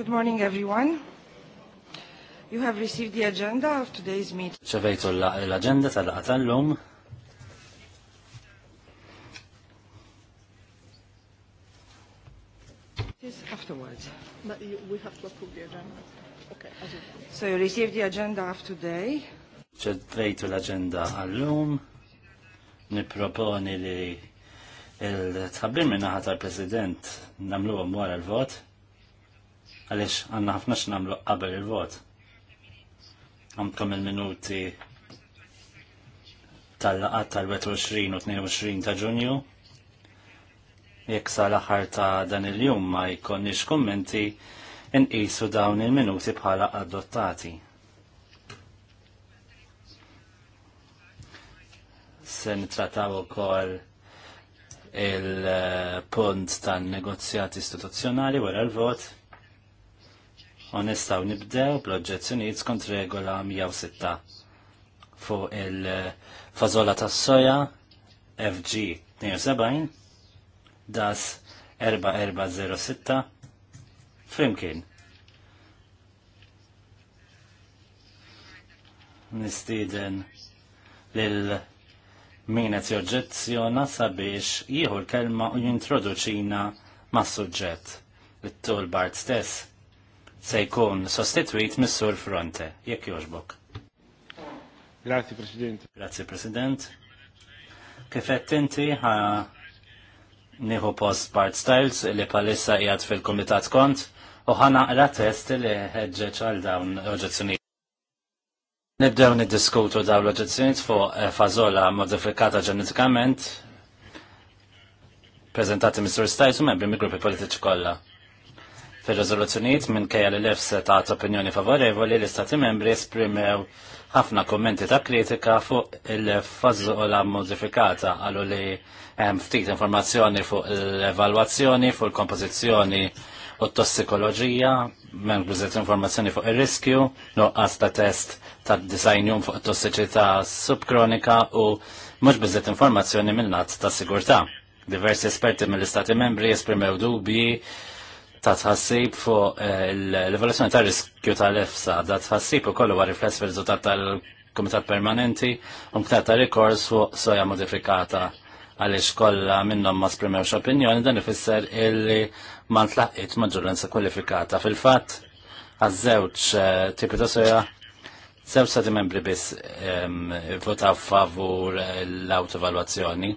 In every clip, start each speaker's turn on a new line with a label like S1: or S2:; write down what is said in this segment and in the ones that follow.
S1: Good morning, everyone.
S2: You have received the agenda of today's meeting. ċevejtu l-agenda tal-laqa tal-lum.
S1: afterwards. But you, we have to approve the agenda. Okay, as So you received the agenda of today.
S2: ċevejtu l-agenda għall-lum. Niproponi li il-tħabbir minna ħata president namlu għam l-vot għalix għanna ħafna x'namlu qabel il-vot. Għamkom il-minuti tal-laqat tal-21 u 22 ta' ġunju. Jekk sal-aħħar ta' dan il-jum ma jkonniex kummenti inqisu dawn il-minuti bħala adottati. Se nitrataw ukoll il-punt tan-negozjati istituzzjonali wara l-vot u nibdew bl-oġġezzjonijiet skont regola 106 fuq il-fazola tas soja FG 72 das 4406 flimkien. Nistiden lil min qed joġġezzjona sabiex jieħu l-kelma u jintroduċina mas-suġġett. It-tul Bart stess se jkun sostituit mis-sur Fronte, jekk joġbok. Grazie, President. Grazie, President. Kifett inti ħa nieħu post Bart Styles li palissa qiegħed fil-Kumitat Kont u ħa naqra test li ħeġġeġ għal dawn l-oġizzjonijiet. Nibdew niddiskutu dawn l-oġezzjonijiet fuq eh, fażola modifikata ġenetikament preżentati Mr. Styles u membri mill-gruppi politiċi kollha Fir-rezoluzzjonijiet minn kejja li l e ta' tat opinjoni favorevoli l-Istati membri esprimew ħafna kommenti ta' kritika fuq il la modifikata għallu li hemm ftit informazzjoni fuq l-evalwazzjoni, fuq il-kompożizzjoni u t-tossikoloġija, menn bżiet informazzjoni fuq ir-riskju, noqqas ta' test ta' dizajnjum fuq tossiċità subkronika u mhux biżiet informazzjoni mill-natt ta' sigurtà. Diversi esperti mill-Istati membri esprimew dubji ta' tħassib fuq eh, l-evoluzzjoni ta' riskju tal-EFSA, da' tħassib u kollu għarri fl fil-rizultat tal-Komitat Permanenti u ktar ta' rikors fuq soja modifikata għalix kolla minnom ma sprimewx opinjoni dan ifisser illi ma ntlaqqit maġġoranza kwalifikata. Fil-fatt, għaż-żewġ eh, tipi ta' soja zewċ stati membri biss ehm, votaw favur l-autovalwazzjoni.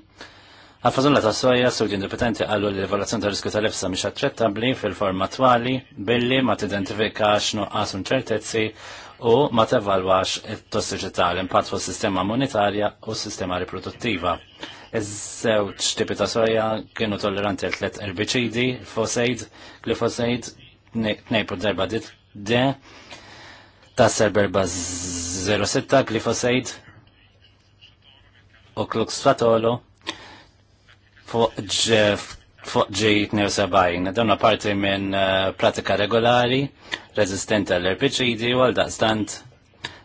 S2: Għal-fazulla ta' soja, studi indipendenti għallu li l-evaluazzjoni ta' riskju tal-efsa mhix attrattabli fil-forma twali billi ma tidentifikax nuqqas ċertezzi u ma tevalwax it-tossiċità l-impatt fuq sistema monetarja u sistema riproduttiva. Iż-żewġ tipi ta' soja kienu tolleranti għal tliet erbiċidi, fosejd, glifosejd, tnejn darba dit de, ta' berba 06 glifosejd u kluxfatolo fuq G72, donna parti minn uh, pratika regolari, rezistenti għall erpiċidi u għal daqstant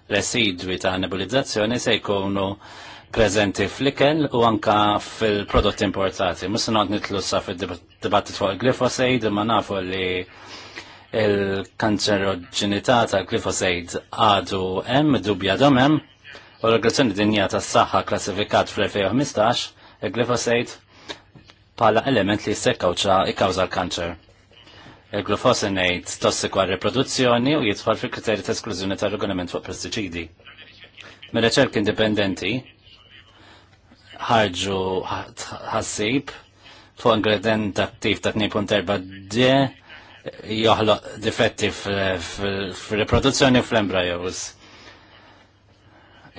S2: residwi ta' nebulizzazzjoni se jkunu prezenti fl-ikel u anka fil-prodotti importati. Musa not nitlu sa fil-dibattit fuq il-glifosaid, ma nafu li il-kanċeroġinità ta' glifosaid għadu hemm dubja domem, u l-Organizzazzjoni Dinja tas saħħa klassifikat fl-2015 il-glifosaid pala element li kawċa i kawza l-kanċer. Il-glufosinate tossiku għal reproduzzjoni u jitfall fil kriterji ta' esklużjoni ta' regolament fuq pestiċidi. Mir-reċerk indipendenti ħarġu ħassib fuq ingredient attiv ta' 2.4 d joħloq difetti fil-reproduzzjoni fl-embryos.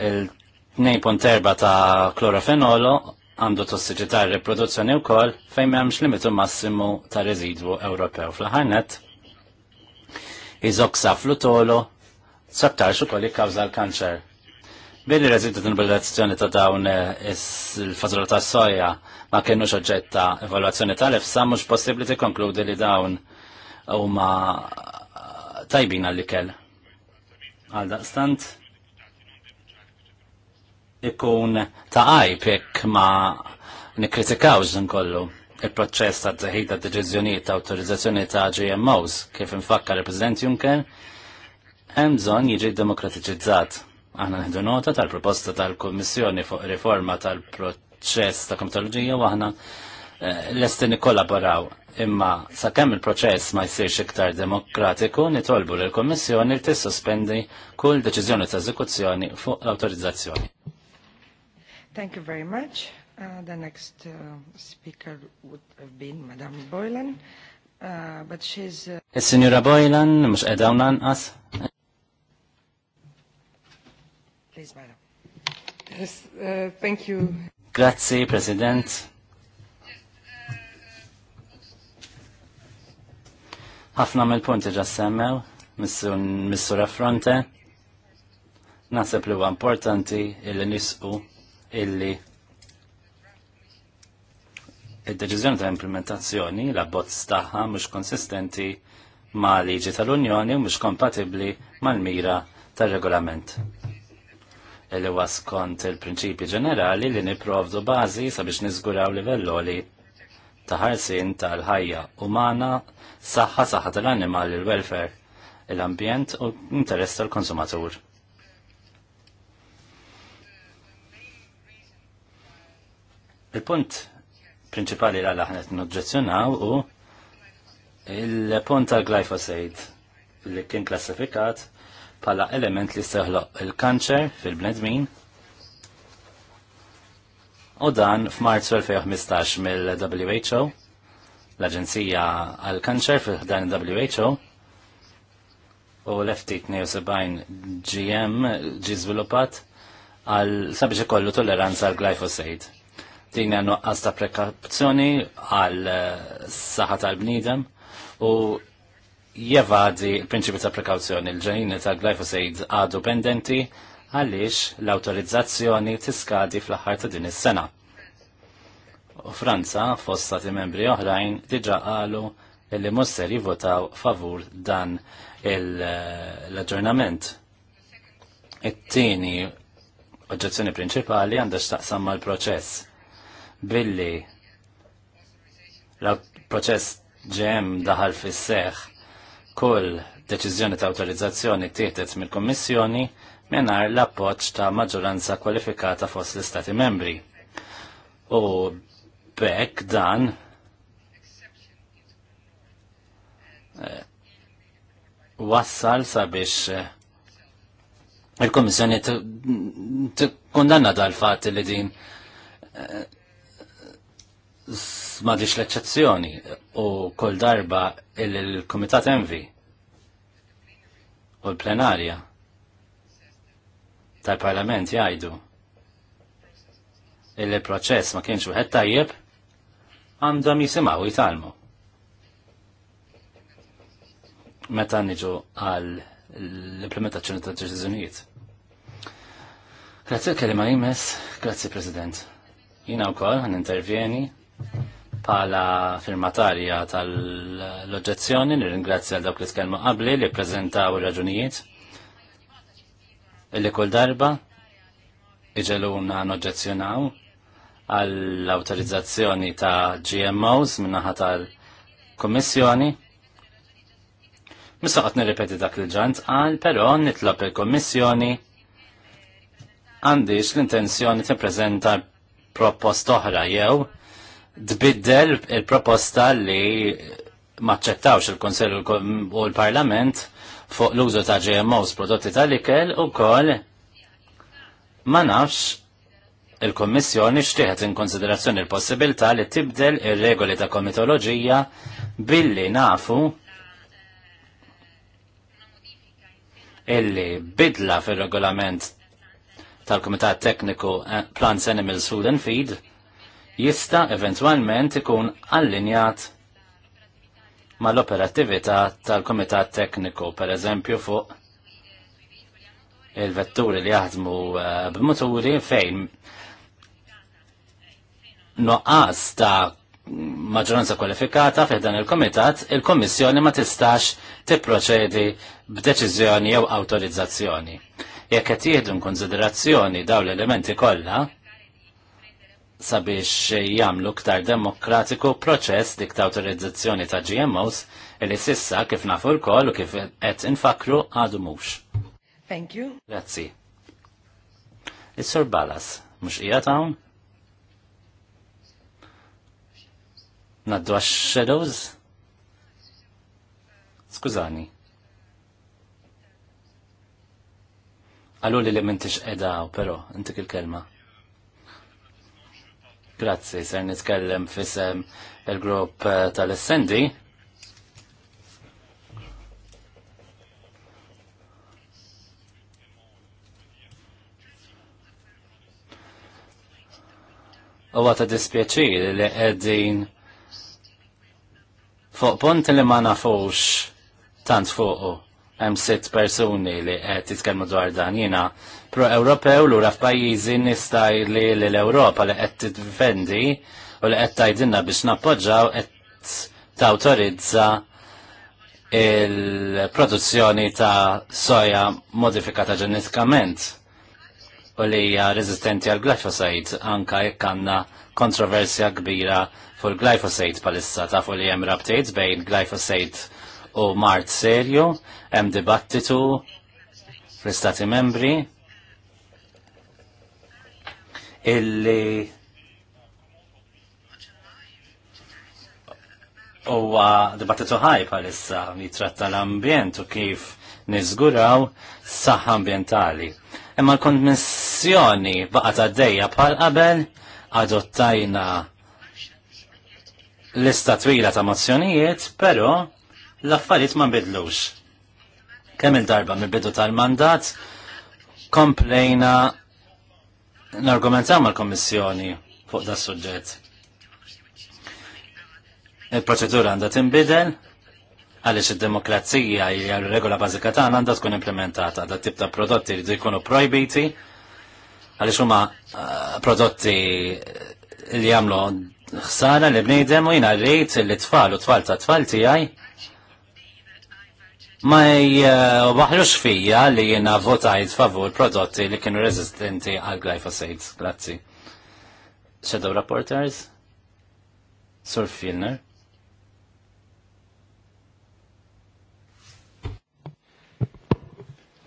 S2: Il-2.4 ta' klorofenolo għandu tossiċità riproduzzjoni wkoll fejn m'hemmx limitu massimu ta' rezidwu Ewropew fl-ħarnet. Iżoksa flutolo sabtarx ukoll jikkawza l-kanċer. Bini reżidu l-evaluazzjoni ta' dawn eh, il-fazzol ta' soja ma kienu oġġett ta' evaluazzjoni tal-efsa mhux possibbli tikkonkludi li dawn huma tajbin għall kell. Għal daqstant, ikun ta' għajb jekk ma nikritikawx din kollu il-proċess ta' teħid ta' deċiżjonijiet ta' autorizzazzjoni ta' GMOs kif infakka il-President Juncker hemm bżonn jiġi demokratiċizzat. Aħna nħidu nota tal-proposta tal-Kummissjoni fuq riforma tal-proċess ta' komitoloġija u aħna eh, lesti nikkollaboraw imma sakemm il-proċess ma jsirx iktar demokratiku nitolbu lill kummissjoni li tissospendi kull deċiżjoni ta' eżekuzzjoni fuq l-awtorizzazzjoni. Thank you very much. Uh, the next uh, speaker would have been Madame Boylan, uh, but she's... Uh... Signora Boylan, mux edaw nanqas. Please, Madam. Yes, uh, thank you. Grazie, President. ħafna mill-punti ġa semmew, missura fronte, nasib li huwa importanti il-nisqu illi id-deċiżjoni ta' implementazzjoni, la bozz tagħha mhux konsistenti ma' liġi tal-Unjoni u mhux kompatibbli mal-mira tar-regolament. Illi waskont il-prinċipji ġenerali li niprovdu bażi sabiex niżguraw livelloli ta' ħarsin tal-ħajja umana, saħħa saħħa tal-annimali, l-welfare, l-ambjent u interess tal-konsumatur. Il-punt prinċipali għal aħna n-oġġezzjonaw u il-punt tal glyphosate li kien klassifikat pala element li seħlo il-kanċer fil-bnedmin u dan f'Marzu 2015 mill-WHO l-Aġenzija għal-Kanċer fil-dan WHO u l-FT72 GM ġi żviluppat għal sabiex ikollu tolleranza għal glyphosate din għannu għasta prekazzjoni għal eh, saħħa tal-bnidem u jevadi il-prinċipju ta' prekauzzjoni l ġajni ta' glyphosate għadu pendenti għaliex l-autorizzazzjoni tiskadi fl-aħħar ta' din is-sena. U Franza, fost stati membri oħrajn, diġa qalu illi musser jivotaw favur dan eh, l-aġġornament. It-tieni oġġezzjoni prinċipali għandha x'taqsam mal-proċess billi l-proċess ġem daħal fis kull deċiżjoni ta' autorizzazzjoni tieħdet mill-Kommissjoni mingħajr l-appoġġ ta' maġġoranza kwalifikata fost l-Istati membri. U bekk dan eh, wassal sabiex eh, il-Komissjoni t-kondanna dal fatt li din eh, madix l-eċezzjoni u kol darba il-Komitat Envi u l-plenarja tal-Parlament jgħidu il-proċess ma kienx uħed tajjeb għandhom jisimgħu jitalmu. Meta nġu għal l-implementazzjoni ta' deċiżjonijiet. Grazie l-kelima jimmes, President. Jina wkoll għan intervjeni Pala firmatarja tal-oġġezzjoni nirringrazzja dawk li tkellmu qabli li ppreżentaw ir-raġunijiet illi kull darba iġeluna noġġezzjonaw għall-autorizzazzjoni ta' GMOs minnaħa tal-Kommissjoni. Mistaqat nirripeti dak li ġant għal, pero nitlob il-Kommissjoni għandix l-intenzjoni tippreżenta propost oħra jew tbiddel il-proposta li maċċettawx il-Konsell u l-Parlament fuq l-użu ta' GMOs prodotti tal-ikel u kol ma nafx il-Kommissjoni xtieħet in konsiderazzjoni l-possibilità li tibdel ir-regoli ta' komitoloġija billi nafu illi bidla fil-regolament tal-Komitat Tekniku eh, Plants Animals Food and Feed jista' eventwalment ikun allinjat mal-operattività tal-Komitat Tekniku, per eżempju fuq il-vetturi li jaħdmu eh, b'muturi fejn noqqas ta' maġġoranza kwalifikata fi dan il-komitat, il komissjoni ma tistax tipproċedi b'deċiżjoni jew awtorizzazzjoni. Jekk qed jieħdu konsiderazzjoni dawn l-elementi kollha, sabiex jamlu ktar demokratiku proċess dik ta' GMOs li sissa kif nafu l u kif qed infakru għadu mux. Thank you. Grazzi. Is-Sur Balas, mux ija tawn? Naddu għax shadows? Skużani. Għallu li li mintix edaw, pero, intik il-kelma. Grazzi, ser nitkellem fisem il-grupp eh, tal-Essendi. U għata dispjaċir li għeddin fuq punt li ma nafux tant fuqu hemm sitt persuni li qed jitkellmu dwar dan jiena pro-Ewropew lura f'pajjiżi nistaj li l-Ewropa li qed tiddefendi u li qed tajdinna biex nappoġġaw qed tawtorizza il-produzzjoni ta' soja modifikata ġenetikament u li hija rezistenti għal glifosate anka jekk għandna kontroversja kbira fuq il palissa ta' fuq li hemm rabtejt bejn glifosate u mart serju, hemm dibattitu fl-istati membri illi huwa dibattitu ħaj bħalissa jitratta l-ambjent u kif niżguraw saħħa ambjentali. Imma l-Kommissjoni baqgħet għaddejja bħal qabel adottajna lista twila ta' mozzjonijiet, però l-affarijiet ma nbidlux. Kemm il-darba mill-bidu tal-mandat komplejna nargumentaw mal-Kommissjoni fuq da' suġġett. Il-proċedura għandha tinbidel għaliex id-demokrazija hija regola bażika tagħna għandha tkun implementata da' tip ta' prodotti li jkunu projbiti għaliex huma eh, prodotti li jagħmlu ħsara li bnejdem u jiena rrid li tfal u tfal ta' tfal tiegħi ma waħlux fija li jena votajt favur prodotti li kienu resistenti għal glyphosate. Grazzi. Shadow Reporters? Sir Filner?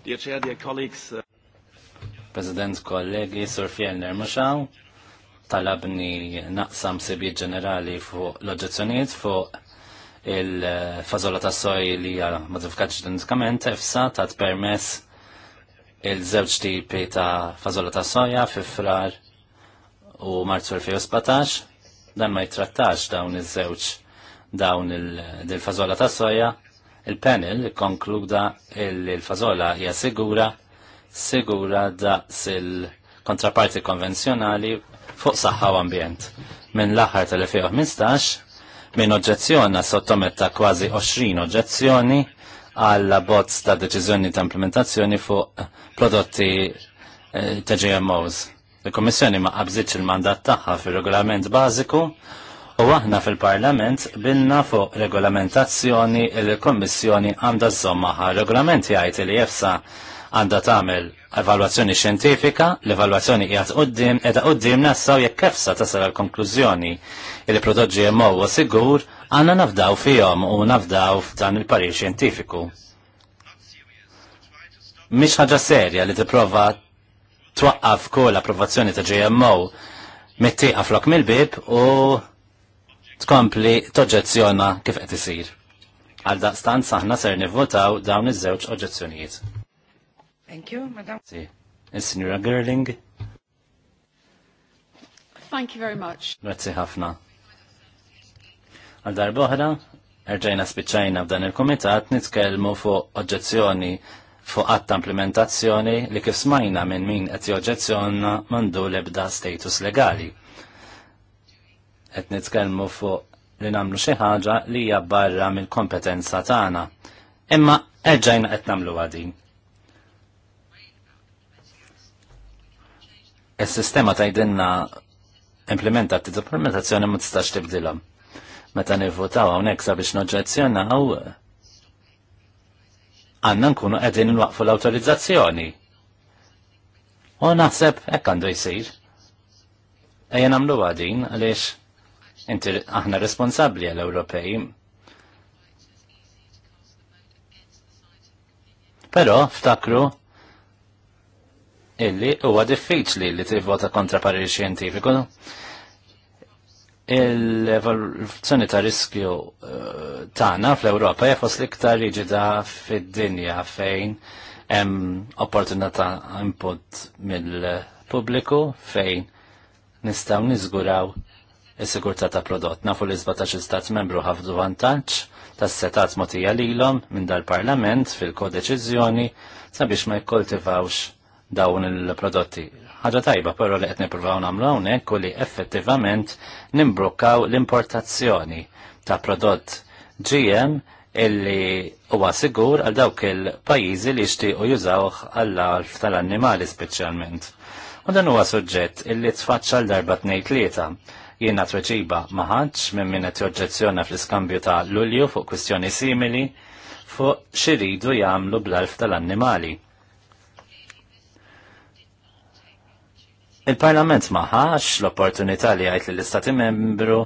S2: Dear Chair, dear colleagues. Uh, President, kollegi, Sur Fjellner, muxaw? Talabni naqsam sebi ġenerali fuq l-oġezzjoniet fuq il-fazola ta' soj li hija modifikat ġenetikament EFSA tat permess il-żewġ tipi ta' fazola ta' soja fi frar u marzu 2017 dan ma jittrattax dawn iż-żewġ dawn il-fazola ta' soja il-panel konkluda il-fazola hija sigura sigura daqs il-kontraparti konvenzjonali fuq saħħa u ambjent. Minn l-aħħar tal-2015 minn oġġezzjoni sottometta kważi 20 oġġezzjoni għalla bozz ta' deċiżjoni ta' implementazzjoni fuq prodotti eh, ta' GMOs. Il-Kommissjoni ma qabżitx il-mandat tagħha fir-regolament bażiku u aħna fil-Parlament binna fuq regolamentazzjoni il-Kommissjoni għandha żommaħa. Regolament jgħid li jefsa għandha tagħmel evalwazzjoni xjentifika, l-evalwazzjoni qiegħed qudiem qiegħda quddiem nassaw jekk kefsa tasal għal konklużjoni il-prodott GMO u sigur għanna nafdaw fihom u nafdaw f'dan il-parir xjentifiku. Mhix ħaġa serja li tipprova twaqqaf kol approvazzjoni ta' GMO mittieqa flok mill-bib u tkompli toġġezzjona kif qed isir. Għal daqstant saħna ser nivvotaw dawn iż-żewġ oġezzjonijiet. Thank you, Madam. Si. is signora Gerling.
S3: Thank you very much.
S2: Grazie ħafna. Għal darboħra, erġajna spiċċajna f'dan il-komitat nitkellmu fuq oġġezzjoni fuq għatta implementazzjoni li kif smajna minn min qed joġġezzjonna mandu ebda status legali. Qed nitkellmu fuq li nagħmlu xi ħaġa li hija barra mill-kompetenza tagħna. Imma erġajna qed nagħmlu għadin. Is-sistema tajdinna implementa t-implementazzjoni ma tistax tibdilhom meta nivvotaw hawnhekk sabiex noġġezzjonaw għandna nkunu qegħdin nwaqfu l-awtorizzazzjoni. U naħseb hekk għandu jsir. Ejja nagħmlu għadin għaliex inti aħna responsabbli għal Ewropej. Però ftakru illi huwa diffiċli li tivvota kontra pari xjentifiku il-evoluzzjoni ta' riskju eh, tagħna fl-Ewropa jafos fost l-iktar riġida fid-dinja fejn hemm opportunità input mill-pubbliku fejn nistgħu niżguraw is-sigurtà ta' prodott. Nafu li 17 stat membru ħafdu vantaġġ tas-setat motija lilhom minn dal-Parlament fil-kodeċiżjoni sabiex ma jikkoltivawx dawn il-prodotti ħaġa tajba però li qed nippruvaw nagħmlu hawnhekk u li effettivament nimbrukkaw l-importazzjoni ta' prodott GM illi huwa sigur għal dawk il-pajjiżi li u jużawh għall-alf tal-annimali speċjalment. U dan huwa suġġett illi tfaċċa l darba tnejn tlieta. Jiena tweġiba maħadx minn min qed joġġezzjona fl-iskambju ta' Lulju fuq kwistjoni simili fuq xiridu jagħmlu bl-alf tal-annimali. Il-Parlament maħax l-opportunità li għajt l-Istati membru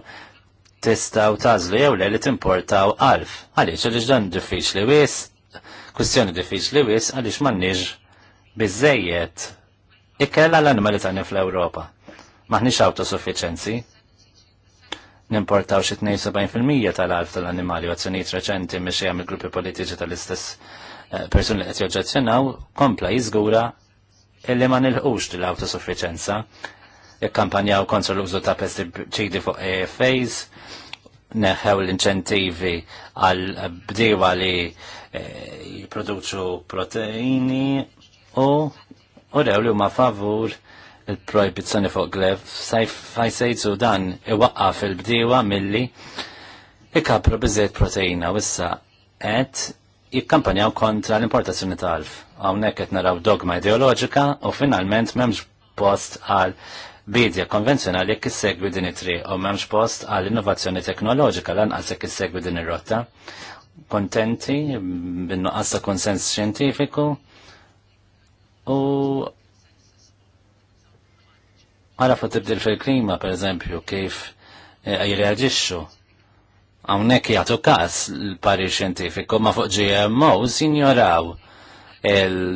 S2: tistaw tażlu jew li timportaw għalf. Għaliex għaliex dan diffiċ li wis, kwistjoni diffiċ li wis, għaliex m'għandniex biżejjed ikkella l-animali tagħna fl-Ewropa. Maħniex autosuffiċenzi. Nimportaw xi 72% tal-alf tal-animali u azzjonijiet reċenti miex il gruppi politiċi tal-istess eh, persuni li qed joġġezzjonaw kompla jiżgura illi ma nilħux l-autosuffiċenza. Ikkampanjaw kontra l-użu ta' pesticidi fuq AFAs, e neħew l-inċentivi għal bdiewa li eh, jiproduċu proteini u u rew li huma favur il-projbizzjoni fuq glef fajsejtu dan iwaqqaf fil bdiewa milli ikapru biżejt proteina u issa qed jikkampanjaw kontra l-importazzjoni ta' alf. Hawnhekk qed naraw dogma ideoloġika u finalment m'hemmx post għal bidja konvenzjonali jekk issegwi din it-triq u m'hemmx post għal innovazzjoni teknoloġika lanqas jekk issegwi din ir-rotta. Kontenti bin-nuqqas ta' konsens xjentifiku u għara fu tibdil fil-klima, per eżempju, kif eh, jirreagġixxu Hawnhekk jagħtu każ l pari xjentifiku ma fuq sinjoraw jinjoraw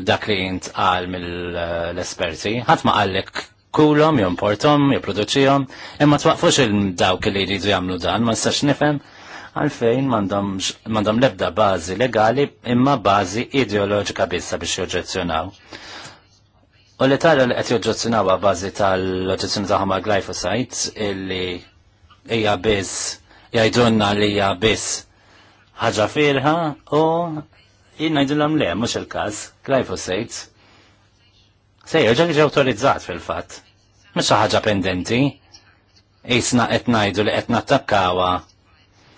S2: dak li jint jintqal mill-esperti. Ħadd ma qallek kulhom, jimportom, jipproduċihom, imma twaqfux il-dawk li jridu jagħmlu dan, ma sax nifhem għalfejn mandom lebda bazi legali imma bazi ideoloġika bissa biex joġezzjonaw. U li tara li qed joġezzjonaw bazi tal-oġezzjoni tagħhom għal illi hija biss jajdunna li hija biss ħaġa firħa u jien ngħidulhom le mhux il-każ, glyphosate. Sej, ġa ġi awtorizzat fil-fatt. Mhux ħaġa pendenti. Isna qed ngħidu li qed nattakkawha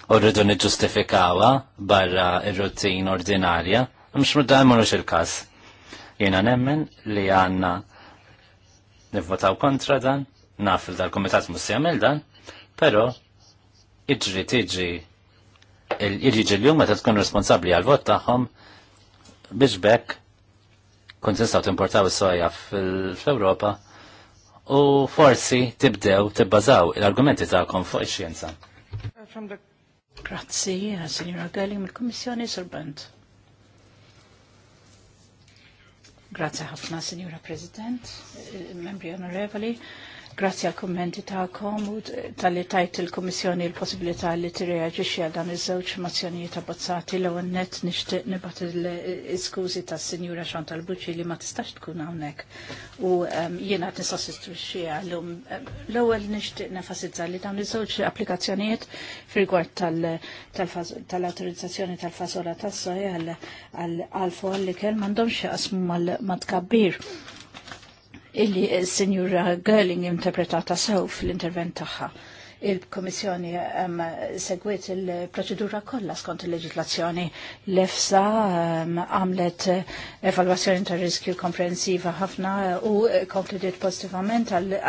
S2: u rridu niġġustifikawha barra ir-rutin ordinarja, mhux muddan mhux il-każ. Jiena nemmen li għandna nivvotaw kontra dan, naf il dal-komitat mus jagħmel dan, però iġri tiġi il-irġi ġil-jum meta tkun responsabli għal-vot tagħhom biex bekk kun tistgħu timportaw is-soja fl-Ewropa u forsi tibdew tibbażaw l-argumenti tagħkom fuq ix-xjenza.
S1: Grazzi, Signora Gelli, mill-Kummissjoni Sorbent. Grazie ħafna, Signora President, membri onorevoli. Grazzi għal kummenti ta'kom u tal-li tajt il-Komissjoni l-possibilità li t-reagġiċi għal dan iż-żewġ mozzjonijiet abbozzati l ewwel net nixtieq nibgħat l-iskużi tas-Sinjura Xantal Buċi li ma tistax tkun hawnhekk u jiena qed nisostitwixxiha llum. L-ewwel nixtieq nefasizza li dawn iż-żewġ applikazzjonijiet fir-rigward tal-awtorizzazzjoni tal-fasola tas-soja għal alfu għall-ikel m'għandhomx jaqsmu mal matkabbir illi s-Sinjura Gerling interpretata sew fil-intervent tagħha. Il-Komissjoni ehm, segwit il-proċedura kollha skont il-leġislazzjoni l-EFSA ehm, għamlet evalwazzjoni ta' riskju komprensiva ħafna u konkludiet pozitivament għal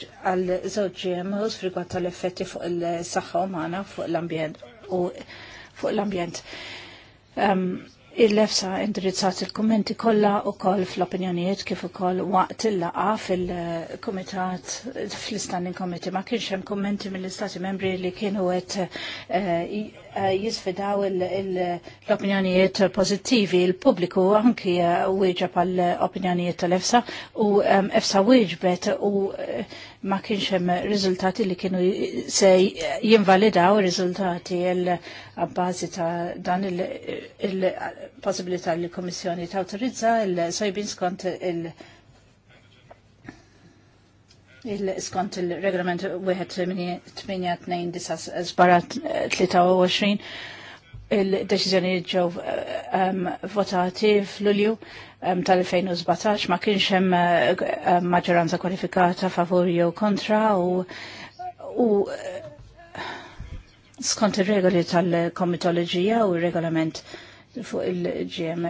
S1: żewġ GMOs frigwat tal-effetti fuq il-saħħa umana fuq l-ambjent u fuq l-ambjent. Ehm, Il-lefsa indirizzat il-kommenti kollha wkoll fl-opinjonijiet kif ukoll waqt il-laqa fil-kumitat fl standing committee ma kienx hemm kommenti mill-istati membri li kienu qed eh, eh, jisfidaw l-opinjonijiet pozittivi, il-pubbliku anki eh, wieġeb għall opinjonijiet tal-EFSA u EFSA wieġbet u uh, ma kienx hemm riżultati li kienu se jinvalidaw riżultati l-bażi ta' dan il-possibilità li l-Kommissjoni ta' autorizza il-sojbin skont il- il-skont il-regolament 1829 sbarat 23 il-deċizjoni ġew ehm, votati fl-Ulju ehm, tal-2017 ma kienx hemm ehm, maġġoranza kwalifikata favur jew kontra u, skont ir-regoli tal-komitoloġija u r-regolament fuq il-ġiem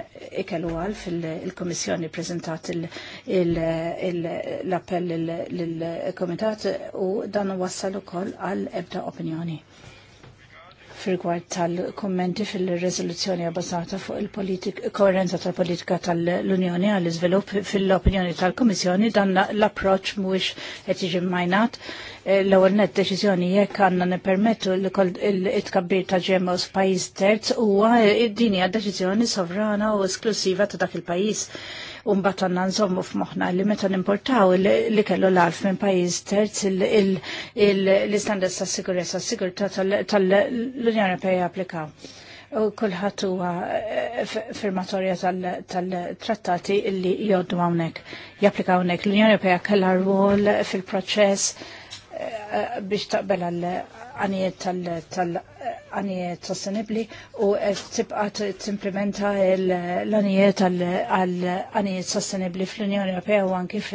S1: ikellu għal fil-komissjoni prezentat l-appell l-komitat u dan wassal ukoll għal ebda opinjoni. Rigward tal-kommenti fil-rezoluzzjoni abbażata fuq il-koerenza tal-politika tal-Unjoni għall-iżvilupp fil-opinjoni tal-Komissjoni dan l-approċ mhuwiex qed jiġi majnat eh, l-ewwel net deċiżjoni jekk għandna nippermettu l-itkabbir ta' GMOs pajis terz huwa eh, din hija deċiżjoni sovrana u esklusiva ta' dak il-pajjiż Umbat għanna nżommu f-moħna li meta nimportaw li kellu l-alf minn pajjiż terz l-istandards ta' sigurezza, sigurta tal-Unjoni Ewropea applikaw. U kullħat huwa eh, firmatorja tal-trattati li joddu hawnhekk, japplika hawnhekk. L-Unjoni Ewropea kellha rwol fil-proċess eh, biex taqbel għal għanijiet tal- għanijiet sostenibli u tibqa t-implementa l-għanijiet għal-għanijiet sostenibli fl-Unjoni Ewropea u anki eh,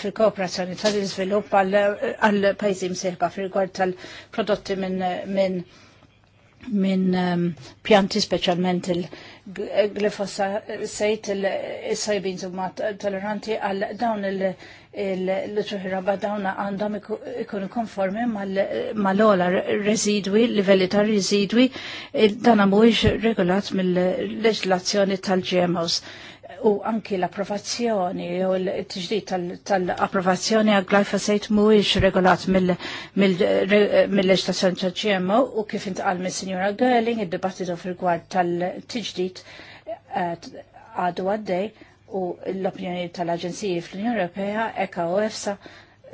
S1: fil-kooperazzjoni tal-izvilupp għal-pajzi msieħba fil-gwar tal-prodotti minn minn ehm, pjanti specialment il-glifosajt eh, il-sajbin zumma toleranti għal dawn il- l-truħi badawna għandhom ikunu konformi mal-ola residwi, livelli ta' residwi, e, dan mhuwiex regolat mill-leġlazzjoni tal-GMOs u anki l-approvazzjoni u l-tġdid tal-approvazzjoni għal glyphosate mhuwiex regolat mill-leġlazzjoni tal-GMO u kif intqalmi Signora sinjura Gerling id-dibattitu fil-gwad tal-tġdid e, għadu għaddej u l-opinjoni tal-Aġenziji fl-Unjoni Ewropea, eka u EFSA,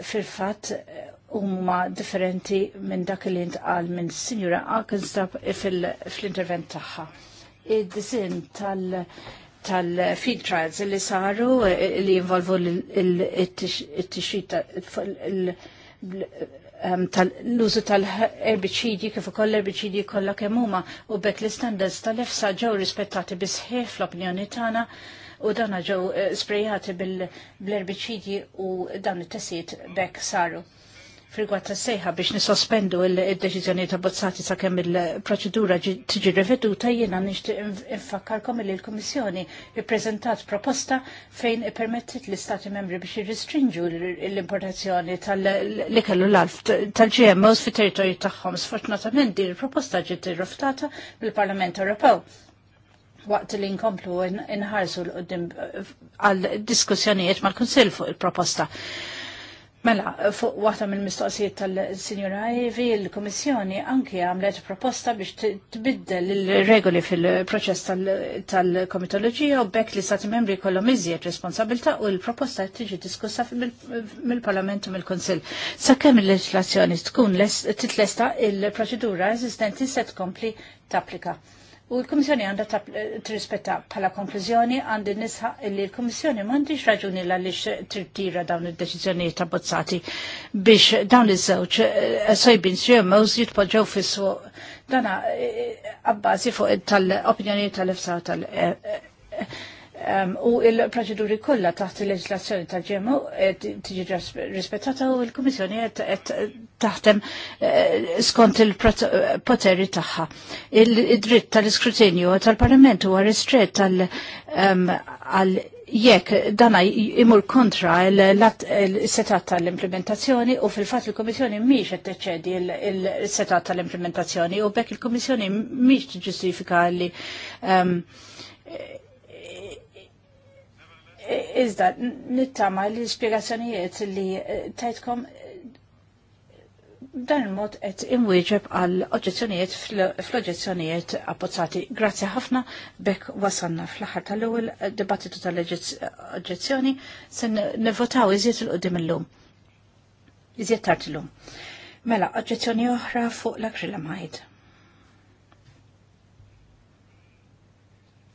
S1: fil-fatt eh, huma differenti minn dak li intqal minn Sinjura Akenstab fil-intervent tagħha. Id-disin tal- tal-field trials li saru eh, li jinvolvu il-tixrit um, l-użu tal-erbicidi kif ukoll l-erbicidi kollha kemm huma u bekk l-istandards tal-efsa ġew rispettati bisħieħ fl-opinjoni tagħna u dana ġew eh, sprejati bil-erbiċidi u dan it-tessiet bekk saru frigwa ta' sejħa biex nisospendu il-deċizjoni ta' bozzati sa' kemm il-proċedura tiġi riveduta jiena nixtieq infakkarkom li l-Kummissjoni ippreżentat proposta fejn permettit l-Istati membri biex jirristrinġu l-importazzjoni tal u l-alf tal-GMOs fit territorju tagħhom. Sfortunatament din il-proposta ġiet irroftata bil-Parlament Ewropew waqt li nkomplu nħarsu l-qoddim għal diskussjonijiet mal konsil fuq il-proposta. Mela, fuq waħda mill-mistoqsijiet tal-Sinjura Evi, il-Komissjoni anki għamlet proposta biex tbiddel il-regoli fil-proċess tal-komitologija u bekk li stati membri kollhom iżjed responsabilta u l-proposta tiġi diskussa mill-Parlament u mill-Konsil. Sakemm il-leġislazzjoni tkun titlesta il-proċedura eżistenti se tkompli tapplika. U l-Komissjoni għandha trispetta bħala konklużjoni għandi nisħa li l-Komissjoni m'għandix raġuni l għaliex trittira dawn id-deċiżjonijiet bozzati biex dawn iż-żewġ eh, sojbin srimmos jitpoġġew fissu dana eh, eh, abbażi fuq tal-opinjonijiet tal-EFSA tal-EFSA u il-proċeduri kollha taħt il-leġislazzjoni tal-ġemu eh, tiġi rispettata u il-Kummissjoni qed taħtem eh, skont il-poteri tagħha. Il-dritt tal-iskrutinju tal-Parlament huwa ristret għal jekk dana imur kontra il-setat tal-implementazzjoni u fil-fat il-Komissjoni miex qed teċċedi il-setat tal-implementazzjoni u bekk il-Komissjoni miex tiġġustifika li Iżda, nittama li spiegazzjonijiet li eh, tajtkom dan il-mod qed imwieġeb għal oġġezzjonijiet fl oġezzjonijiet appozzati. Grazzi ħafna bekk wasanna fl-aħħar tal-ewwel dibattitu tal-oġġezzjoni se l iżjed il-qudiem illum. tart l illum. Mela, oġezzjoni oħra fuq l-akrilamide.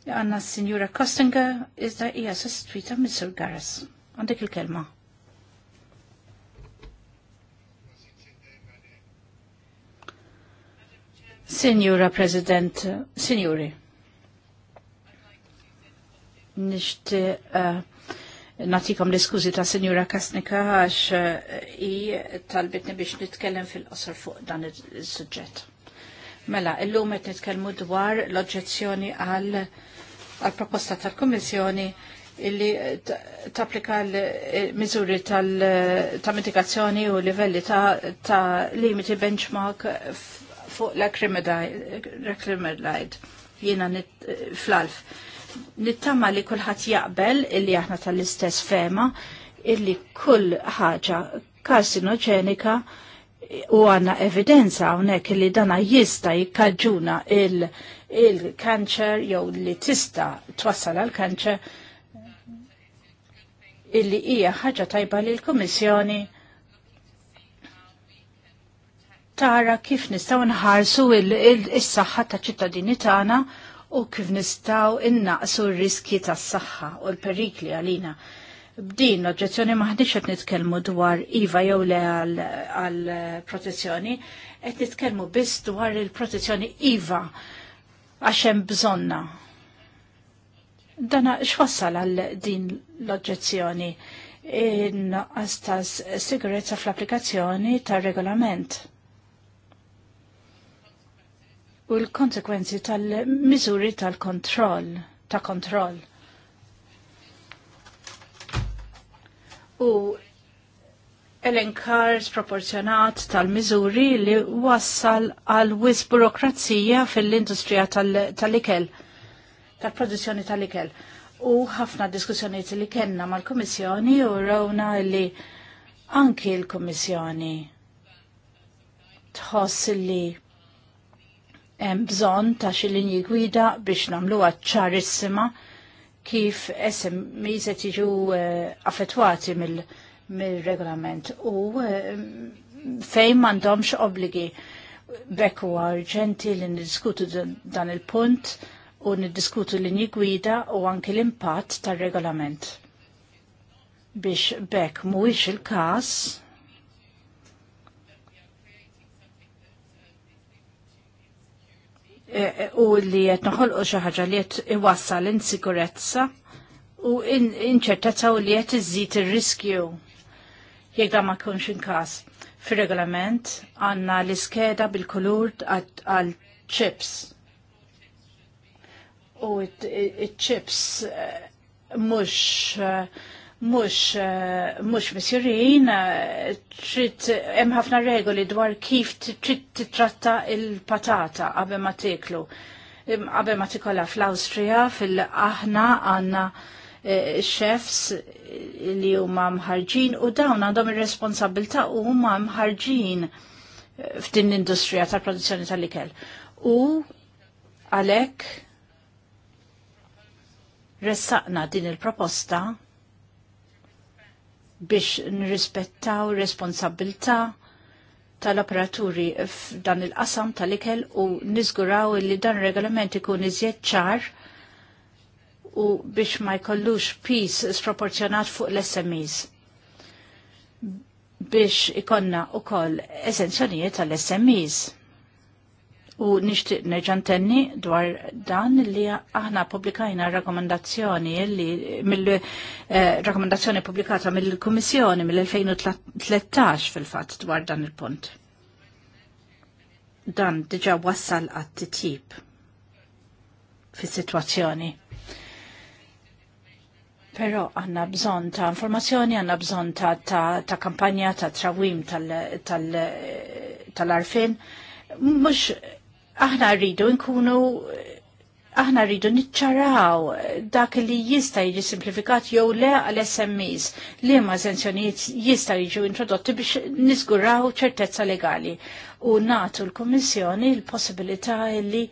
S1: għanna s-Sinjura Kostinga iżda hija s minn Mr. Garris. Għandek il-kelma. Sinjura President, Sinjuri, nishti uh, natikom l-iskużi ta' Signora Kasnika għax uh, i talbitni biex nitkellem fil-qosor fuq dan il-sujġett. Mela, illum qed nitkellmu dwar l-oġġezzjoni għal proposta tal-Kummissjoni illi tapplika l-miżuri ta' mitigazzjoni u livelli ta' limiti benchmark fuq l-acrimidide jiena fl-alf. Nittama li kullħat jaqbel illi aħna tal-istess fema illi kull ħaġa karsinoġenika u għanna evidenza għonek li dana jista jikkaġuna il-kanċer il jew li tista twassal għal-kanċer illi hija ħaġa tajba li l-Komissjoni tara kif nistaw nħarsu il-saħħa ta' ċittadini tagħna u kif nistaw innaqsu r-riski tas-saħħa u l-perikli għalina. B'din l-oġġezzjoni maħdix qed nitkellmu dwar IVA jew le għal protezzjoni, qed nitkellmu biss dwar il-protezzjoni IVA għax hemm bżonna. Dana x'wassal għal din l-oġġezzjoni? in-naqqas sigurezza fl-applikazzjoni tar regolament. U l-konsekwenzi tal-miżuri tal-kontroll, ta' kontroll. u elenkar sproporzjonat tal-miżuri li wassal għal wis burokrazija fil-industrija tal-ikel, tal-produzzjoni tal-ikel. U ħafna diskussjoniet li kenna mal-Komissjoni u rawna li anki l-Komissjoni tħoss li hemm bżonn ta' xi linji gwida biex nagħmluha ċarissima kif SMI e se tiġu eh, affettwati mill-regolament u eh, fejn m'għandhomx obbligi bekk u arġenti li niddiskutu dan il-punt u niddiskutu l-linji gwida u anki l-impatt tal-regolament. Biex bekk mhuwiex il-każ Eh, eh, u li qed noħolqu xi ħaġa li qed iwassal insikurezza u inċertezza u li qed iżid ir-riskju jekk dan ma jkunx inkaż. Fir-regolament għandna l-iskeda bil-kulur għal chips. U ċ-chips eh, mhux mux eh, mux misjurin eh, trit, hemm ħafna regoli dwar kif trid titratta il-patata qabel ma tiklu. Għabe ma tikola fl-Awstrija fil-aħna għandna eh, chefs li huma mħarġin u dawn għandhom ir responsabilta u huma mħarġin f'din l-industrija tal-produzzjoni tal-ikel. U għalhekk ressaqna din il-proposta biex nirrispettaw responsabilta tal-operaturi f'dan il-qasam tal-ikel u nizguraw li dan regolament ikun iżjed ċar u biex ma jkollux pis sproporzjonat fuq l-SMEs biex ikonna u koll esenzjonijiet tal-SMEs U nishtiq neġantenni dwar dan li aħna publikajna rakomendazzjoni li mill eh, rakomendazzjoni publikata mill-Kummissjoni mill-2013 fil-fatt dwar dan il-punt. Dan diġa wassal għat titjib fis-sitwazzjoni. Pero għanna bżon ta' informazzjoni, għanna bżon ta', ta, ta kampanja, ta' trawim tal-arfin. Tal, tal, tal arfin mux aħna rridu nkunu aħna rridu niċċaraw dak li jista' jiġi simplifikat jew le għal SMEs li ma sanzjonijiet jista' jiġu introdotti biex nisguraw ċertezza legali u natu l-Kummissjoni l-possibilità li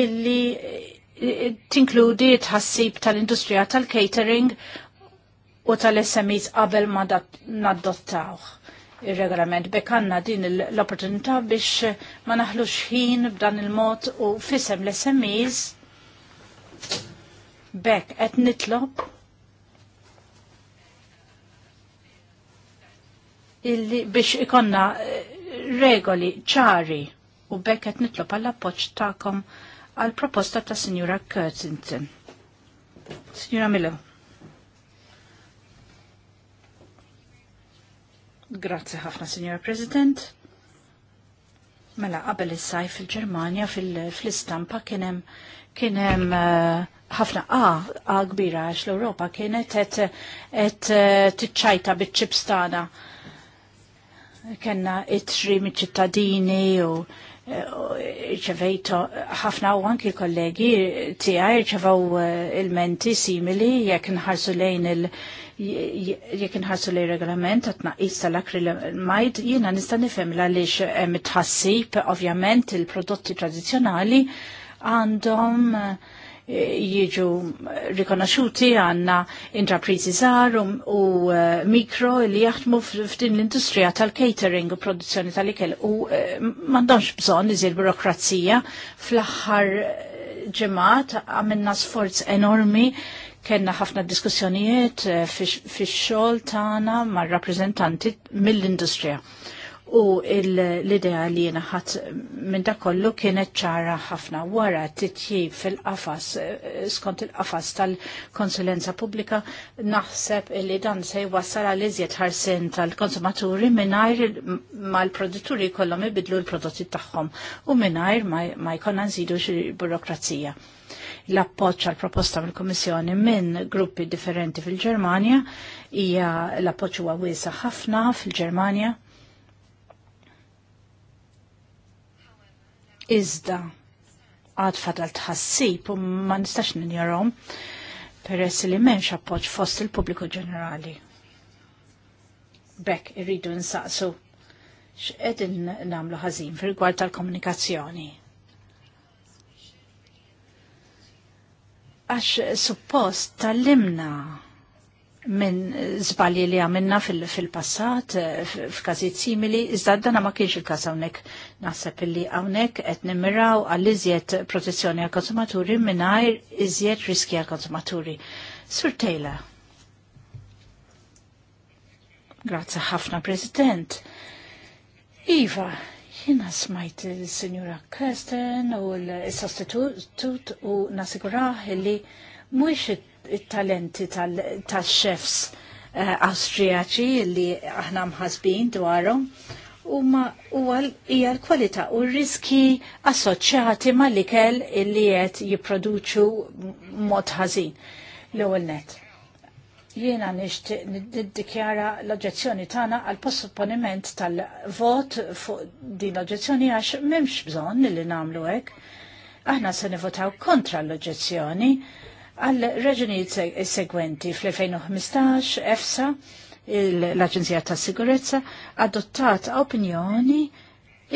S1: illi eh, tinkludi tħassib tal-industrija tal-catering u tal-SMEs qabel ma nadottawh il-regolament bekanna din l-opportunità biex ma naħlux ħin b'dan il-mod u fisem l-SMEs bekk qed nitlob illi biex ikonna eh, regoli ċari u bekk qed nitlob għall appoġġ tagħkom għal proposta ta' Sinjura Kurtzington. Signora Milo. Grazzi ħafna, Signor President. Mela, qabel is-sajf fil-Ġermanja fil-istampa kien hemm eh, ħafna a a kbira għax l europa kienet qed eh, tiċċajta biċ-ċips tagħna. Kenna itri miċ-ċittadini u ċevejto ħafna u anki kollegi tiegħi ċevaw eh, il-menti simili jekk nħarsu lejn il- jekk inħarsu lejn regolament għat naqis tal-akri majd jina nista nifhem għaliex mitħassib ovvjament il-prodotti tradizzjonali għandhom uh, jiġu rikonoxuti għanna intraprizi żgħar u uh, mikro li jaħdmu f'din l-industrija tal-catering u produzzjoni tal-ikel u uh, m'għandhomx bżonn iżir burokrazija fl-aħħar uh, ġemat għamilna sforz enormi kena ħafna diskussjonijiet fix-xogħol tagħna mar-rappreżentanti mill-industrija u l-idea li jena ħat minn da kollu kienet ċara ħafna wara titjib fil-qafas skont il-qafas tal-konsulenza publika naħseb li dan se wassal għal iżjed ħarsin tal-konsumaturi minnajr ma l-produtturi kollom ibidlu l-prodotti tagħhom u minnajr ma jkollna nżidu xi burokrazija. L-appoċ għal proposta mill-Kummissjoni minn gruppi differenti fil-Ġermanja hija l-appoċ huwa wiesa ħafna fil-Ġermanja iżda għad fadal tħassib u ma nistax ninjarom peress li menx appoġġ fost il-pubbliku ġenerali. Bekk irridu nsaqsu x'qegħdin nagħmlu ħażin fir-rigward tal-komunikazzjoni. Għax suppost tal-limna minn zbalji li għamilna fil-passat, eh, fil f'każijiet simili, iżda dana ma kienx il-każ hawnhekk naħseb illi hawnhekk qed nimmiraw għal iżjed protezzjoni għal konsumaturi mingħajr iżjed riski għal konsumaturi. Sur Taylor. Grazzi ħafna, President. Iva, Jina smajt il-Sinjura Kirsten u l-sostitut u nasiguraħ li mux il-talenti tal-chefs eh, austriaci li aħna mħasbin dwarom u hija l-kwalità u r-riski assoċjati ma li ikel illi qed jipproduċu mod ħażin l-ewwel net. Jiena nixtieq niddikjara l-oġġezzjoni tagħna għal posponiment tal-vot fuq din l-oġġezzjoni għax m'hemmx bżonn li nagħmlu hekk. Aħna se nivotaw kontra l-oġġezzjoni għal raġunijiet segwenti fl-2015 EFSA, l-Aġenzija ta' Sigurezza, adottat opinjoni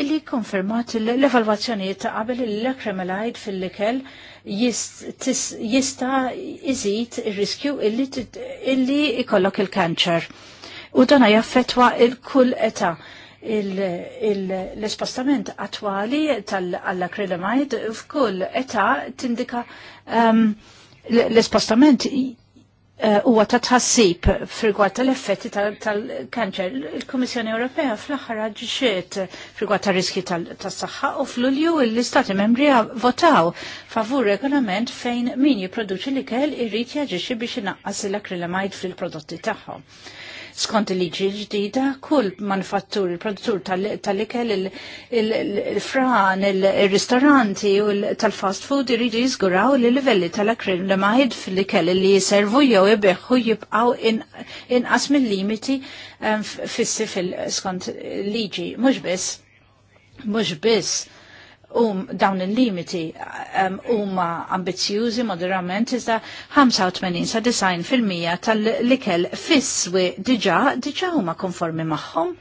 S1: illi konfermat l-evalwazzjonijiet ta' qabel l kremelajt fil-likel jista iżid ir-riskju illi ikollok il-kanċer. U dana jaffetwa il-kull età l-espostament attwali tal-akrilamide f'kull età tindika um, l-espostament eh, huwa ta' tħassib frigwa tal-effetti tal-kanċer. Il-Komissjoni Ewropea fl-aħħar ġiet frigwa ta' riski tas-saħħa u fl-Ulju l-Istati membri votaw favur regolament fejn min jipproduċi li kell irrid jaġixxi biex inaqqas l-akrilamajt fil-prodotti tagħhom skont il-liġi ġdida, kull manufattur, il-produttur tal-ikel, il-fran, il-ristoranti u tal-fast food iridu jizguraw li livelli tal-akrim li maħid fil-ikel li jiservu jew jibbeħu jibqaw inqas mill-limiti um, fissi fil-skont liġi. Mux biss, mux biss um dawn il-limiti um, huma um, ambizjużi moderament iżda 85 sa 90% fil-mija tal-likel fisswi diġa diġa huma konformi magħhom.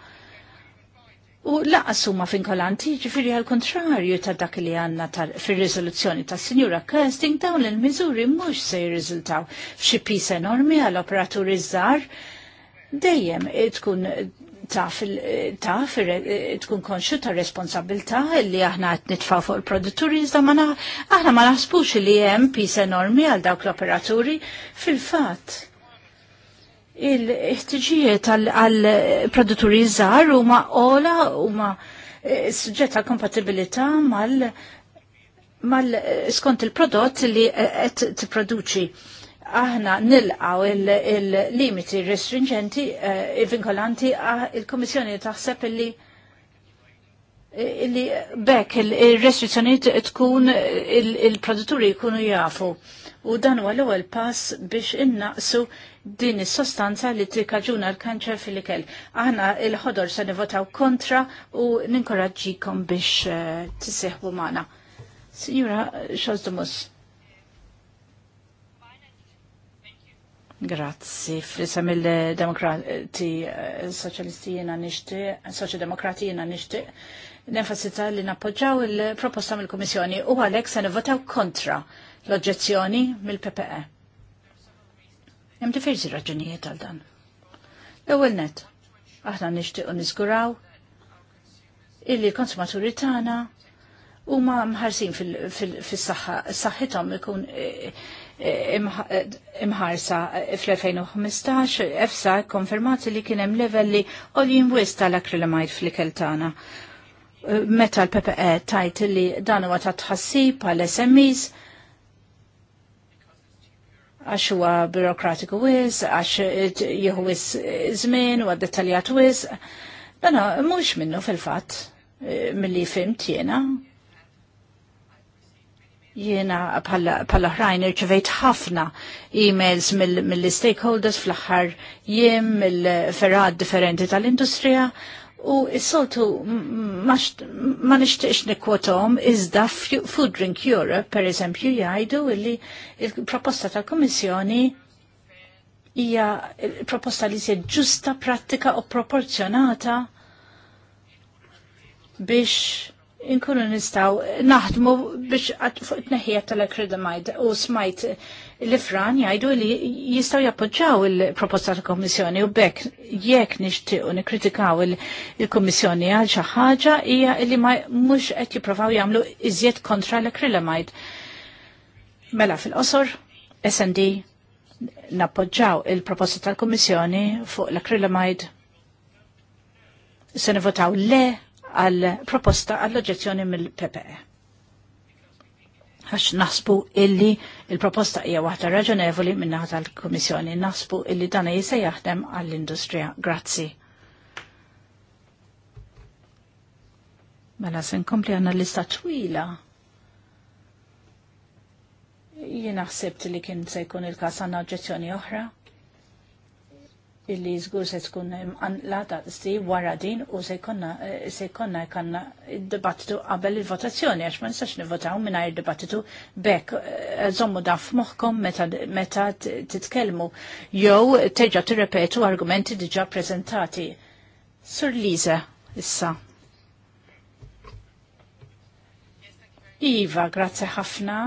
S1: U laqas huma finkolanti ġifiri għal kontrarju ta' dak li għanna fil riżoluzzjoni ta' Sinjura Kirsting dawn il-miżuri mhux se jirriżultaw f'xi pis enormi għal operaturi żgħar dejjem eh, tkun taf taf eh, tkun konxu ta' responsabilta li aħna qed nitfaw fuq il-produtturi iżda aħna ma naħsbux li hemm pis enormi għal dawk l-operaturi fil-fatt il-ħtiġijiet għal produtturi żgħar huma ola huma eh, suġġett għal kompatibilità mal mal skont il-prodott li qed tipproduċi. produċi aħna nilqaw il-limiti il restringenti, uh, eh, vinkolanti, uh, ah, il-Komissjoni taħseb illi illi bekk il restrizzjoni tkun il-produtturi jkunu jafu. U dan huwa l-ewwel pass biex innaqsu din is-sostanza li tikkaġuna l-kanċer fil-ikel. Aħna il-ħodor se nivotaw kontra u ninkoraġġikom biex uh, eh, tisseħbu magħna. Signora Xazdumus. Grazzi. Frisem il-demokrati eh, soċalisti jena nishti, soċjaldemokrati jena nishti, l li nappoġġaw il-proposta mill-Komissjoni u għalek se nivotaw kontra l-oġġezzjoni mill-PPE. Hemm diversi raġunijiet għal dan. L-ewwel net, aħna nixtiequ niżguraw illi l-konsumaturi tagħna huma mħarsin fis-saħħa saħħithom ikun eh, imħarsa fl-2015 EFSA konfermati li kienem livelli għoljin wis tal-akrilamajt fl-ikeltana. Meta l-PPE tajt li dan huwa ta' tħassib għal SMEs għax huwa burokratiku wis, għax jieħu wis żmien u dettaljat wis. Dan mhux minnu fil-fatt eh, li fimt jena, Jiena bħala ħrajn irċivejt ħafna emails mill-stakeholders mill fl-aħħar jiem mill ferad differenti tal-industrija u s-soltu ma nixtieqx nikwotom iżda Food Drink Europe per eżempju jgħidu illi il-proposta tal komissjoni hija il-proposta li se ġusta, prattika u proporzjonata biex inkunu nistaw naħdmu biex fuq it-neħija tal akredamajt u smajt l-Fran jgħidu li jistaw jappoġġaw il-proposta tal-Kommissjoni u bekk jekk nixtiequ nikkritikaw il-Kommissjoni għal xi ħaġa hija li ma mhux qed jippruvaw jagħmlu iżjed kontra l-akrilamide. Mela fil-qosor, SND nappoġġaw il-proposta tal-Kommissjoni fuq l-akrilamide se nivotaw le għal proposta għall oġezzjoni mill-PPE. Għax nasbu illi il-proposta hija waħda raġonevoli minnaħat tal-Komissjoni, nasbu illi dana jisa jaħdem għall-industrija. Grazzi. Mela se nkompli għanna lista twila. Jien naħseb li kien se jkun il-kas għanna oġezzjoni oħra illi żgur se tkun imqanlata sti wara din u se jkollna kanna id-dibattitu qabel il-votazzjoni għax ma nistax nivvotaw mingħajr dibattitu bekk eh, żommu daf moħkom meta titkellmu jew terġa' tirrepetu argumenti diġà prezentati Sur Lisa, issa. Iva, grazzi ħafna.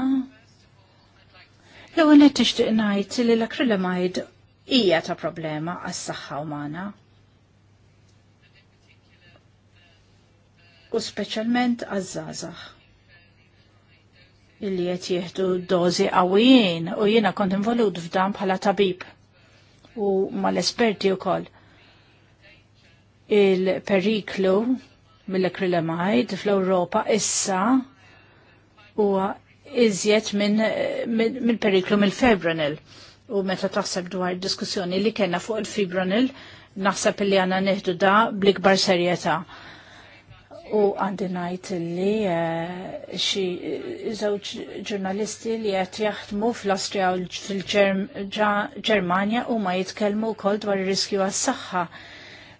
S1: L-ewwel qed tixtieq ngħid li l akrilamajd hija ta' problema għas-saħħa umana. U speċjalment għaż-żgħażagħ illi qed jieħdu dozi qawwijin u jiena kont involut f'dan bħala tabib u mal-esperti wkoll. Il-periklu mill-akrilamide fl-Ewropa issa huwa iżjed minn min, min periklu mill-febronil u meta taħseb dwar diskussjoni li kena fuq il-fibronil, naħseb li għanna neħdu da bl-ikbar serjeta. U għandi najt li eh, xi żewġ ġurnalisti li qed jaħdmu fl-Austria u fil-Ġermanja u ma jitkellmu wkoll dwar ir-riskju għas-saħħa.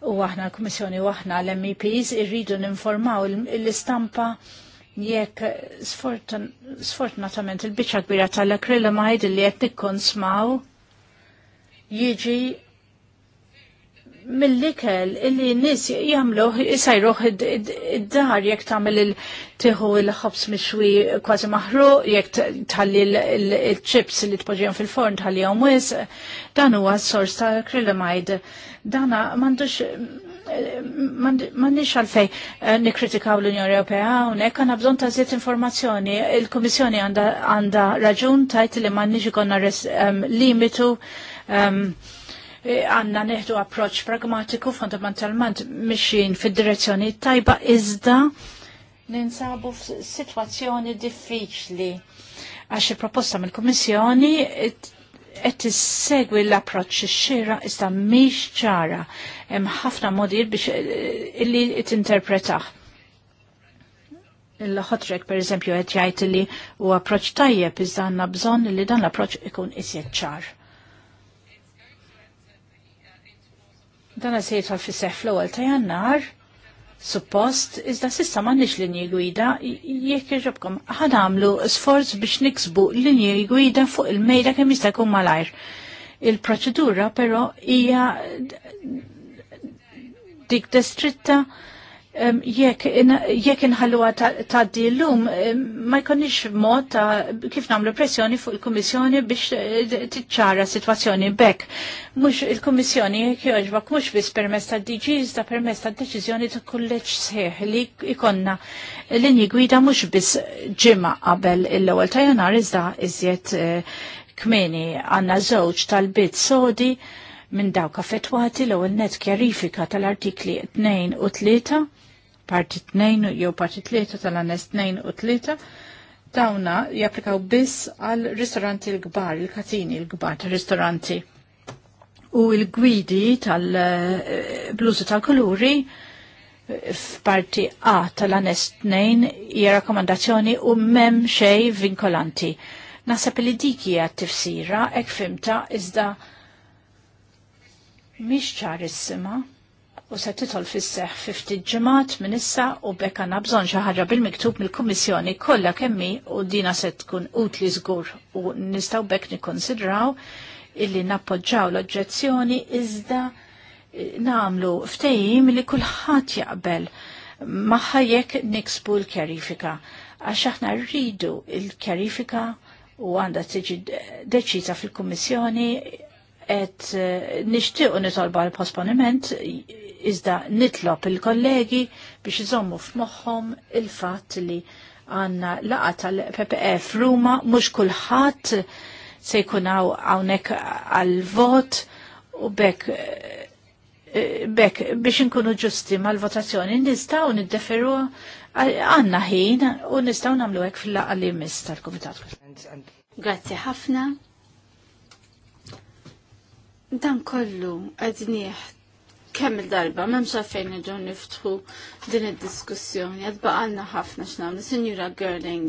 S1: U aħna l-Kummissjoni u aħna l-MEPs irridu ninformaw l-istampa l istampa jekk sfortunatament il-biċċa kbira tal-akrilamide li qed smaw, jiġi mill-ikel illi nis jamluħ jisajruħ id-dar jek tamil il-tiħu il-ħobs mixwi kważi maħru, jek tħalli il-ċips li tpoġijan fil-forn tħalli għom wis, dan huwa sors ta' akrilamide. Dana mandux Mannix għalfej eh, nikritikaw l-Unjoni Ewropea hawnhekk għandna bżonn ta' żiet informazzjoni. Il-Kummissjoni għandha raġun tajt li m'għandniex ikonna ehm, limitu ehm, għanna neħdu approċ pragmatiku fondamentalment mixin fid-direzzjoni tajba iżda ninsabu f'sitwazzjoni diffiċli għaxi il-proposta mill komissjoni qed issegwi l-approċċ xira iżda mhix ċara hemm ħafna modijiet biex eh, illi tinterpretaħ. Il-ħotrek per eżempju qed jgħid li huwa approċċ tajjeb iżda għandna bżonn li dan l-approċċ ikun isjed ċar. Dan se għal fis seħħ fl-ewwel ta' Jannar suppost, iżda sissa m'għandniex linji gwida, jekk jġobkom, ħan għamlu sforz biex niksbu linji gwida fuq il-mejda kemm jista' jkun malajr. Il-proċedura però hija dik destritta jekk inħalluha tgħaddi llum ma jkunniex mod ta' kif nagħmlu pressjoni fuq il-Kummissjoni biex eh, tiċċara sitwazzjoni bekk. Mhux il-Kummissjoni jekk jogħġbok mhux biss permezz tad-DGs ta' permess tad-deċiżjoni ta' kulleġġ sħiħ li ikonna linji gwida mhux biss ġimgħa qabel l-ewwel ta' Jonar iżda iżjed eh, kmini għandna żewġ tal-bit sodi minn dawk affettwati l ewwel net kjarifika tal-artikli 2 u 3 parti 2 jew parti 3 tal-annes 2 u 3 dawna japplikaw biss għal ristoranti l-gbar, il-katini l-gbar ta' ristoranti. U il-gwidi tal-bluzu eh, tal-kuluri f'parti A tal-anes 2 hija rakkomandazzjoni u mem xej vinkolanti. Nasab li dik hija tifsira hekk fimta iżda mhix ċarissima u se titol fisseħ seħ 50 ġemat minn issa u bekka għandna bżonn xi ħaġa bil-miktub mill-Kummissjoni kollha kemmi u dina se tkun utli żgur u nistgħu bekk nikkonsidraw illi nappoġġaw l-oġġezzjoni iżda eh, nagħmlu ftehim li kulħadd jaqbel magħha jekk niksbu l-kjarifika għax aħna rridu l-kjarifika u għandha tiġi deċiza fil-Kummissjoni et eh, nishtiq nitolba l-posponiment iżda nitlob il-kollegi biex iżommu f'moħħom il-fatt li għanna laqa tal-PPF Ruma mux kullħat se jkun għawnek għal-vot u bekk eh, bekk biex nkunu ġusti mal-votazzjoni nistaw niddeferu għanna ħin u nistaw nagħmlu hekk fil-laqa li mis tal-Komitat. Grazie ħafna. Dan kollu għadniħ kemm il-darba m'hemmx fejn
S3: niġu niftħu din id-diskussjoni għad baqalna ħafna xnamna, Sinjura Gerling.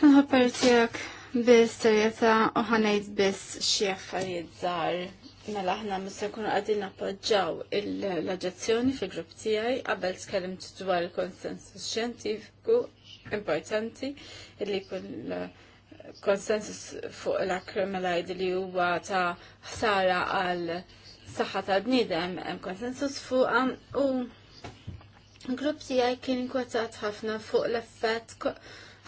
S3: Ħanħabbar tiegħek bis serjeta u ħanejt biss xi affarijiet żgħar mela aħna mista nkunu qegħdin nappoġġaw l-oġġezzjoni fil-grupp tiegħi qabel tkellimt dwar il-konsensus xjentifiku importanti li kull konsensus fuq l-akremelajd li huwa ta' ħsara għal saħħa tal-bniedem hemm konsensus fuq u grupp tiegħi kien inkwetat ħafna fuq l-effett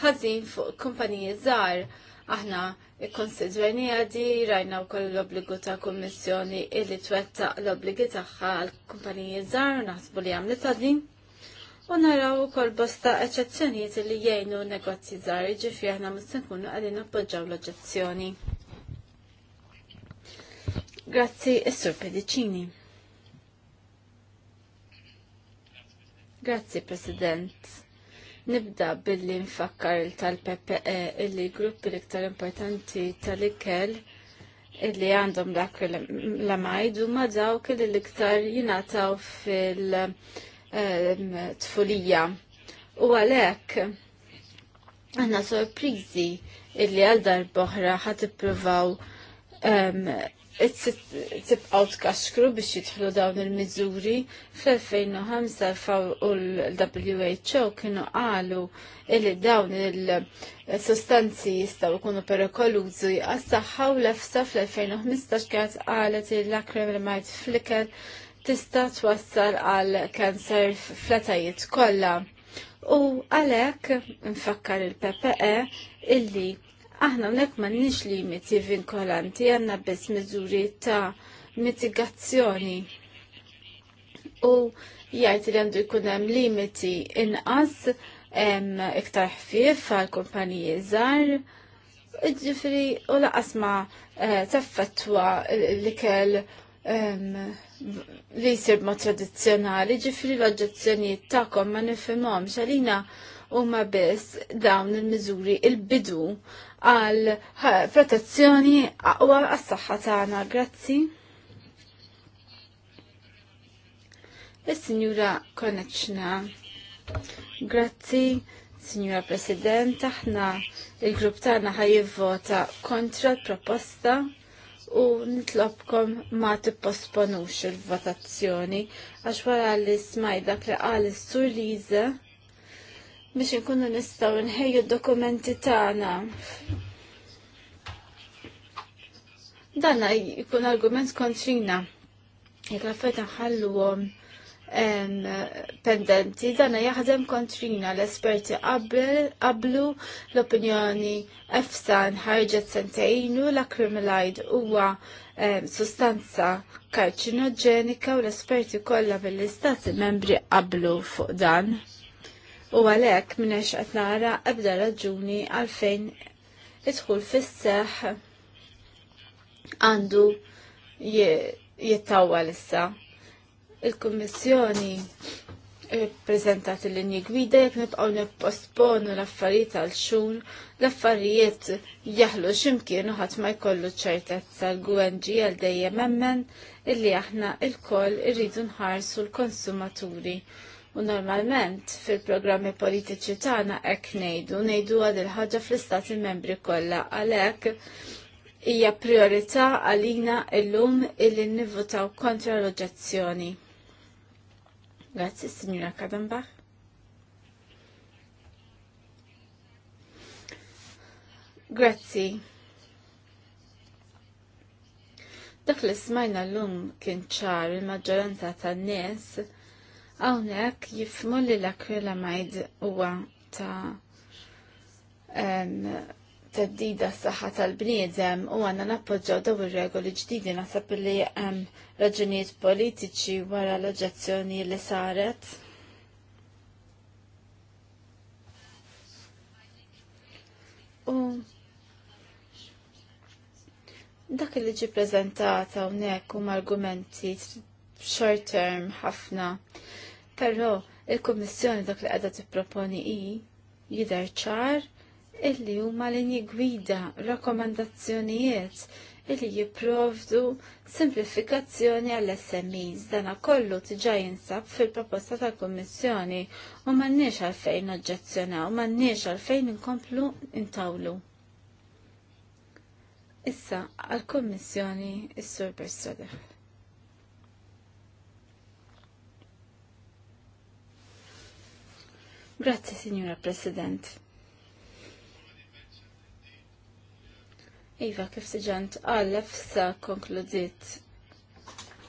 S3: ħażin fuq kumpaniji żgħar. Aħna ikkonsidwejni għadi rajna wkoll l-obbligu ta' kummissjoni illi twettaq l-obbligi tagħha għal kumpaniji żgħar u naħsbu li għamlet din u naraw ukoll bosta eċezzjonijiet li jgħinu negozji żgħar, ġifri aħna mista nkunu qegħdin nappoġġaw l-oġġezzjoni. Grazzi issur Pedicini. Grazzi President. Nibda billi nfakkar tal-PPE illi grupp l-iktar importanti tal-ikel illi għandhom dak l amajdu ma dawk li l-iktar jinataw fil- tfulija. U għalek, għanna sorprizi illi għal darboħra ħat ippruvaw tibqaw tkaxkru biex jitħlu dawn il mizzuri fl-2005 faw u l-WHO kienu għalu illi dawn il-sostanzi jistaw kunu perikolużi għas-saħħa u l-efsa fl-2015 kienet għalet il-lakrim il majt flicker tista' twassal għal kanser flatajiet kollha. U għalhekk nfakkar il-PPE illi aħna hawnhekk m'għandniex limiti vinkolanti għandna biss miżuri ta' mitigazzjoni. U jgħid li għandu jkun hemm limiti inqas iktar ħfief għal kumpaniji żgħar. Ġifri, u laqas ma eh, taffetwa li kell li jisir ma tradizjonali, ġifri l-oġġezzjonijiet ta'kom ma nifimom, xalina u ma biss dawn il-mizuri il-bidu għal protezzjoni aqwa għas-saħħa tagħna. Grazzi. il sinjura Konneċna. Grazzi, Signora President, aħna il-grupp tagħna ħajivvota kontra l-proposta u nitlobkom ma tipposponux il-votazzjoni għax wara li smaj dak li qal is-sur biex inkunu nistgħu nħejju d-dokumenti tagħna. Dan jkun argument kontrina. Jekk għalfejn nħalluhom pendenti dana jaħdem kontrina l-esperti qablu l-opinjoni efsan ħarġet sentejnu l-akrimilajd huwa sustanza karċinogenika u l-esperti kollha bil istati membri qablu fuq dan. U għalhekk minnex qed nara ebda raġuni għalfejn idħul fis-seħ għandu jittawa issa il-Kummissjoni prezentat il-linji gwida jek nibqaw nipposponu l-affarijiet għal xun, l-affarijiet jaħlu ximkien uħat ma jkollu ċertezza l gung għal dejjem emmen illi aħna il-koll irridu nħarsu l-konsumaturi. U normalment fil-programmi politiċi tagħna hekk ngħidu, ngħidu għad il-ħaġa fl-istati membri kollha għalhekk hija priorità għalina illum illi nivvutaw kontra l-oġġezzjoni. Grazzi, signora Kadambach. Grazzi. Dak li smajna l-lum kien ċar il-maġġoranza tan nies hawnhekk jifmu li l-akrilamajd huwa ta' teddida s-saħħa tal-bniedem u għanna nappoġġaw daw ir-regoli ġdidi nasab li hemm raġunijiet politiċi wara l-oġġezzjoni li saret. U dak li ġi preżentat hawnhekk huma argumenti short term ħafna. Però il-Kummissjoni dak li qiegħda tipproponi hi jidher ċar illi huma li jigwida rakkomandazzjonijiet illi jipprovdu simplifikazzjoni għall smes dana kollu tiġa jinsab fil-proposta tal kummissjoni u m'għandniex għalfejn oġġezzjonaw, m'għandniex għalfejn inkomplu intawlu. Issa għall kummissjoni is-Sur Bersadeħ. Grazie, signora President. Iva, kif siġant għallef sa konkludiet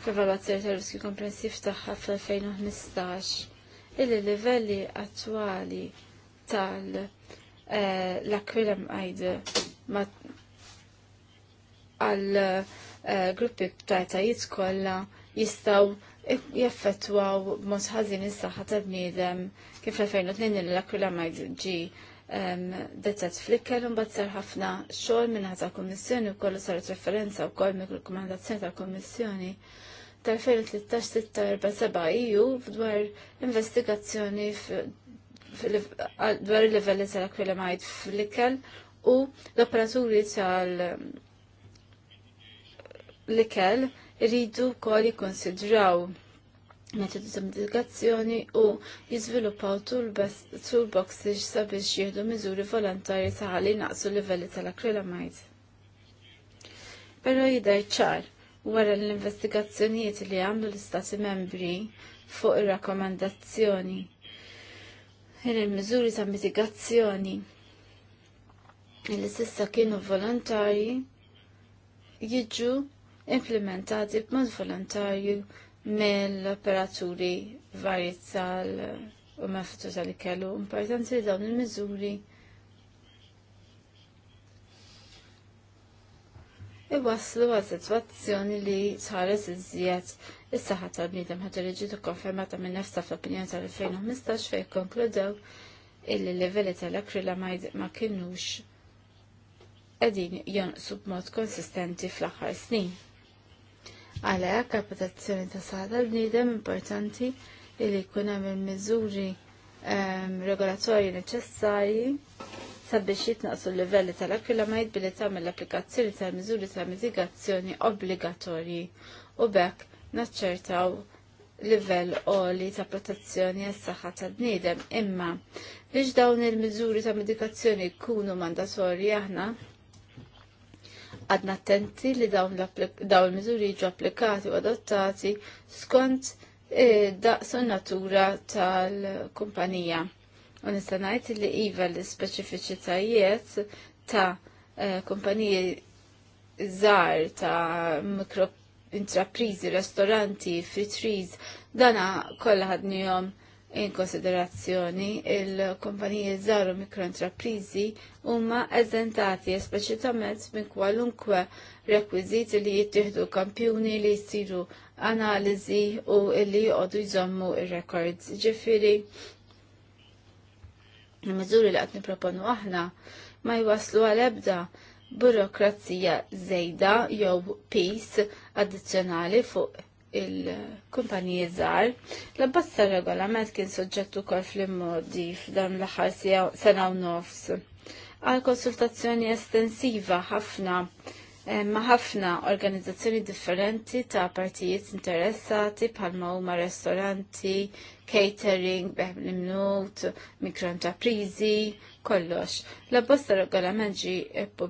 S3: l-evaluazzjoni tal-riskju komprensiv tagħha fl-2015 il-livelli attwali tal- eh, l-akwilem għajd għal eh, gruppi b'tajtajiet kollha jistaw jaffetwaw b'mod ħażin is-saħħa ta' bniedem kif 2002 l-akwilem għajd ġi detet flikker un bat sar ħafna xogħol minn ħadd kummissjoni u kollu saret referenza wkoll mill-rekomandazzjoni kummissjoni ta' tal-2013-647 iju e dwar investigazzjoni dwar il-livelli l-akwila fl-ikel u l-operaturi tal-ikel iridu kol jikonsidraw Metodi ta' disemdikazzjoni u jizviluppaw toolboxes sabiex jieħdu miżuri volontarji saħalli naqsu livelli tal-akrilamide. Però jidher ċar wara l-investigazzjonijiet li għamlu l-Istati membri fuq ir-rakkomandazzjoni il-miżuri ta' mitigazzjoni li sissa kienu volontarji jiġu implementati b'mod volontarju mill-operaturi varji tal u meftu tal kellu importanti li dawn il-miżuri waslu għal situazzjoni li tħares iżjed is-saħħa tal-bniedem ħadu li ġietu konfermata minn nefsa fl-opinjoni tal-2015 fejn konkludew illi livelli tal-akrilamide ma kinux qegħdin jonqsu b'mod konsistenti fl-aħħar snin. Għalhekk għal-protezzjoni ta' l bniedem importanti li jkun hemm il-miżuri ehm, regolatorji neċessarji sabiex jitnaqsu l-livelli tal akrilamajt billi tagħmel l-applikazzjoni ta' miżuri ta' mitigazzjoni obbligatorji u bekk naċċertaw livell oli ta' protezzjoni għas saħħa ta' bniedem imma biex dawn il-miżuri ta' medikazzjoni jkunu mandatorji aħna għadna attenti li dawn l mizuri ġu applikati u adottati skont eh, daqsu natura tal-kumpanija. U nistanajt li iva l-speċifiċitajiet ta' eh, kumpaniji żgħar ta' mikro intraprizi, ristoranti, fritriz, dana kollha ħadnihom in konsiderazzjoni il-kumpaniji żgħar u mikroentreprizi huma eżentati espliċitament minn kwalunkwe rekwiżiti li jittieħdu kampjuni li jsiru analiżi u li jqogħdu jżommu ir-records. Ġifieri il-miżuri li qed nipproponu aħna ma jwaslu għal ebda burokrazija żejda jew pis addizzjonali fuq il-kumpaniji żgħar. l abbassa regolament kien soġġett ukoll fl-immodi f'dan l-aħħar sena u nofs. Għal konsultazzjoni estensiva ħafna eh, ma' ħafna organizzazzjoni differenti ta' partijiet interessati bħalma huma ristoranti, catering, beħ mimnut, mikroentreprizi, kollox. L-abbozza regolament ġi u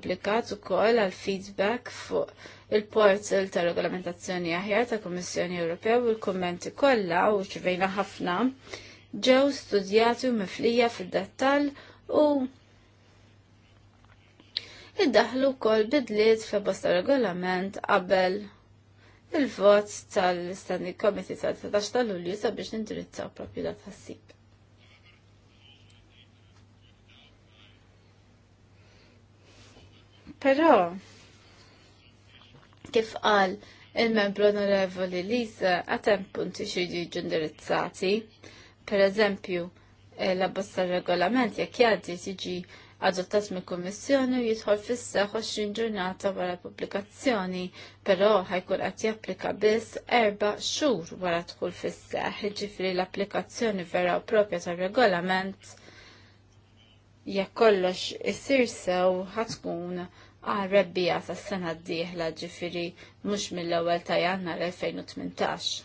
S3: ukoll għal feedback fuq il-portal ta' regolamentazzjoni aħjar ta' Kummissjoni Ewropea u l-kummenti kollha u ċivejna ħafna ġew studjati u miflija fid-dettall u iddaħlu wkoll bidliet fe bosta regolament qabel il-vot tal-Standing Committee tal-13 ta' Lulju sabiex nindirizzaw propju dat ħassib. Però kif qal il-membru onorevoli Lisa għatem punti xieġi ġundirizzati, per eżempju, eh, la bosta regolament jekk jgħaddi tiġi adottat mill kummissjoni u jidħol fis-seħħ 20 ġurnata wara pubblikazzjoni, però ħajkun qed japplika biss erba' xhur wara dħul fis-seħħ, jiġifieri l-applikazzjoni vera u propja tar-regolament jekk kollox isir sew ħatkun tkun għal għata tas sena d-dieħla ġifiri mux mill-ewel ta' l 2018.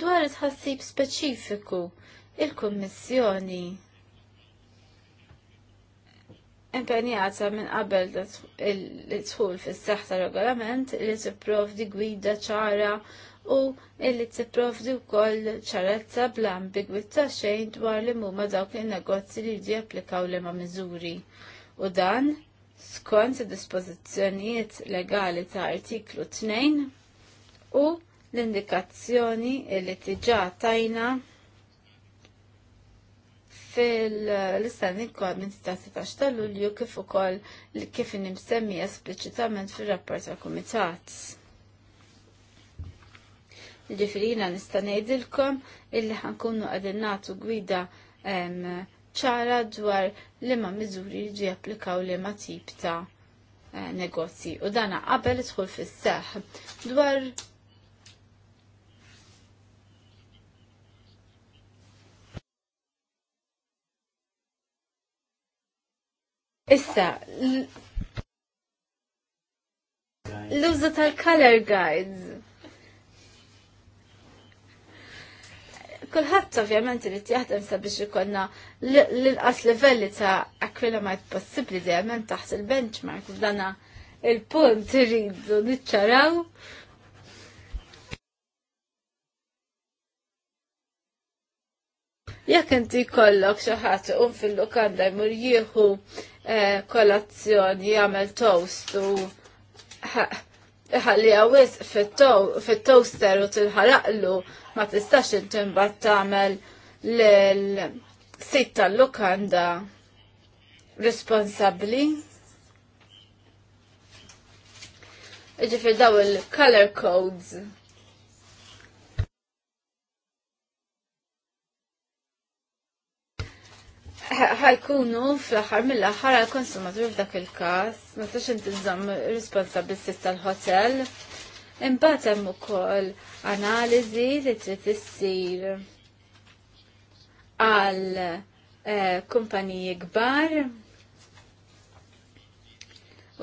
S3: Dwar tħassib speċifiku il-Kummissjoni impenjata minn qabel il-tħul fis seħħ ta' regolament li tipprovdi gwida ċara u illi tipprovdi wkoll ċarezza bla ambigwità xejn dwar li muma dawk in-negozji li jridu japplikaw liema miżuri. U dan skont id-dispożizzjonijiet legali ta' artiklu 2 u l-indikazzjoni li tiġa tajna fil-Islamic Government ta' 16 ta' Lulju kif ukoll kif nimsemmi esplicitament fir-rapport tal-Kumitat. Ġifiri nista' ngħidilkom illi ħankunu qegħdin nagħtu gwida ċara dwar liema miżuri jiġi applikaw liema tip ta' eh, negozji u dana qabel idħul fis-seħ dwar Issa, l-użu tal-color guides. Kulħadd ovvjament irid jaħdem sabiex ikollna l-inqas livelli ta' akrilamajt possibbli dejjem taħt il-benchmark f'dana il-punt irridu niċċaraw. Jekk inti jkollok xi ħadd um fil-lukanda jmur jieħu eh, kolazzjoni jagħmel toast u ħalli għawis fit-toaster u tilħaraqlu ma tistax inti mbagħad tagħmel l sitta l lukanda responsabbli. Ġifir daw il-color codes ħajkunu fl-axar mill-axar għal-konsumatur f'dak il-kas, ma tax inti nżomm responsabilsis tal-hotel, Imbagħad hemm ukoll analiżi li trid issir għal eh, kumpaniji kbar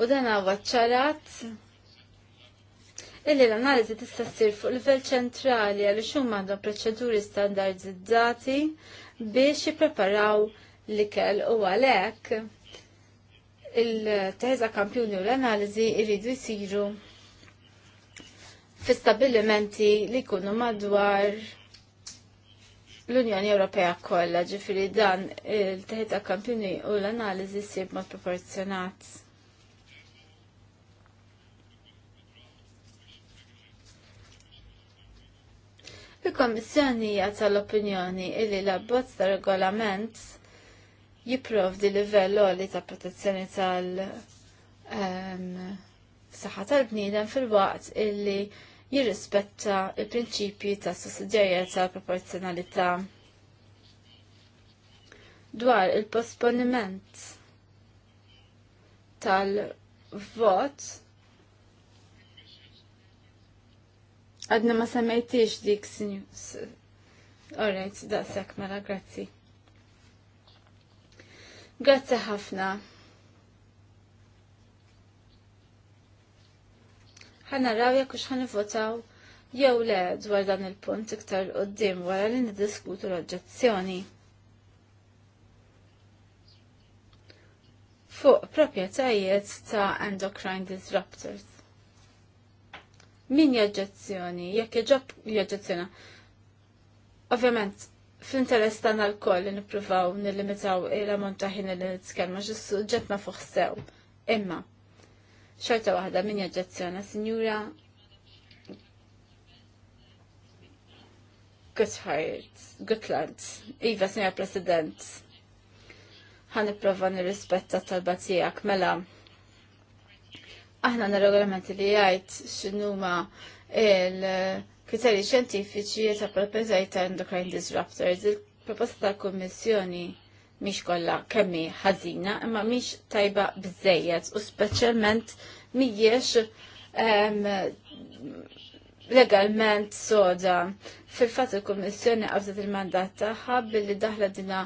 S3: u dan huwa ċarat illi l-analiżi tista' ssir fuq livell ċentrali għal xhum għandhom proċeduri standardizzati biex jippreparaw l-ikel u għalhekk il-teża kampjuni u l-analiżi jridu jsiru Fistabilimenti stabilimenti li jkunu madwar l-Unjoni Ewropea kollha, ġifiri dan il teħet ta' kampjuni u l-analiżi sib ma' proporzjonat. Il-Kommissjoni hija tal-opinjoni li l-abbozz ta' regolament jipprovdi livell li ta' protezzjoni tal- ehm, saħħa tal-bniedem fil-waqt illi jirrispetta il-prinċipji ta' sussidjarjetà proporzjonalità dwar il-posponiment tal-vot għadna ma semmejtiex dik news. Alright, sekk mela, grazzi. Grazzi ħafna. raw jekk hux ħanivotaw jew le dwar dan il-punt iktar qoddim wara li niddiskutu l-oġġezzjoni. Fuq proprjetajiet ta' endocrine disruptors. Min jaġġezzjoni? Jekk jaġġezzjoni. Ovvjament, fl-interess tagħna l-koll nippruvaw nillimitaw il-ammont ta' ħin li nitkellmu x'is-suġġett ma' fuq sew. Imma, xorta waħda min jaġġazzjona Signora? Guthart, Gutland, Iva, Sinjor President, ħan iprofa nirrispetta talba tiegħek mela. Aħna nir-regolamenti li jgħid x'inhuma il-kriterji xjentifiċi ta' proprjetaj ta' endocrine disruptors. Il-proposta tal-Kummissjoni miex kollha kemmi ħażina, imma miex tajba biżejjed u speċjalment mhijiex legalment soda. Fil-fatt il-Kummissjoni qabżet il-mandat tagħha billi daħla dina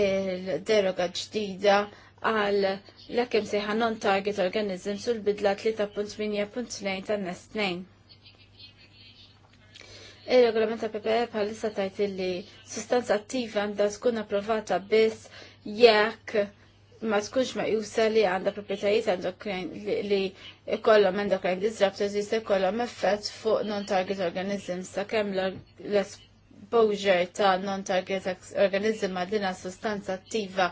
S3: il-deroga ġdida għal l-ekim sejħa non-target organisms sul l-bidla 3.8.2 tan nestnejn Il-regolament ta' PPE bħalissa tajt li sustanza attiva għandha tkun approvata biss jekk ma tkunx ma jusa li għandha proprjetajiet endokrin li kollhom endokrin disruptors jista' jkollhom effett fuq non-target organisms sakemm l-exposure ta' non-target organism għal din sustanza attiva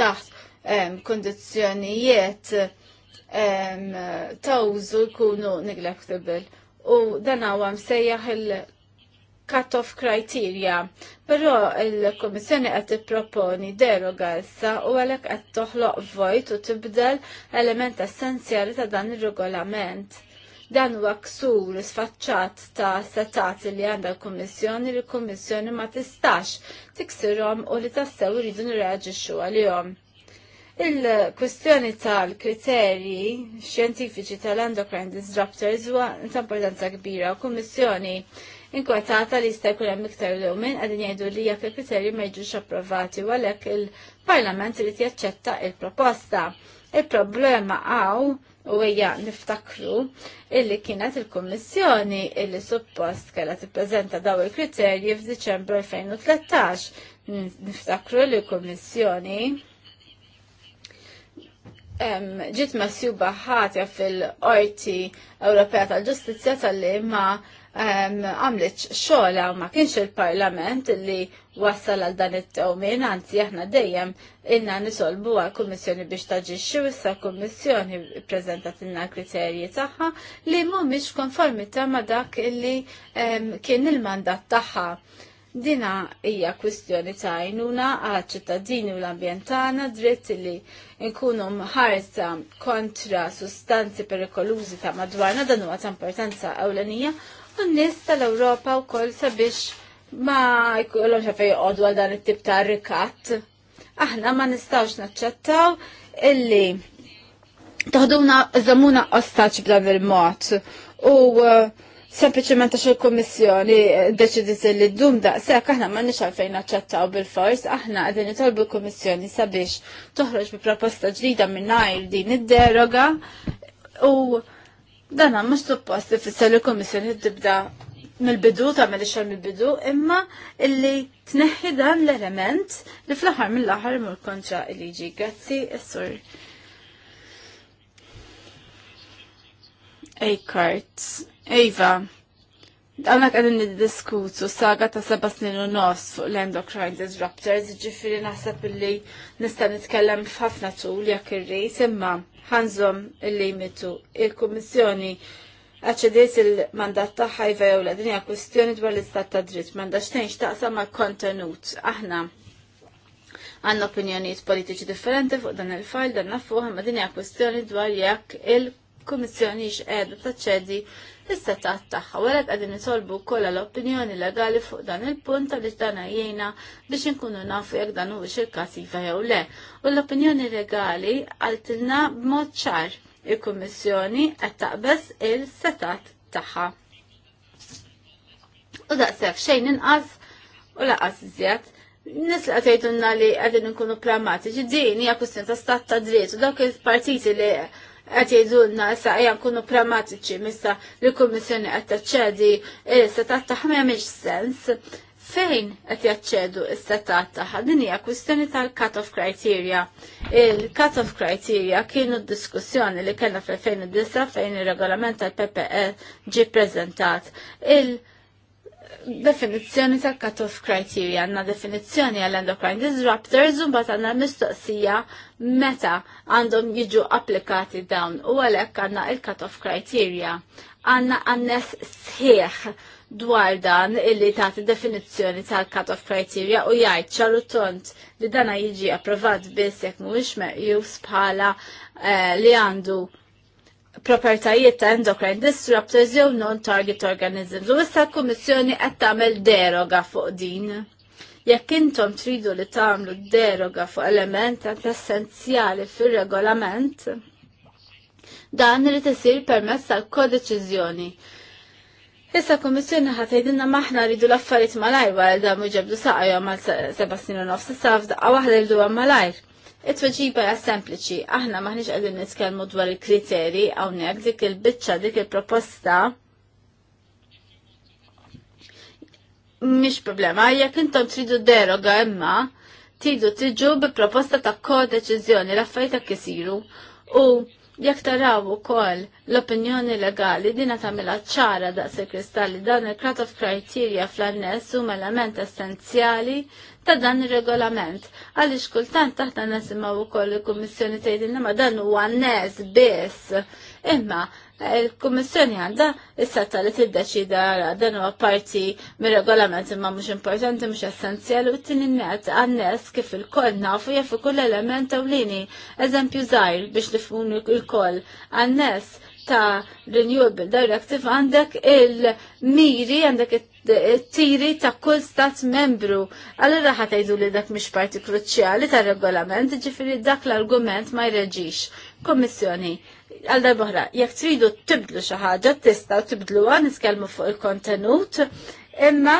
S3: taħt kondizjonijiet ta' użu jkunu neglectable. U dan għawam sejjaħ il cut-off criteria, però il-Komissjoni qed tipproponi deroga issa u għalhekk qed toħloq vojt u tibdel element essenzjali ta' dan ir-regolament. Dan huwa ksur sfaċċat ta' setat li għandha l-Kummissjoni li l-Kummissjoni ma tistax tiksirhom u li tassew iridu nirreaġixxu għalihom. il kwistjoni tal-kriterji xjentifiċi tal-endocrine disruptors huwa ta' importanza kbira u kummissjoni inkwetata li jista' jkun hemm iktar lew minn qegħdin jgħidu li jekk il-kriterji ma jiġux approvati u għalhekk il-Parlament irid jaċċetta il-proposta. Il-problema hawn u hija niftakru illi kienet il-Kummissjoni illi suppost kellha tippreżenta daw il-kriterji f'Diċembru 2013. Niftakru li l-Kummissjoni ġiet messjuba ħatja fil-Qorti Ewropea tal-Ġustizzja tal-li ma' għamlet xogħla ma kienx il-Parlament li wassal għal dan it-tewmin, anzi aħna dejjem inna nisolbu għal kummissjoni biex taġi xiwissa issa kummissjoni ppreżentat inna kriterji tagħha li mhumiex ta' ma dak li kien il-mandat tagħha. Dina hija kwistjoni ta' għajnuna għal ċittadini u l-ambjentana dritt li nkunu mħarsa kontra sustanzi perikolużi ta' madwarna dan huwa ta' importanza ewlenija n-nis tal-Ewropa u koll sabiex ma jkollom xafaj jqogħdu għal dan it-tip ta' rikat. Aħna ma nistgħux naċċettaw illi taħduna żamuna ostaċ b'dan il-mod u uh, sempliciment għax il-Kommissjoni deċidiet li d-dum daqshekk aħna ma nix għalfejn naċċettaw bil-fors, aħna qegħdin nitolbu l-Kummissjoni sabiex toħroġ bi proposta ġdida mingħajr din id-deroga u Dan mux suppost ifisser li l-Komissjoni tibda mill-bidu ta' medixar mill-bidu imma illi tneħħi dan l-element li fl-aħħar mill-aħħar mur kontra illi ġi. Grazzi, s-sur. Ejkart, Eva, għanna għadin diskutu saga ta' seba snin u nos fuq l-endocrine disruptors, ġifiri naħseb illi nista' nitkellem f'ħafna tul jak ir-rejs imma ħanżom il-limitu. Il-Kummissjoni għacċediet il-mandat taħħa iva jvew la dinja kwestjoni dwar l-istat ta' dritt, mandax tejn xtaqsam ma' kontenut. Aħna għanna opinjonijiet politiċi differenti fuq dan il-fajl, dan nafuħ, ma dinja kwestjoni dwar jekk il kummissjoni x'qiegħda taċċedi l-istatat tagħha wara qegħdin nisolbu wkoll l-opinjoni legali fuq dan il-punt għaliex dan jgħinna biex inkunu nafu jekk dan huwiex il-każ iva jew le. U l-opinjoni legali għaltilna b'mod ċar il-Kummissjoni qed taqbeż il-setat tagħha. U daqshekk xejn inqas u laqas iżjed Nis li għatajtunna li għadin nkunu pragmatiċi, din hija kwistjoni ta' stat ta' dritt u dawk il-partiti li qed jgħidulna sa għajan nkunu pragmatiċi missa li kummissjoni qed taċċedi is-setat tagħha m'hemmx sens. Fejn qed jaċċedu is-setat tagħha din hija kwistjoni tal-cut-off criteria. Il-cut-off criteria kienu d-diskussjoni li kellna fl-2009 fejn ir-regolament tal-PPE ġie ppreżentat. Il- definizzjoni ta' cut-off criteria, għanna definizzjoni għall endocrine disruptors, un bat għanna mistoqsija meta għandhom jiġu applikati dawn u għalek għanna il-cut-off criteria. Għanna għannes sħiħ dwar dan illi tagħti definizzjoni tal-cut-off criteria u jgħid ċarutont li dana jiġi approvat biss jekk mhuwiex meqjus bħala eh, li għandu propertajiet ta' endocrine disruptors jew non-target organisms. U issa l-Kummissjoni qed tagħmel deroga fuq din. Jekk intom tridu li tagħmlu deroga fuq element essenzjali fir-regolament, dan irid isir permezz tal-kodeċiżjoni. Issa kummissjoni jgħidilna maħna rridu l-affarijiet malajr wara da mhux ġebdu saqajhom għal seba' snin u nofs issa waħda rridu malajr. It-tweġiba hija sempliċi, aħna maħniex qegħdin nitkellmu dwar il-kriteri hawnhekk dik il-biċċa dik il-proposta mhix problema, jekk intom tridu deroga imma tridu tiġu bi proposta ta' kodeċiżjoni l-affarijiet ta' kisiru u jekk taraw ukoll l-opinjoni legali dina tagħmilha ċara daqs il-kristalli dan il krat of criteria fl-annes huma element essenzjali ta' dan ir-regolament. Għaliex kultant taħna u wkoll il-Kummissjoni tgħidilna ma dan huwa għannes biss. Imma il-Kummissjoni għandha issa tali tiddeċida dan huwa parti mir-regolament imma mhux importanti mhux essenzjali u t-tieni net għannes kif il-koll nafu jaffu kull element lini Eżempju żgħir biex fun il-koll għannes ta' Renewable Directive għandek il-miri, għandek it tiri ta' kull stat membru. Allura ħatajdu li dak mhix parti kruċjali tar regolament, ġifiri dak l-argument ma jreġix. Kommissjoni, għal darbohra, jekk tridu tibdlu xi ħaġa, tistgħu tibdluha, niskellmu fuq il-kontenut, imma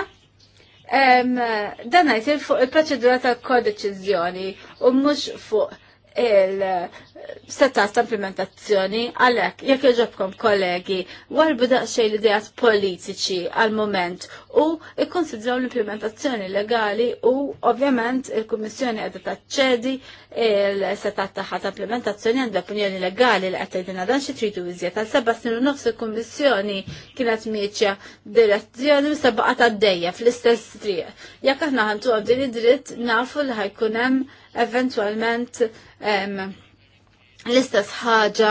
S3: dan ngħid fuq il-proċedura tal kodiċiżjoni u mhux fuq il-settat ta' implementazzjoni għalek, jek joġobkom kollegi, warbu daqxej l-idejat politiċi għal-moment u ikkonsidraw l-implementazzjoni legali u ovvjament il-Kommissjoni għedha taċċedi il-settat taħħa ta' implementazzjoni għandha opinjoni legali li għettajdina dan xi tridu iżjed. Għal seba' sinu nofs il-Kommissjoni kienet mieċja direzzjoni u għata d dejja fl-istess triq. Jekk aħna għantu għabdin id-dritt nafu li ħajkunem hemm eventualment l-istess ħaġa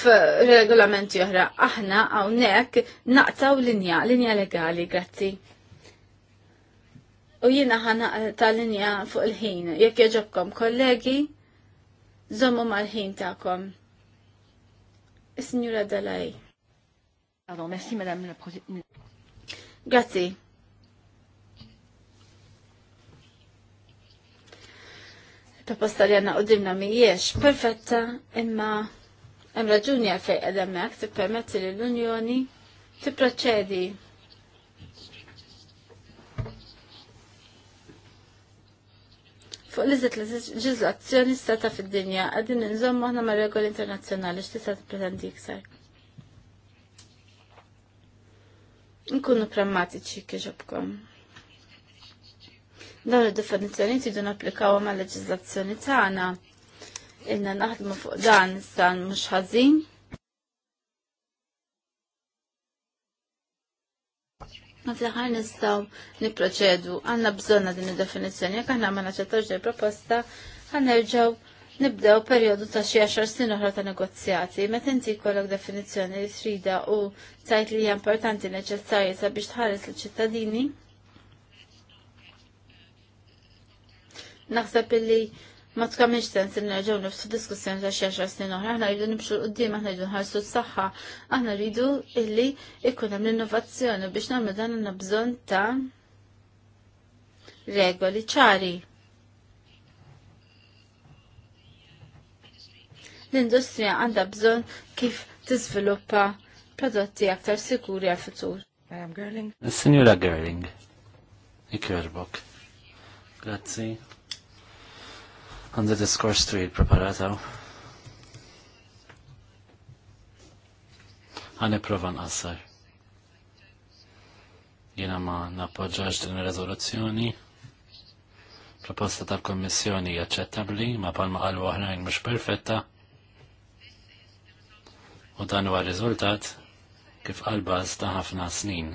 S3: f'regolamenti oħra. Aħna hawnhekk naqtaw linja, linja legali, grazzi. U jiena ħana ta' linja fuq il-ħin, jekk jaġobkom kollegi, żommu mal-ħin tagħkom. Is-Sinjura Dalaj. Pardon, merci Madame la Grazzi. proposta li għanna qoddimna mijiex perfetta imma hemm raġuni għafej għadamek ti tippermetti li l-Unjoni tipproċedi Fuq li zet leġizlazzjoni stata fid-dinja għadin nżommu ħna ma' regoli internazzjonali x'tista' tippretendi iktar. Nkunu prammatiċi kieġobkom. Dawn id-definizzjonijiet jidu applikaw ma' leġislazzjoni tagħna. Inna naħdmu fuq dan san mhux ħażin. Ma fl aħħar nistgħu niproċedu, għandna bżonna din id-definizzjoni, jekk aħna ma naċċettawx din proposta, ħanerġgħu nibdew perjodu ta' xi għaxar snin oħra ta' negozjati, meta inti jkollok definizzjoni li trida u tajt li hija importanti neċessarja sabiex tħares liċ ċittadini naħseb illi ma tkamilx sens li nerġgħu nifsu diskussjoni ta' xi għaxar snin oħra, aħna rridu nimxu l-qudiem, aħna rridu nħarsu s-saħħa, aħna rridu illi ikun hemm l-innovazzjoni biex nagħmlu dan għandna bżonn ta' regoli ċari. L-industrija għandha bżonn kif tiżviluppa prodotti aktar sikuri għal-futur. Madam
S2: Signora Gerling, ikkerbok. Grazie. Għandu diskors twil preparataw. Għani provan nqassar. Jena ma nappoġġax din ir-riżoluzzjoni. Proposta tal-Kommissjoni jaċċettabbli ma palma qal oħrajn mhux perfetta. U dan huwa riżultat kif qalbaż ta' ħafna snin.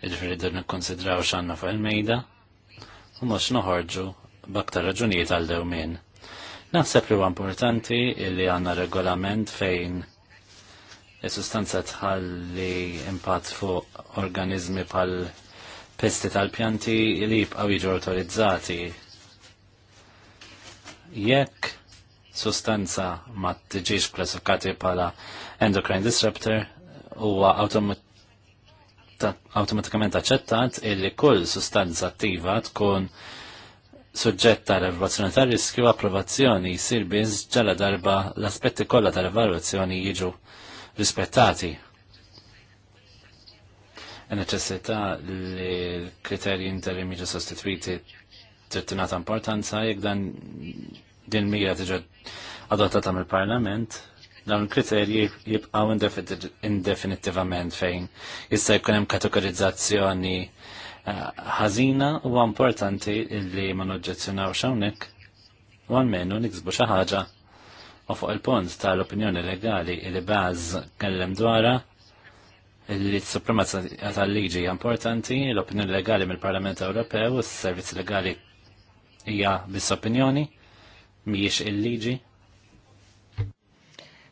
S2: Iġifieri din nikkonsidraw x'għandna fuq il-mejda u mhux noħorġu baktar raġunijiet għal dewmin. Naħseb li huwa importanti li għandna regolament fejn il e sustanza tħalli impatt fuq organizmi pal pesti tal-pjanti li jibqaw jiġu autorizzati. Jekk sustanza ma tġiġ klassifikati bħala endocrine disruptor huwa automatikament aċċettat illi kull sustanza attiva tkun suġġett tal-evalvazzjoni tal riskju approvazzjoni jisir biss ġala darba l-aspetti kollha tal-evalvazzjoni jiġu rispettati. Neċessità li l-kriterji interim jiġu sostituiti trittinata importanza jekk dan din mira tiġa adottata mill-Parlament, dawn kriterji jibqaw indefinitivament fejn jista' jkun hemm kategorizzazzjoni Eh, ħazina u importanti li ma noġġezzjonawx hawnhekk u għalmenu niksbu xi ħaġa. U fuq il-punt tal-opinjoni legali li baż kellem dwarha li s supremazja tal-liġi importanti, l-opinjoni legali mill-Parlament Ewropew u s-servizz legali hija bis-opinjoni mhijiex il-liġi.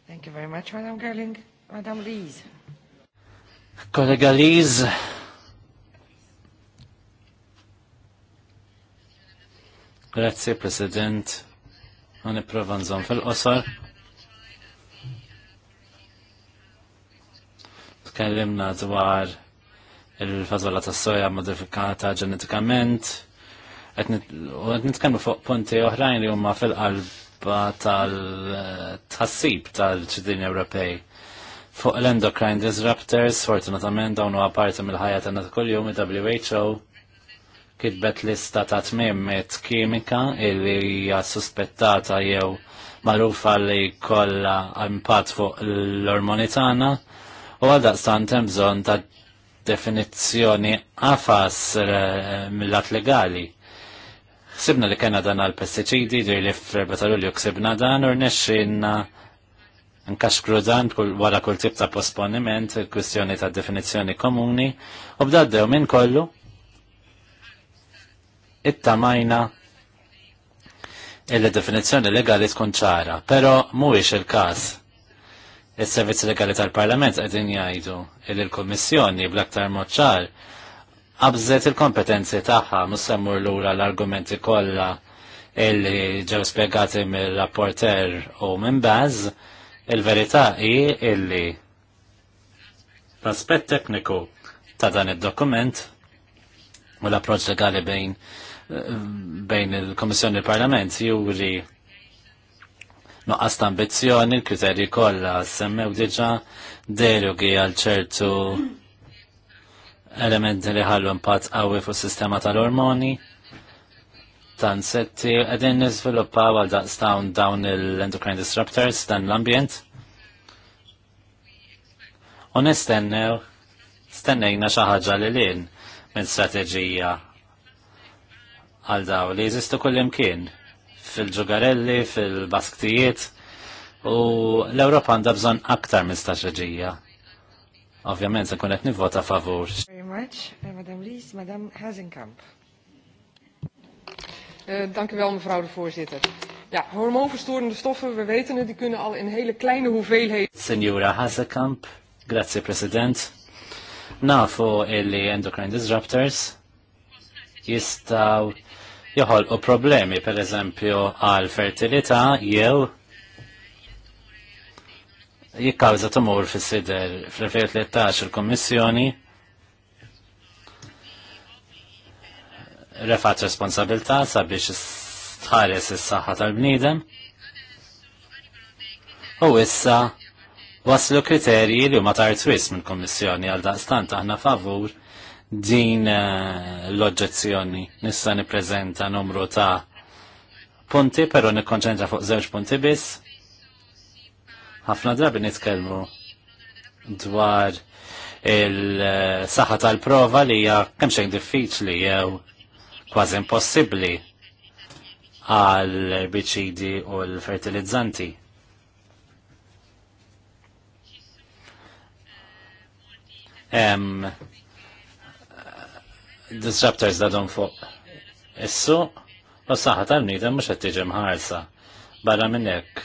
S2: Thank you very much, Madam Gerling. Madam Lees. Kollega Lees, Grazie, President. Għan iprofa nżom fil-qosor. Tkellimna dwar il-fazola ta' soja modifikata ġenetikament. Għed nitkellmu fuq punti oħrajn li huma fil-qalba tal-tassib tal-ċittadini Ewropej fuq l-endocrine disruptors, fortunatament dawn għaparti mill-ħajja tagħna ta' kuljum il-WHO kitbet lista ta' tmimmet kimika illi hija suspettata jew magħrufa li kollha impatt fuq l-ormoni tagħna u għaldaqstant hemm bżonn ta' definizzjoni afas eh, mill-att legali. Sibna li kena dan għal pesticidi dir li f'erba ta' lulju ksibna dan u rnexxinna nkaxkru dan wara kull tip ta' posponiment il-kwistjoni ta' definizzjoni komuni u bdaddew minn kollu it-tamajna il-definizzjoni legali tkun ċara, pero mhuwiex il-każ. Is-servizzi legali tal-Parlament qegħdin jgħidu li l-Kummissjoni bl-aktar mod ċar qabżet il-kompetenzi tagħha mhux semmur lura l-argumenti kollha illi ġew spjegati mill-rapporter u minn baż, il-verità hi illi l-aspett tekniku ta' dan id-dokument u l-approċċ legali bejn bejn il-Komissjoni il-Parlament juri noqqas ta' ambizzjoni, l-kriterji kollha semmew diġà derogi għal ċertu elementi li ħallu impatt qawwi fuq sistema tal-ormoni ta' insetti qegħdin niżviluppaw għal daqstawn dawn il-endocrine disruptors dan l-ambjent. U nistennew stennejna xi ħaġa li lin minn strateġija għal daw li jeżistu kullimkien fil-ġugarelli, fil-basktijiet u l-Ewropa għandha bżonn aktar minn Ovvjament se qed nivvota favur. Very much, eh, Madam Lies, Madam Hazenkamp.
S1: Eh, dank u wel, mevrouw de voorzitter. Ja, hormoonverstorende stoffen, we weten het, die kunnen al in hele kleine hoeveelheden...
S2: Signora Hazekamp, grazie president. Nafu illi endocrine disruptors jistaw u problemi, per eżempju, għal fertilità jew jikkawża tumur fis-sider fl-2013 il-Kommissjoni refat responsabilità sabiex tħares is-saħħa tal-bniedem u issa waslu kriterji li huma tartwis mill-Kommissjoni għal daqstant aħna favur din eh, l-oġġezzjoni. Nista' nippreżenta numru ta' punti, però nikkonċentra fuq żewġ punti biss. Ħafna drabi nitkellmu dwar il-saħħa tal-prova li hija kemm xejn diffiċli jew kważi impossibbli għal erbiċidi u l-fertilizzanti. Hemm disruptors da don fuq issu u saħħa tal-nidem mhux qed tiġi mħarsa. Barra minn hekk,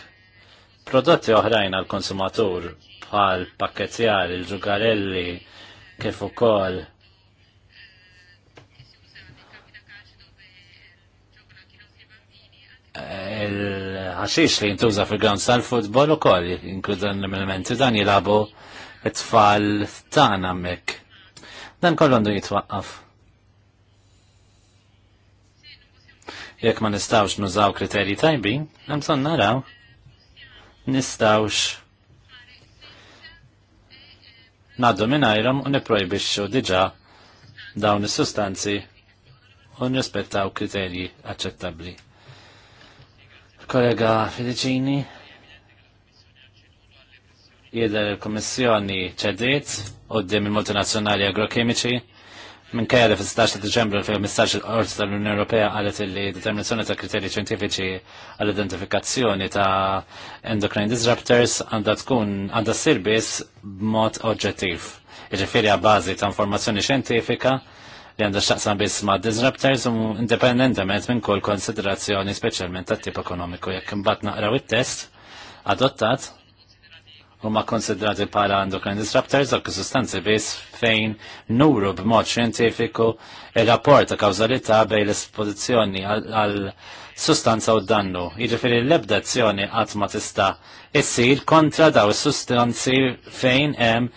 S2: prodotti oħrajn għall konsumatur bħal pakketjar, il-ġugarelli, kif ukoll il-ħaxix li jintuża fil-ground tal-futbol ukoll, koll, inkludan l-elementi dan jilabu it-tfal tagħna hemmhekk. Dan kollu għandu jitwaqqaf. Jekk ma nistawx nużaw kriterji tajbin, hemm naraw nistawx naddu minnajrom u niprojbixxu diġa dawn is-sustanzi u nrispettaw kriterji aċċettabbli. Kollega Felicini, jeder il kummissjoni ċediet u d-dim il-multinazzjonali agrokemiċi minn kajja li fil-16 ta' Deċembru 2015 il-Qorti tal-Unjoni Ewropea qalet li determinazzjoni ta' kriterji ċientifiċi għall-identifikazzjoni ta' endocrine disruptors għandha tkun għandha ssir biss b'mod oġġettiv. Jiġifieri bażi ta' informazzjoni xjentifika li għandha x'taqsam biss ma' disruptors u indipendentement minn kull konsiderazzjoni speċjalment tat-tip ekonomiku jekk imbagħad naqraw it-test adottat huma konsidrati bħala endocrine disruptors dak sustanzi biss fejn nuru b'mod xjentifiku il rapport ta' kawżalità bejn l espożizzjoni għal sustanza u dannu. Jiġifieri l-ebda azzjoni qatt ma tista' issir kontra daw is-sustanzi fejn hemm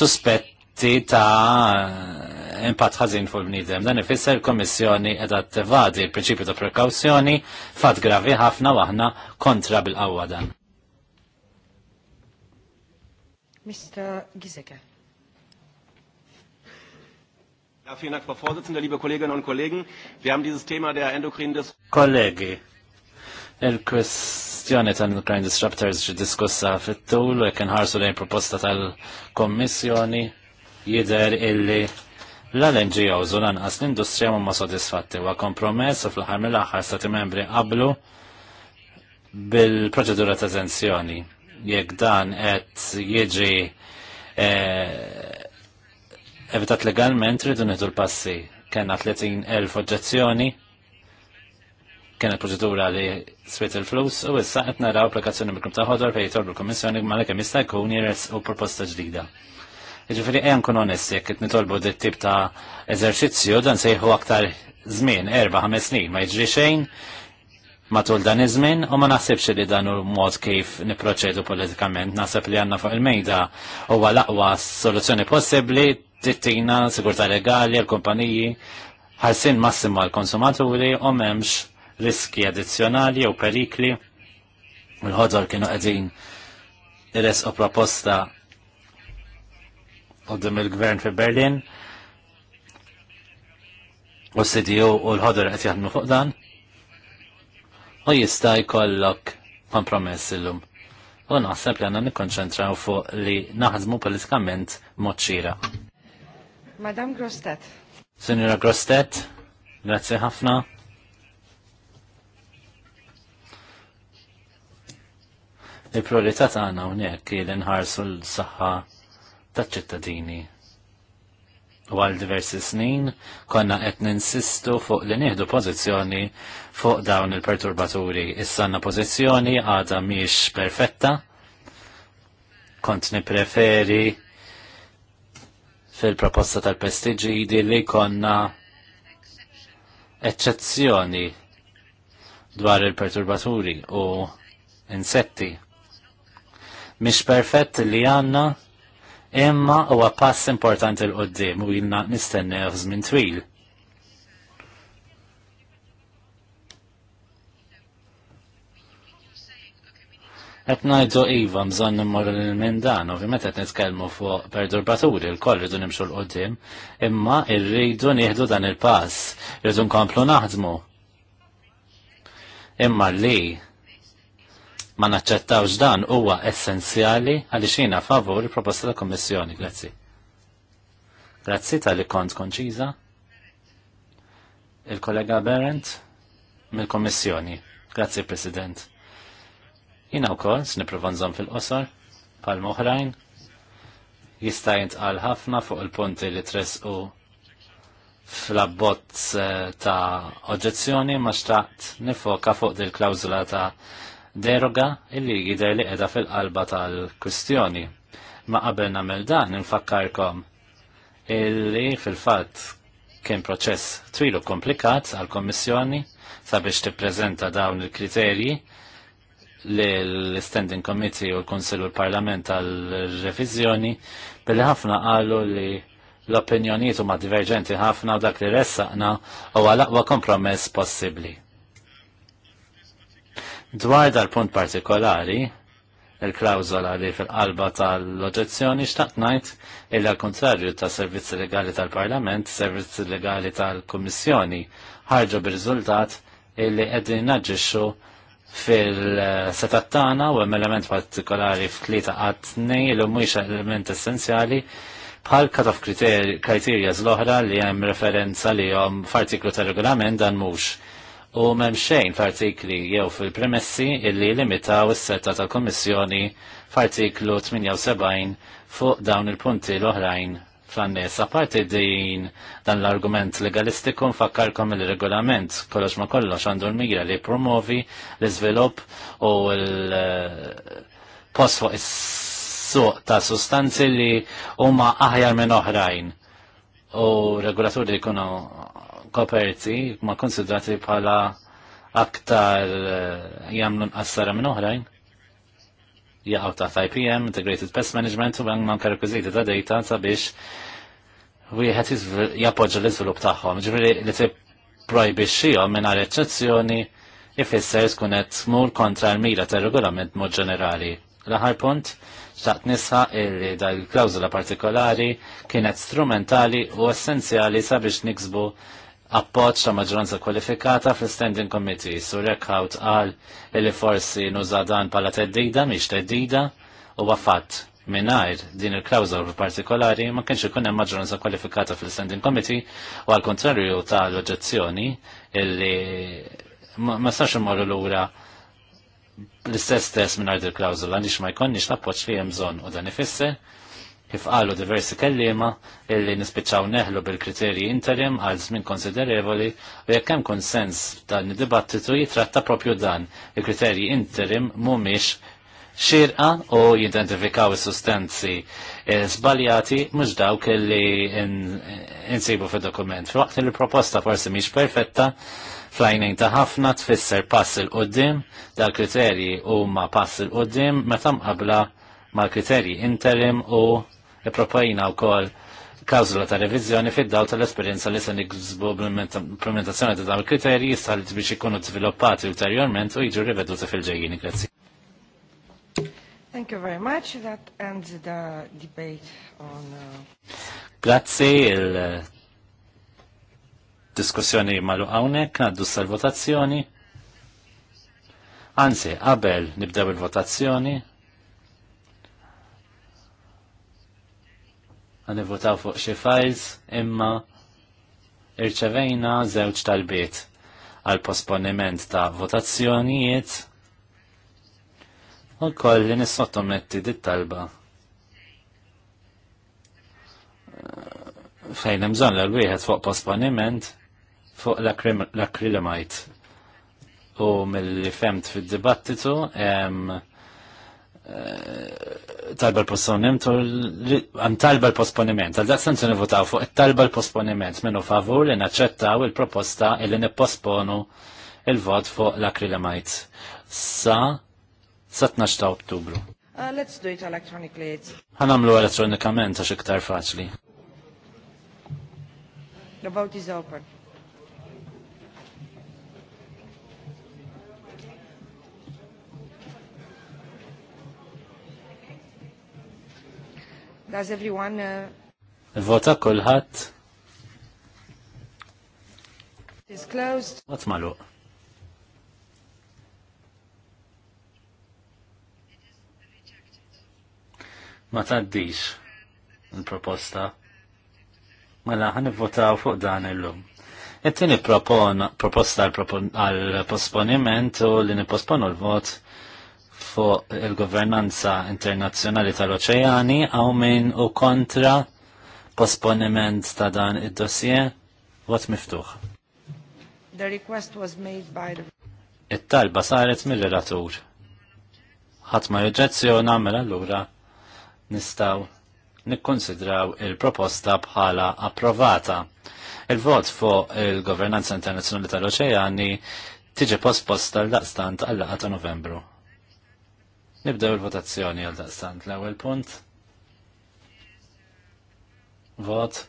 S2: suspetti ta' impatt ħażin fuq bniedem. Dan ifisser l-Kommissjoni qiegħda tevadi l-prinċipju ta' prekawzjoni fatt gravi ħafna waħna kontra bil-qawwa dan.
S1: Mr. Giseke.
S3: Ja, vielen Dank, Frau Vorsitzende, liebe Kolleginnen und Kollegen. Wir
S2: haben dieses Thema der endokrinen Kollegi, il-kwestjoni ta' endocrine disruptors ġi diskussa fit-tul, kien ħarsu lejn proposta tal-Kommissjoni jider illi l-NGOs u lanqas l-industrija mumma sodisfatti wa kompromess u fl-ħar mill-aħħar stati membri qablu bil-proċedura ta' tensjoni jekk dan qed jiġi eh, evitat legalment ridu nieħdu l-passi. Kenna 30,000 oġġezzjoni, kienet proċedura li swiet il-flus u issa qed naraw applikazzjoni mill-Grupp ta' Ħodor fejn jitolbu l-Kummissjoni malek hemm jista' jkun u proposta ġdida. Jiġifieri ejja nkun onest jekk qed nitolbu dit tip ta' eżerċizzju dan sejħu aktar żmien, erba' ħames snin, ma jiġri xejn, matul dan iż-żmien u ma naħsibx li dan mod kif niproċedu politikament. Naħseb li għandna fuq il-mejda huwa l-aqwa soluzzjoni possibbli tittina sigurtà legali għal kumpaniji ħarsin massimo għal konsumaturi u memx riski addizzjonali u perikli. Il-ħodor kienu qegħdin res u proposta qudiem il-gvern fi Berlin u CDU u l-ħodor qed jaħdmu fuq dan u jista' jkollok kompromess illum. U naħseb li għanna nikkonċentraw fuq li naħdmu politikament mod xira.
S1: Madam Grostet.
S2: Senjora Grostet, grazie ħafna. Il-priorità tagħna hawnhekk li nħarsu l-saħħa taċ-ċittadini għal diversi snin konna qed ninsistu fuq li nieħdu pożizzjoni fuq dawn il-perturbaturi. Issa għandna pożizzjoni għadha mhix perfetta. Kont nippreferi fil-proposta tal-pestiġidi li konna eccezzjoni dwar il-perturbaturi u insetti. Mhix perfett li għandna imma huwa pass importanti l-qoddim u jinnna nistenni żmien twil. Et najdu Iva mżon immorru l-min dan, ovvijament et nitkelmu fuq perdurbaturi l-koll rridu imxu l-qoddim, imma irridu nieħdu dan il-pass, rridu nkomplu naħdmu. Imma li ma naċċettawx dan huwa essenzjali għaliex jiena favur il-proposta tal kommissjoni grazzi. Grazzi tal-li kont konċiża. Il-kollega Berent mill-Kommissjoni. Grazzi President. Jiena wkoll s nipprova nżomm fil-qosor pal oħrajn. jista' jintqal ħafna fuq il-punti li tresqu fl-abbozz eh, ta' oġġezzjoni ma xtaqt nifoka fuq dil klawzula ta' deroga illi jidher li qiegħda fil-qalba tal-kwistjoni. Ma qabel nagħmel dan infakkarkom illi fil-fatt kien proċess twilu komplikat għal-Kommissjoni sabiex tippreżenta dawn il-kriterji l-Standing Committee u l-Konsil u l-Parlament għal-Revizjoni billi ħafna qalu li l-opinjoniet huma diverġenti ħafna u dak li ressaqna u għal-aqwa kompromess possibbli. Dwar dal-punt partikolari, il-klawzola li fil-qalba tal-oġezzjoni xtaqt ngħid illi għal kontrarju ta' servizzi legali tal-Parlament, servizzi legali tal-Kummissjoni ħarġu bir-riżultat illi qegħdin naġġixxu fil-setat tagħna u hemm element partikolari f'tlieta qatt nej li mhuwiex element essenzjali bħal kataf kriterja l-oħra li hemm referenza li f'artiklu tar regolament dan mhux u memxejn f'artikli jew fil-premessi illi limitaw is-setta tal-Kommissjoni f'artiklu 78 fuq dawn il-punti l-oħrajn fl annessa parti din dan l-argument legalistiku nfakkarkom il-regolament kollox ma kollox għandu l-mira li promovi l-izvilup u l-post fuq is-suq ta' sustanzi li huma aħjar minn oħrajn u regolaturi jkunu koperti ma konsidrati bħala aktar eh, jamlu nqassara minn oħrajn. Jaqaw taħt IPM, Integrated Pest Management, u għan ta' data ta' data sabiex wieħed jappoġġa l-iżvilupp tagħhom. Ġifieri li tipprojbixxihom mingħajr eċċezzjoni ifisser tkun qed tmur kontra l-mira tar-regolament mod ġenerali. L-aħħar punt, xtaqt nisħa illi dal klawzula partikolari kienet strumentali u essenzjali sabiex niksbu appoċ ta' maġranza kwalifikata fl-Standing Committee. Sur Eckhout qal li forsi nuża dan bħala teddida mhix teddida u fatt mingħajr din il u partikolari ma kienx ikun hemm maġġoranza kwalifikata fl-Standing Committee u għal kontrarju tal-oġġezzjoni illi ma sax imorru lura l-istess test minn il klawżula nix ma jkonniex l appoċ li hemm bżonn u dan ifisser kif qalu diversi kellima illi nispiċċaw neħlu bil-kriterji interim għal żmien konsiderevoli u jekk hemm konsens dan id-dibattitu jitratta propju dan. Il-kriterji interim mhumiex xirqa u jidentifikaw il sustanzi eh, żbaljati mhux dawk kelli insibu fid-dokument. waqt li proposta forsi mhix perfetta, flajnejn ta' ħafna tfisser pass il-qoddim, dal-kriterji u ma pass il-qoddim meta qabla mal kriterji interim u Ipropajna wkoll kawżula ta' revizjoni fid-daw tal-esperjenza li se nikzbu bl-implementazzjoni ta' dawn il-kriterji jistgħu biex ikunu żviluppati ulterjorment u jiġu riveduti fil-ġejjin. Grazzi.
S1: Thank you very much. That ends the debate on... Uh,
S2: Grazie, il diskussjoni malu għawnek, għaddu sal-votazzjoni. Anzi, qabel nibdew il-votazzjoni, għanivotaw fuq xi files imma irċevejna żewġ talbiet għal posponiment ta' votazzjonijiet u koll li sottometti dit-talba. Fejn hemm bżonn l-wieħed fuq posponiment fuq l-akrilamajt. U mill-li femt fid-dibattitu hemm Eh, talba l-posponiment, għan talba l-posponiment, għal daqsan t votaw fuq talba l-posponiment minnu favur li naċċettaw il-proposta illi nipposponu il-vot fuq l-akrilamajt sa sa 12 ta' ottubru. Uh, let's do it electronically. għamlu elettronikament għax iktar faċli.
S1: The vote is open. Does everyone... Uh...
S2: Vota kolħat.
S1: Is closed.
S2: What's malu? Ma taddix il-proposta. Mela, ħan votaw fuq dan il-lum. Et-tini proposta għal-posponiment u li niposponu l-vot fuq il-governanza internazzjonali tal-oċeani għaw minn u kontra posponiment ta' dan id-dossier vot miftuħ.
S1: The request was made by the...
S2: It-talba saret mill-relatur. ma reġezzjona mela l-ura nistaw nikkonsidraw il-proposta bħala approvata. Il-vot fuq il-Governanza Internazzjonali tal-Oċeani tiġi posposta l-daqstant għall-laqa ta' Novembru. Nibdew il-votazzjoni għal daqstant l-ewwel punt. Vot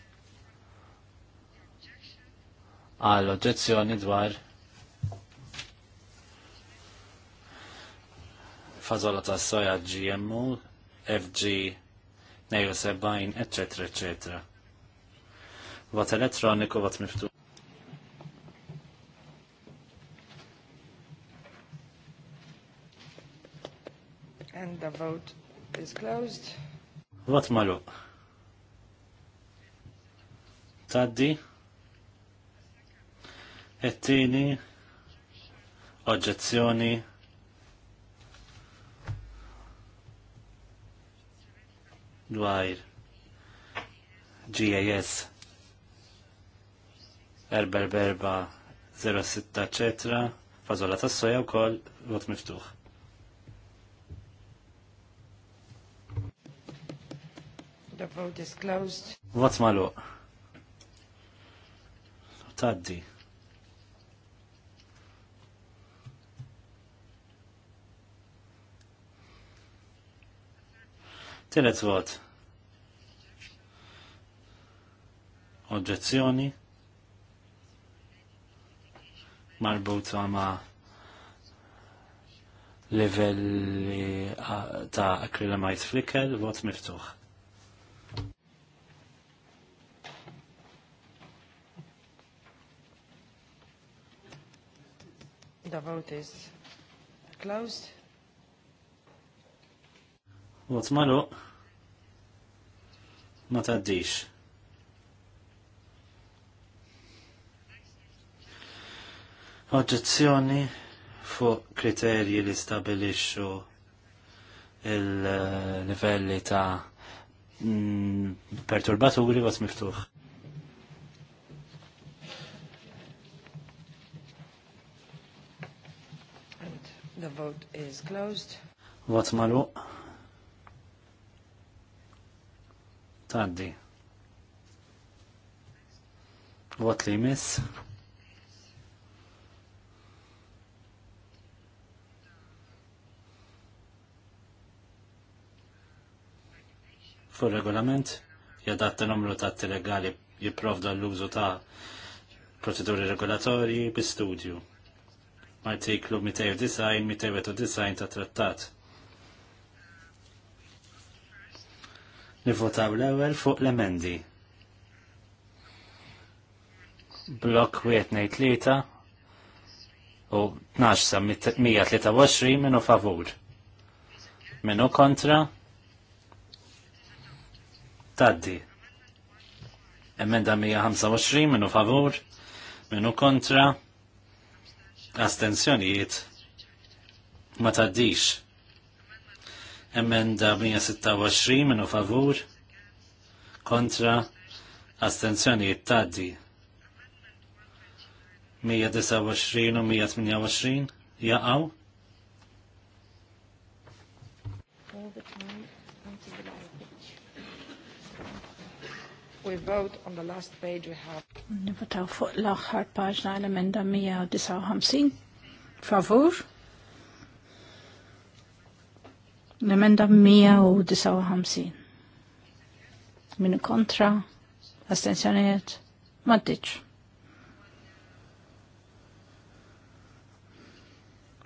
S2: għal oġġezzjoni dwar fazola ta' soja GMO, FG 72, eccetera, eccetera. Vot elettroniku, vot miftu. and the vote is closed. Vot malu. Taddi. Ettini. Oġġezzjoni. Dwajr GAS. Erber berba 06 ċetra. Fazola tas-soja wkoll vot miftuħ.
S1: The vote is closed.
S2: Vot law? Taddi. Tilet vot. Oġġezzjoni. Marbut ma' level ah, ta' akrilamajt flikel, vot miftuħ.
S1: The vote is closed.
S2: Vot malu ma taddix. Oġġezzjoni fuq kriterji li stabilixxu il-livelli ta' mm, perturbaturi għas miftuħ.
S1: The vote is closed.
S2: Vot malu. Taddi. Vot li jmiss. Fu regolament jadatta numru ta' t-legali jiprovda l-użu ta' proceduri regolatorji bi studju artiklu 209-209 ta' trattat. Nivotaw l-ewel fuq l-emendi. Blok 23 u 12 sa 123 minu favur. Minu kontra. Taddi. Emenda 125 minu favur. Minu kontra astenzjonijiet ma taddix. Emenda 126 minu favur kontra astenzjonijiet taddi. 129 u 128 jaqaw.
S1: We vote on the last page we have. Nivotaw fuq l-axħar paġna l-emenda 159. Favur. L-emenda 159. Minu kontra. Astenzjoniet. Maddiċ.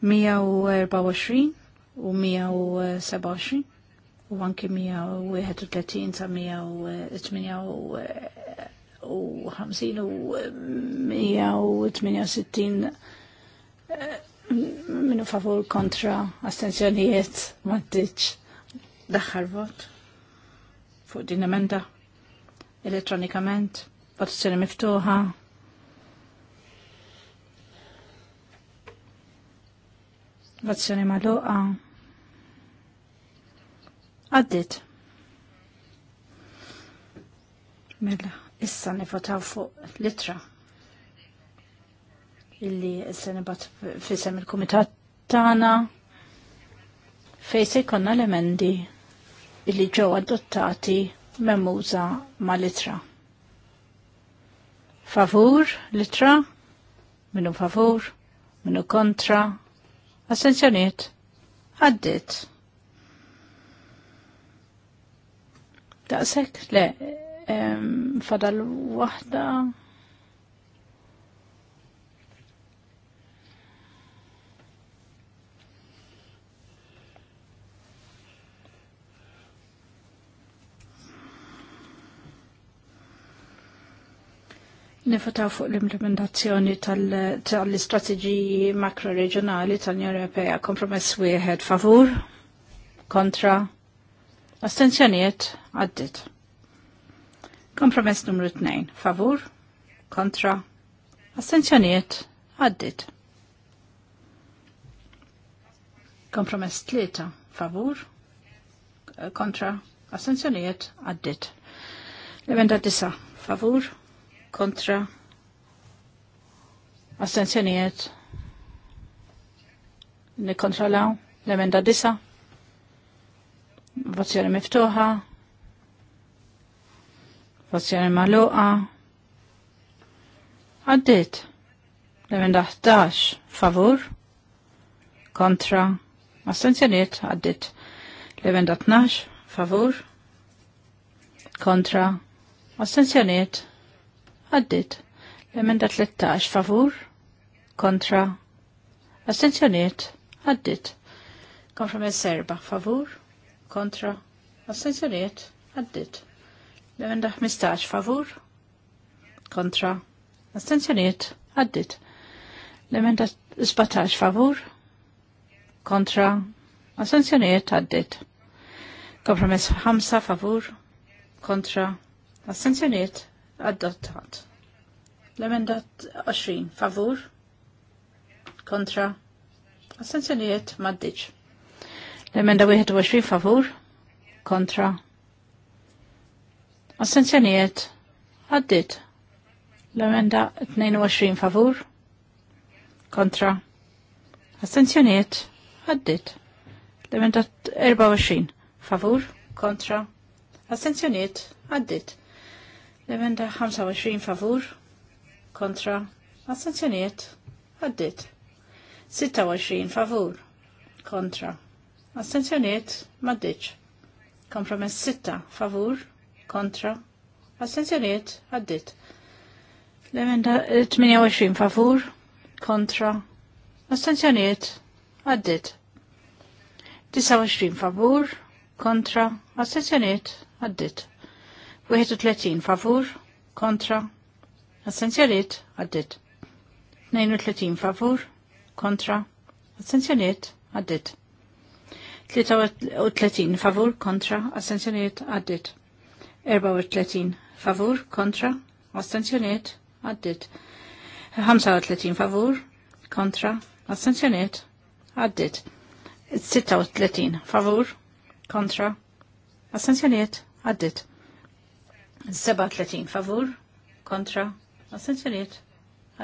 S1: 124 u 127 u anki 131 sa 158 u 168 eh, eh, eh, minu favur kontra astenzjonijiet maddiċ daħħar vot fuq din emenda elettronikament votazzjoni miftuħa votazzjoni maluqa Għaddit. Mela, issa nifotaw fuq litra illi issa nibat fisem il-komitat tana fej se jkonna l-emendi illi ġew adottati memuża ma' litra. Favur, litra, minu favur, minu kontra, assenzjoniet, għaddit. Daqsek, le, fadal wahda. Nifutaw fuq l-implementazzjoni tal-istrateġiji makro-reġjonali tal-Unjoni Ewropea kompromess wieħed favur kontra Astenzjoniet għaddit. Kompromess numru 2. Favur? Kontra? Astenzjoniet għaddit. Kompromess 3. Favur? Kontra? Astenzjoniet għaddit. L-emenda 9. Favur? Kontra? Astenzjoniet? Nikontrolaw? L-emenda 9. Votazzjoni miftuħa. Votazzjoni maluqa. Għaddit. L-emenda 11 favur. Kontra. Astenzjoniet għaddit. L-emenda favur. Kontra. Astenzjoniet għaddit. L-emenda 13 favur. Kontra. Astenzjoniet għaddit. Konfirmi serba favur kontra, astenzjoniet, għaddit. L'emenda emenda 15 favur, kontra, astenzjoniet, għaddit. L'emenda emenda 17 favur, kontra, astenzjoniet, għaddit. Kompromess 5 favur, kontra, astenzjoniet, adottat. L-emenda 20 favur, kontra, astenzjoniet, maddiċ. L-emenda 21 favur kontra. Assenzjoniet, għaddit. L-emenda 22 favur kontra. Assenzjoniet, għaddit. L-emenda 24 favur kontra. Assenzjoniet, għaddit. L-emenda 25 favur kontra. Assenzjoniet, għaddit. 26 favur kontra. Astenzjoniet maddiċ. Kompromess sitta, favur kontra. Astenzjoniet għaddit. L-emenda 28 favur kontra. Astenzjoniet għaddit. 29 favur kontra. Astenzjoniet għaddit. 31 favur kontra. Astenzjoniet għaddit. 32 favur kontra. Astenzjoniet għaddit. 33 favur kontra astenzjoniet għaddit. 34 favur kontra astenzjoniet għaddit. 35 favur kontra astenzjoniet għaddit. 36 favur kontra astenzjoniet għaddit. 37 favur kontra astenzjoniet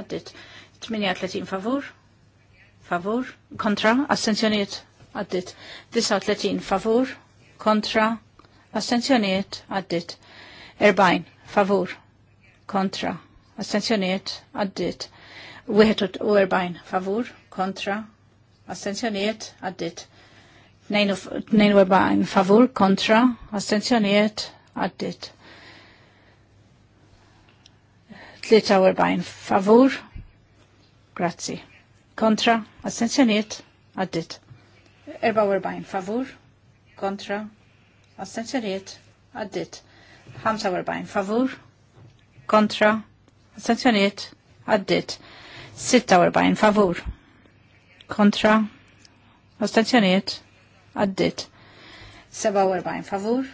S1: għaddit. 38 favur favur kontra astenzjoniet għaddit. 39 favur, kontra, astenzjoniet għaddit. 40 favur, kontra, astenzjoniet għaddit. 41 favur, kontra, astenzjoniet għaddit. 42 favur, kontra, astenzjoniet għaddit. 43 favur, grazzi. Kontra, astenzjoniet, għaddit. 44 favur kontra astenzjoniet għaddit 45 favur kontra astenzjoniet għaddit 46 favur kontra astenzjoniet għaddit 47 favur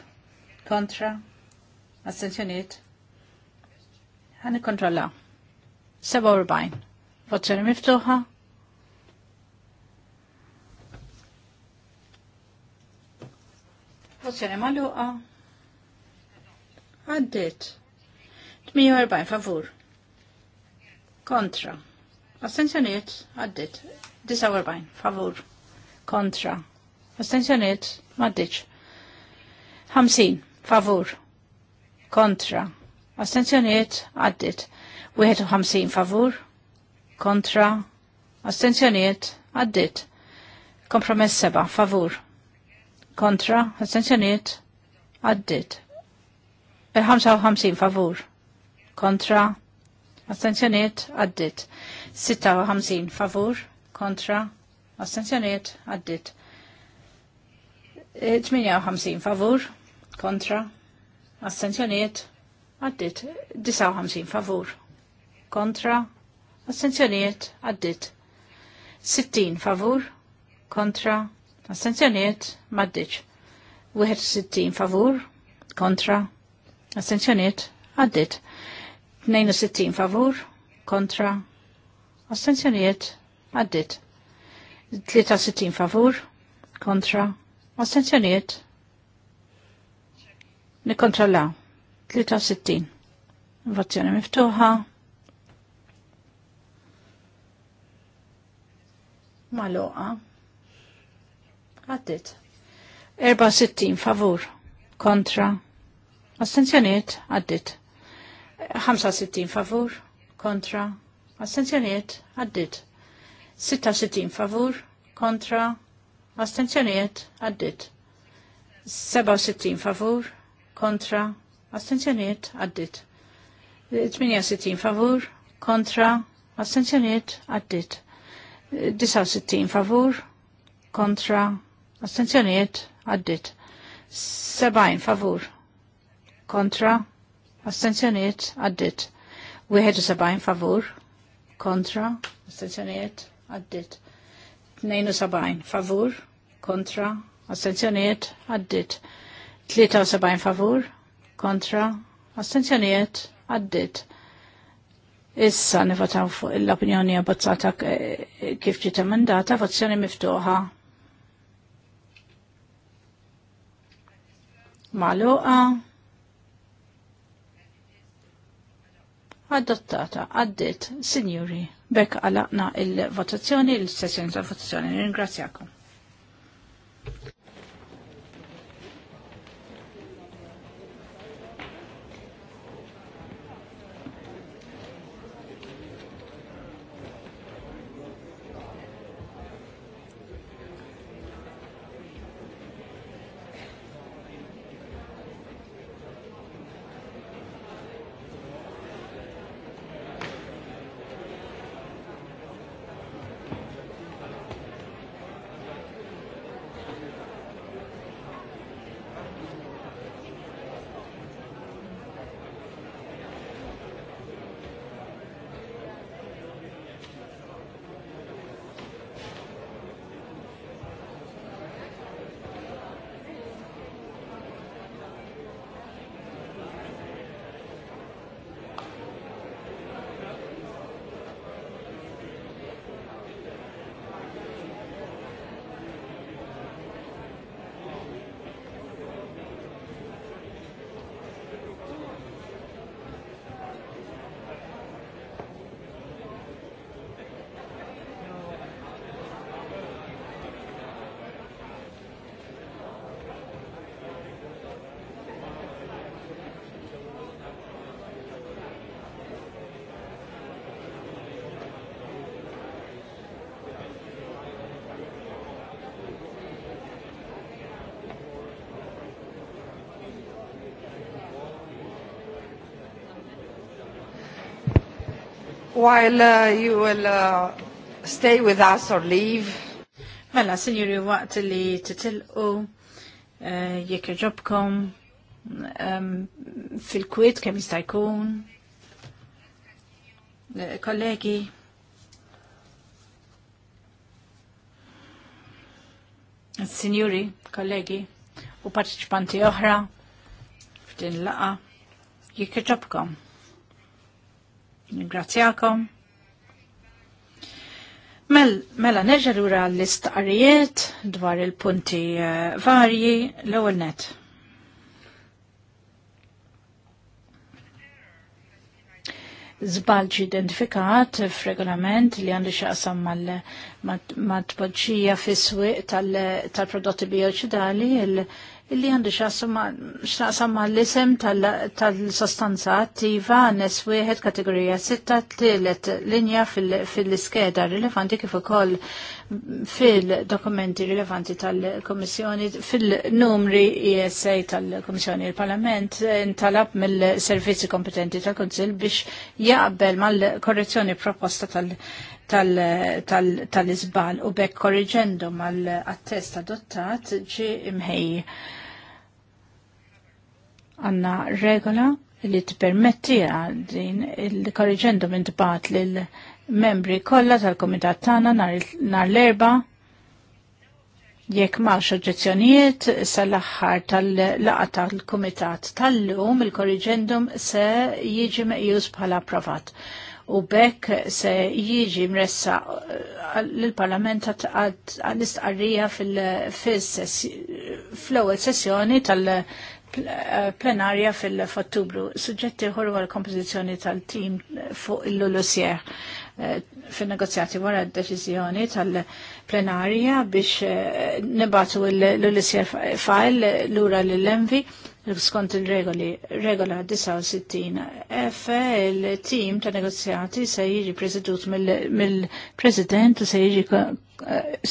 S1: kontra astenzjoniet ħani kontrolla 47 votzjoni miftuħa Votazzjoni maluqa. Għaddit. 48 favur. Kontra. Astenzjoniet għaddit. 49 favur. Kontra. Astenzjoniet maddiċ. 50 favur. Kontra. Astenzjoniet għaddit. 51 favur. Kontra. Astenzjoniet għaddit. Kompromess seba' favur kontra, astensjoniet, għaddit. Per 55 favur, kontra, astensjoniet, għaddit. 56 favur, kontra, astensjoniet, għaddit. 58 favur, kontra, astensjoniet, għaddit. 59 favur, kontra, astensjoniet, għaddit. 60 favur, kontra, Astenzjoniet maddiċ. 61 favur kontra. Astenzjoniet għaddit. 62 favur kontra. Astenzjoniet għaddit. 63 favur kontra. Astenzjoniet nikontrollaw. 63. Votazzjoni miftuħa. Maloqa għaddit. 64 favur kontra astenzjoniet għaddit. 65 favur kontra astenzjoniet għaddit. 66 favur kontra astenzjoniet għaddit. 67 favur kontra astenzjoniet għaddit. 68 favur kontra astenzjoniet għaddit. 69 favur kontra Astenzjonijiet għaddit. 70 favur kontra Astenzjonijiet għaddit. 71 favur kontra Astenzjonijiet għaddit. 72 favur kontra Astenzjonijiet għaddit. 73 favur kontra Astenzjonijiet għaddit. Issa nifataw fuq l-opinjoni abbozzata eh, kif ġiet emendata, votazzjoni miftuħa maluqa adottata addit, sinjuri bekk għalaqna il-votazzjoni il-sessjoni tal-votazzjoni ringrazzjakom while uh, you will uh, stay with us or leave. Mela, sinjuri, waqt li titilqu eh, jekk joġobkom fil-kwit kemm jista' jkun. Eh, kollegi, Sinjuri, kollegi, u partiċipanti oħra f'din laqa jekk joġobkom. Ningrazzjakom. mela neġa lura l-istqarijiet dwar il-punti eh, varji l-ewwel net. Zbalġi identifikat f'regolament li għandu xaqsam mal-tpoġġija fis-swieq tal-prodotti bioċidali, illi għandu xaqsamma l-isem tal-sostanza attiva nes wieħed kategorija 6 tielet linja fil-iskeda rilevanti kif ukoll fil-dokumenti rilevanti tal-Komissjoni fil-numri ESA tal-Komissjoni il-Parlament intalab mill-servizzi kompetenti tal-Konsil biex jaqbel mal-korrezzjoni proposta tal- tal-izbal u bekk korriġendum mal attest adottat ġi imħej għanna regola li t-permetti din il-korriġendum intbat l-membri kollha tal-komitat tagħna nar l-erba jekk mawx oġġezzjonijiet sal-aħħar tal-laqa tal-komitat tal-lum il-korriġendum se jiġi meqjus bħala approvat u bekk se jiġi mressa uh, l-Parlament għall-istqarrija fil-ewwel sessjoni tal- Eh, plenarja fil-Fattubru. Suġġetti ħorru għal kompożizzjoni tal-tim fuq il-Lulusjer eh, fil-negozjati wara d-deċizjoni tal-plenarja biex eh, nibatu l-Lulusjer fajl l-ura l-Lenvi skont il-regoli regola 69 F il-tim ta' negozjati se jiġi prezidut mill-president u se jiġi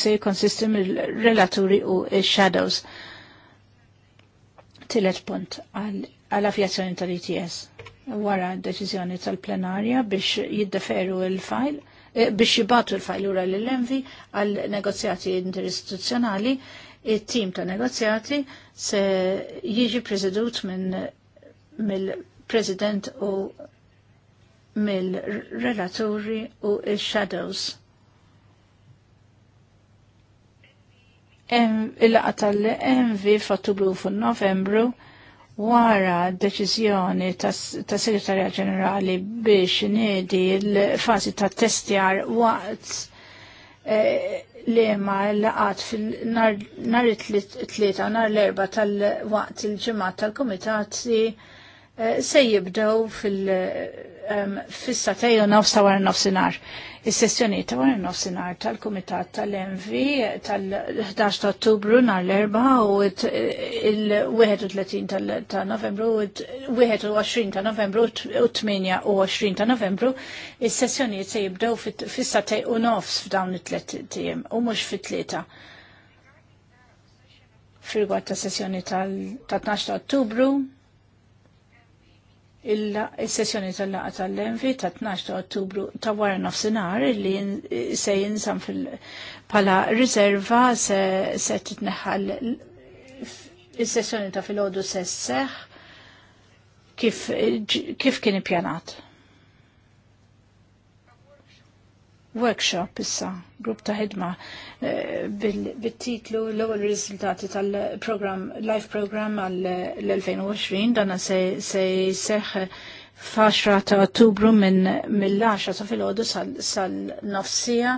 S1: se jikonsisti mill-relaturi u shadows. shadows Tillet punt għal-affjazzjoni tal-ITS wara d-deċizjoni tal-plenarja biex jiddeferu il-fajl eh, biex jibbatu l-fajl ura l-envi għal negozjati interistituzzjonali, il-tim ta' negozjati se jiġi prezidut minn mill-president u mill-relaturi u il-shadows il-laqa tal-MV f'Ottubru fu novembru wara deċiżjoni ta' segretarja ġenerali biex nedi l fasi ta' testjar waqt e, li ma laqat fil-nar tlieta nar l-erba tal-waqt il-ġimgħat tal-komitati e, se jibdew fil- Um, fissa tejo nofs ta' wara Is-sessjoni ta' wara nofsinar tal-Kumitat tal-Envi tal-11 ta' Ottubru nar l-erba u il-31 ta' Novembru, u 21 ta' Novembru u 28 ta' Novembru, is-sessjoni se jibdew fissa u nofs f'dawn it-tlet tiem u mhux fit-tlieta fil ta' sessjoni tal-12 ta' Ottubru, il-sessjoni tal-laqa tal lenvi ta' 12 ta' Ottubru ta' wara nofsinhar li se jinsam pala riserva se se titneħħal il-sessjoni ta' filgħodu se sseħħ kif kif kien ippjanat. Workshop issa grupp ta' ħidma eh, bil-titlu l-ewwel riżultati tal-programm live program għall-2020 dana se seħ f'10 ta' Ottubru minn mill-10 ta' filgħodu sal-nofsija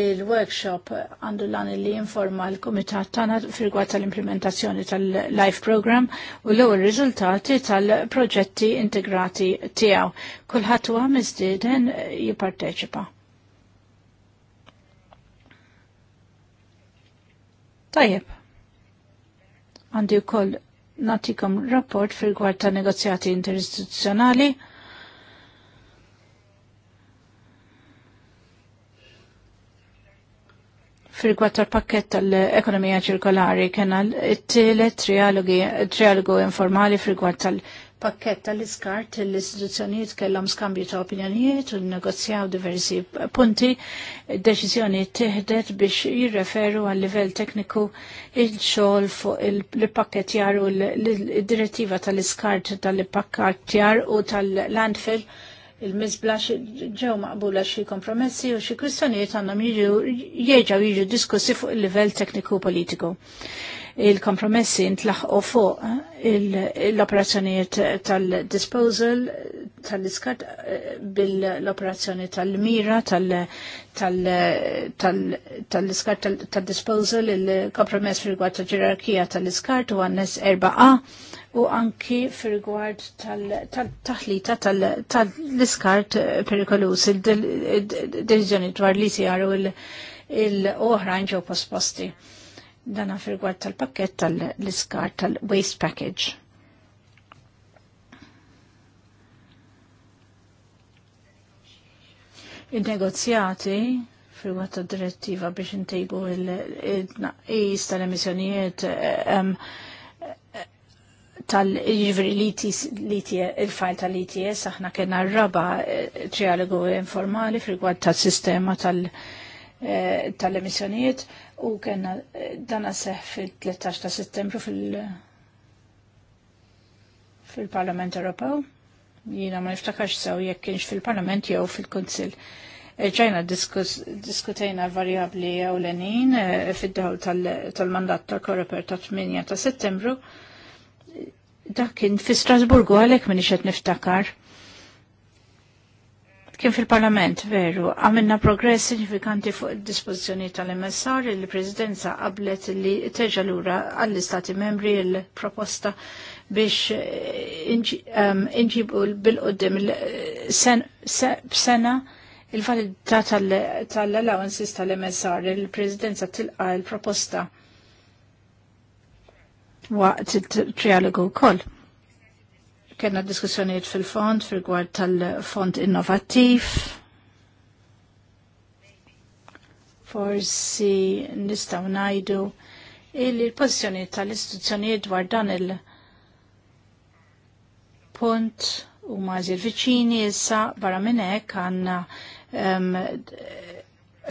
S1: il-workshop għandu lan li informa l-komitat tagħna firgwa tal-implementazzjoni tal-life program u l-ewwel riżultati tal-proġetti integrati tiegħu. Kulħadd huwa mistieden jipparteċipa. Tajjeb. Għandi wkoll natikom rapport fil gwarta negozjati interistituzzjonali. fil gwarta tal-pakket tal-ekonomija ċirkolari kena it-tielet trialogu informali fil gwarta tal-, -trialogi, pakket tal-iskart l-istituzzjonijiet kellhom skambju ta' opinjonijiet u negozjaw diversi punti, deċizjoni tiħdet biex jirreferu għal livell tekniku il-xogħol fuq il-pakket jar u l-direttiva tal-iskart tal-pakket jar u tal-landfill il-mizbla ġew maqbula xi kompromessi u xi kwistjonijiet għandhom jiġu jieġaw jiġu diskussi fuq il-livell tekniku politiku il-kompromessi intlaħqu fuq l-operazzjonijiet tal-disposal tal-iskat bil-operazzjoni tal-mira tal-iskat tal-disposal il-kompromess fil-gwad tal-ġerarkija tal-iskat u għannes 4A u anki fil-gwad tal-taħlita tal-iskart perikolus il-dirġjoni dwar li sijaru il-oħrajn ġew posposti dana fil tal-pakket tal-iskar tal-waste package. Il-negozjati fil tal-direttiva biex intejbu il-naqis tal-emissjonijiet tal-ġivri il-fajl tal its jiġifieri aħna kena raba eh, trialogu informali fil-gwad tal-sistema tal-emissjonijiet. tal sistema tal tal eh, tal emissjonijiet u kena eh, dana seħ fil-13 ta' settembru fil- parlament Ewropew. Jina ma niftakarx sew jekk kienx fil-Parlament jew fil-Kunsill. Eh, ġajna diskutejna l ewlenin eh, fid-dawl tal-mandat tal-Koreper ta' 8 ta' settembru. Dak kien fi Strasburgu għalhekk minix qed niftakar kien fil-Parlament, veru, għamilna progress sinifikanti fuq il-dispozizjoni tal-MSR il presidenza qablet li teġa lura għall-Istati membri il-proposta biex eh, ehm, inġibu bil-qoddim sena il-validità tal-allowances tal-MSR il-Presidenza tilqa il-proposta waqt il-trialogu kol kena diskussjoniet fil-fond, fil gwart tal-fond innovativ. Forsi nistaw najdu illi l-pozizjoni tal-istituzzjonijiet dwar dan il-punt u mażir viċini issa barra minnek għanna um,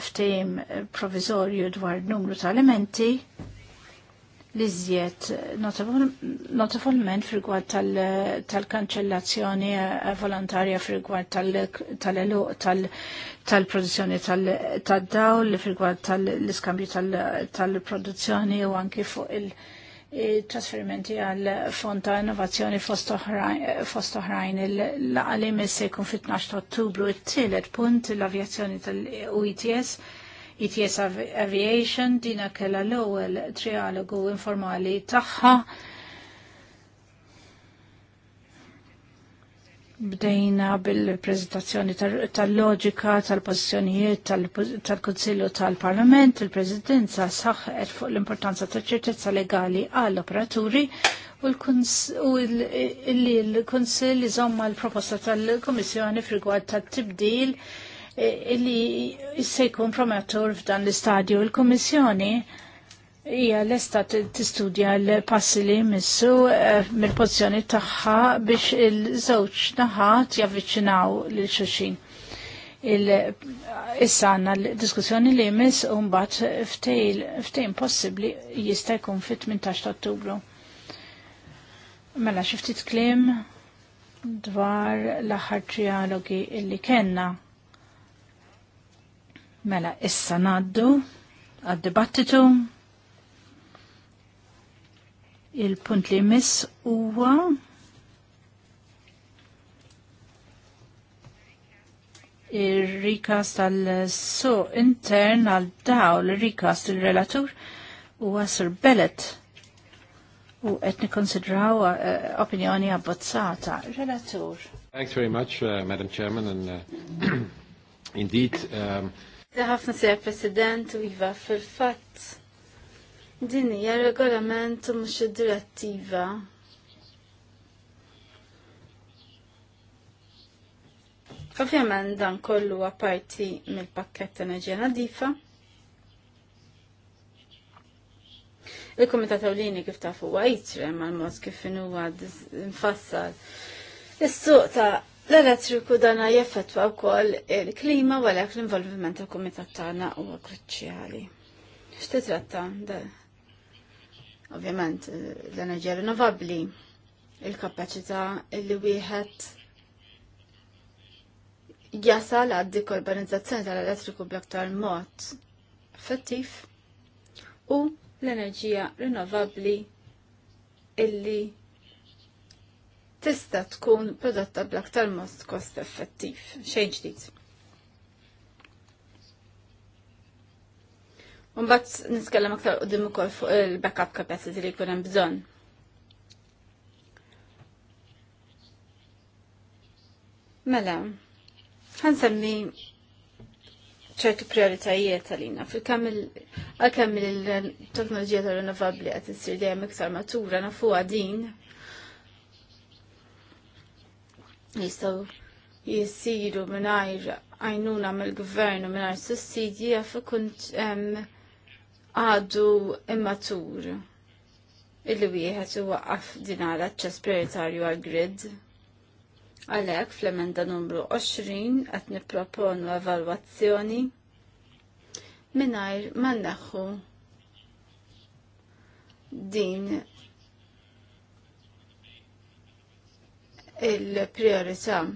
S1: ftejim provizorju dwar numru ta' elementi li zjed notavolment frigward tal-kanċellazzjoni eh, volontarja frigward tal-eluq tal-produzzjoni tal-dawl frigward tal-iskambju tal-produzzjoni u anki fuq il-trasferimenti għal fond ta' innovazzjoni fost oħrajn il-laqalim se jkun fit-12 ottubru it-tielet punt l-avjazzjoni tal-UITS ETS Aviation dina kella l-ewwel trialogu informali tagħha. Bdejna bil-prezentazzjoni tal-loġika, tal-pozizjonijiet, tal-Konsillu tal-Parlament, il-Presidenza saħħet fuq l-importanza ta' ċertezza legali għall-operaturi u l-Konsill iżomma l-proposta tal-Komissjoni frigwad tal-tibdil Eh, illi se jkun promettur f'dan l-istadju il komissjoni hija lesta tistudja l-passi li jmissu eh, mill-pozzjoni tagħha biex il-żewġ naħat javviċinaw lil xulxin issa għanna l-diskussjoni li jmiss un bat ftejn possibli jista' jkun fit-18 ottubru. Mela xiftit klim dwar l-aħħar trialogi illi kenna Mela, issa naddu għad-dibattitu. Il-punt li miss huwa il rikast għal so intern għal daw il rikast il-relatur u għasur belet u etni konsidraw eh, opinjoni abbozzata. Relatur.
S2: Thanks very much, uh, Madam Chairman, and uh, indeed, um,
S1: Ħafna sejja
S3: President u iva fil-fatt. Din hija regolament u mhux direttiva. Ovvjament dan kollu parti mill-pakket enerġija nadifa. Il-Komitat Ewlieni kif tafu huwa jitrem għal mod kif huwa infassal. Is-suq ta' L-elettriku dana u wkoll il-klima u għalhekk l-involviment tal-kumitat tagħna huwa kruċjali. X'titratta ovvjament l-enerġija rinnovabbli, il-kapaċità li wieħed jasal għad dikolbanizzazzjoni tal-elettriku bl-aktar mod effettiv u l-enerġija rinnovabli illi tista' tkun prodotta bl-aktar mod kost effettiv. Xejn ġdid. Mbagħad nitkellem aktar qudiem ukoll fuq il-backup capacity li jkun hemm bżonn. Mela, semmi ċertu prioritajiet għalina. Fil-kam il teknologija tal renovabli għat issir dejjem iktar matura nafuha din jistaw jissiru minnajr għajnuna mill-gvern u minnajr sussidji għafu kunt għadu immatur illi wieħed iwaqqaf din għal aċċess prioritarju għal grid. Għalhekk fl-emenda numru 20 qed nipproponu evalwazzjoni mingħajr ma din il-priorità.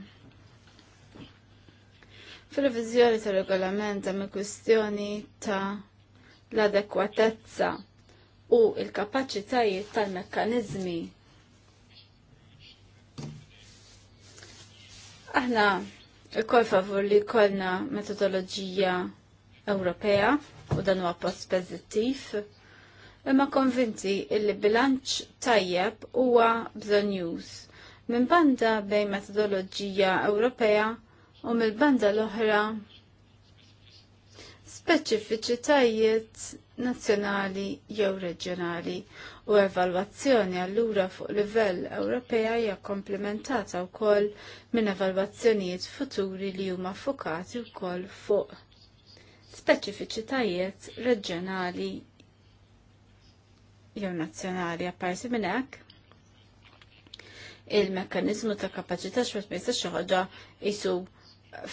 S3: Fil-revizjoni ta' regolament hemm kwistjoni ta' l-adekwatezza u il-kapaċitajiet tal-mekkaniżmi. Aħna il koll favur li kollna metodoloġija Ewropea u dan huwa post pozittiv, imma konvinti il bilanċ tajjeb huwa bżonjuż minn banda bejn metodoloġija Ewropea u mill banda l-oħra speċifiċitajiet nazzjonali jew reġjonali u evalwazzjoni allura fuq livell Ewropea hija komplementata wkoll minn evalwazzjonijiet futuri li huma fokati wkoll fuq speċifiċitajiet reġjonali jew nazzjonali apparti minn hekk il-mekkanizmu ta' kapacità xwet ma jistax ħaġa jisu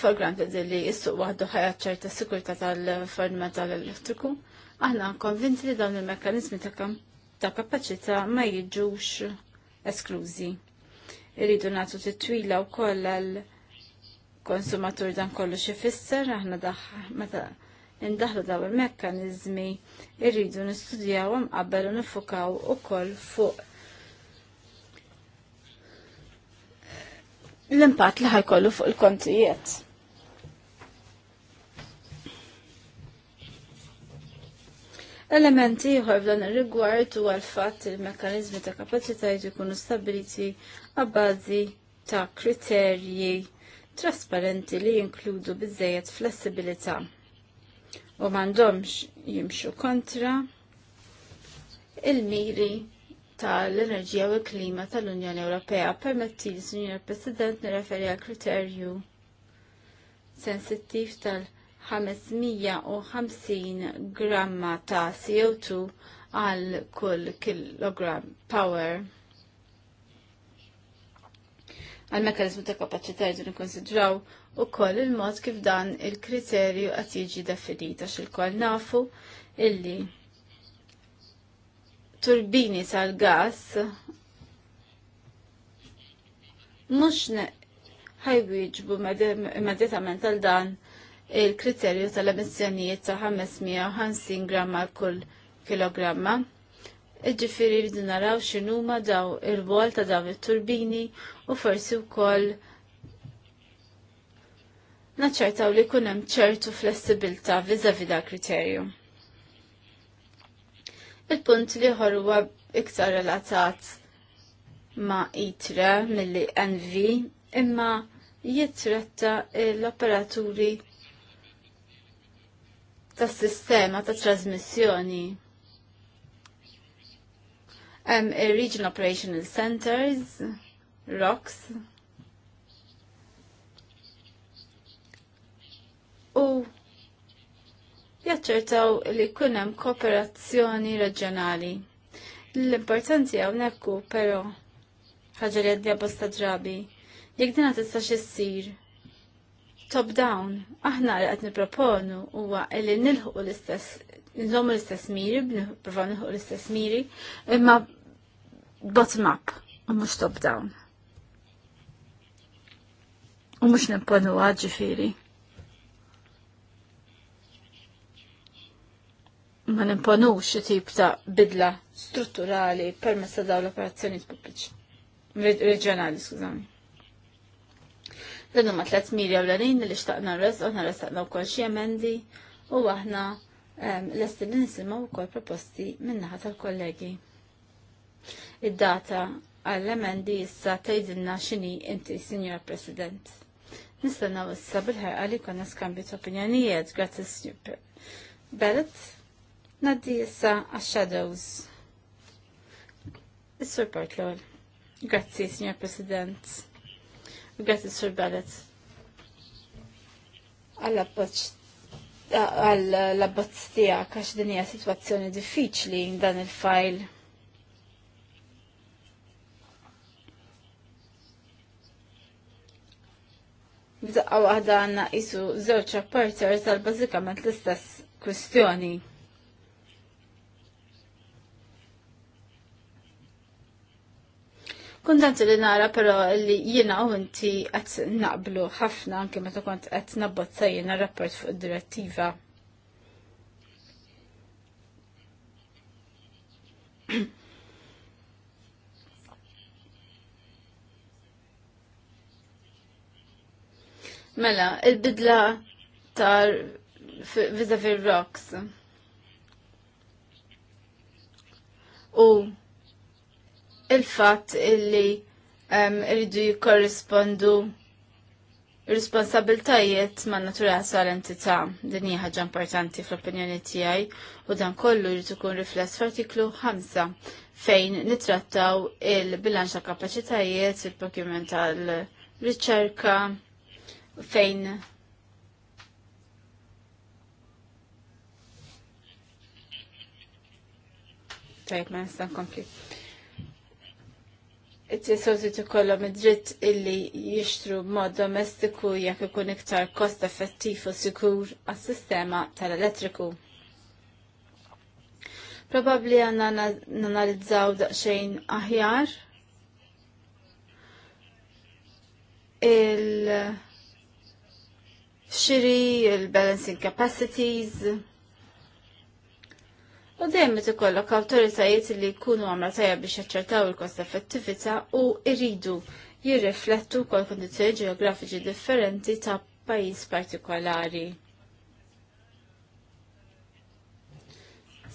S3: for granted li jissuq waħdu ħajat ċerta sikurta tal-forma tal-elettriku. Aħna konvinti li dawn il-mekkanizmi ta' kapacità ma jiġux esklużi. Irridu nagħtu titwila wkoll għal konsumatur dan kollu xifisser, aħna daħ meta indaħlu daw il-mekkanizmi irridu nistudjawhom qabel u nifukaw ukoll fuq
S1: l-impatt li ħajkollu fuq il-kontijiet.
S3: Elementi ieħor f'dan ir-rigward huwa l-fatt il-mekkaniżmi ta' kapaċitajt ikunu stabiliti għabbażi ta' kriterji trasparenti li jinkludu biżejjed flessibilità u m'għandhomx jimxu kontra il-miri tal-enerġija u l-klima tal-Unjoni Ewropea permetti li Sinjor President nirreferi għal kriterju sensittiv tal-550 gramma ta' CO2 għal kull kilogram power. Għal mekanizmu ta' kapacità jridu nikkonsidraw ukoll il-mod kif dan il-kriterju qed jiġi definita x'ilkoll nafu illi turbini tal-gas mux ħajwiġbu immedjatament għal dan il-kriterju tal-emissjonijiet ta' 550 gramma kull kilogramma. Iġifiri rridu naraw x'inhuma daw il wol ta' dawn it-turbini u forsi wkoll naċċertaw li kunem hemm ċertu flessibilità viżavi da kriterju. Il-punt li huwa iktar relatat ma' itra e mill-li NV imma jitratta l-operaturi tas sistema ta' trasmissjoni. Um, Regional Operational Centers, ROCS, u jaċċertaw li jkun hemm kooperazzjoni reġjonali. L-importanti hawnhekk hu però ħaġa li għaddija bosta drabi. Jekk dina tistax issir top down, aħna li qed nipproponu huwa li nilħuq l-istess nżommu l-istess miri, b'nipprova nilħuq l-istess miri, imma
S1: bottom up u mhux top down. U mhux nipponu ġifieri.
S3: ma nimponux tip ta' bidla strutturali permezz ta' dawn l-operazzjonijiet pubbliċi. Reġjonali, skużami. Dan huma tliet milja l-għalin li xtaqna rreżqu, aħna restaqna wkoll xi emendi u aħna lesti li nisimgħu wkoll proposti min-naħa tal-kollegi. Id-data għall-emendi issa tgħidilna x'inhi inti, Signor President. Nistennaw issa bil-ħerqa li konna skambju opinjonijiet, grazzi Sinjor Bellet. Naddi issa għax-shadows. Is-Sur Portlol. Grazzi, Signor President. Grazzi, Sur Ballet. Għall-abbozz għall tiegħek għax din hija sitwazzjoni diffiċli dan il-fajl. B'daqqa waħda għanna isu żewġ rapporters għal bażikament l-istess kwestjoni. Kundanti li nara però li jiena u inti qed naqblu ħafna anke meta kont qed nabbozza jiena rapport fuq id-direttiva. mela, il-bidla tar vizavir a rocks. U il-fatt illi irridu jikorrispondu responsabiltajiet ma' natura għasal entità din hija ħaġa importanti fl-opinjoni tiegħi u dan kollu jrid kun rifless f'artiklu 5 fejn nitrattaw il-bilanċ ta' kapaċitajiet, il-procurement tal-riċerka, fejn Tajt, ma nistan kompli it-tisotit ikollhom id-dritt illi jixtru b'mod domestiku jekk ikun iktar kost effettiv u sikur għas-sistema tal-elettriku. Probabli għanna nanalizzaw daqxejn aħjar il-xiri, il-balancing capacities, U dejjem meta ikollok awtoritajiet li jkunu għamra tajja biex jaċċertaw il-kost effettività u jridu jirriflettu wkoll kondizzjoni ġeografiċi differenti ta' pajjiż partikolari.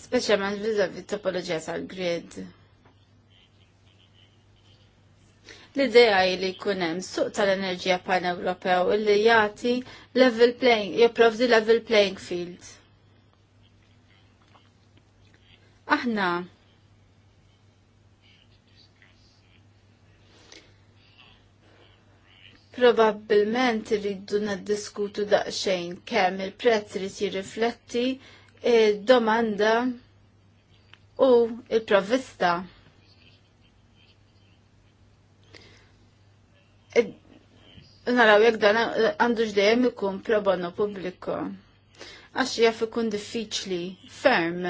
S3: Speċjalment fit topoloġija tal-grid. L-idea li jkun hemm suq tal-enerġija pan-Ewropew li jagħti level playing, jipprovdi level playing field. Aħna probabbilment irridu naddiskutu daqsxejn kemm il-prezz irid jirrifletti domanda u il-provvista. Naraw jekk dan għandu x'dejjem ikun probono pubbliku. Għax jaf ikun diffiċli ferm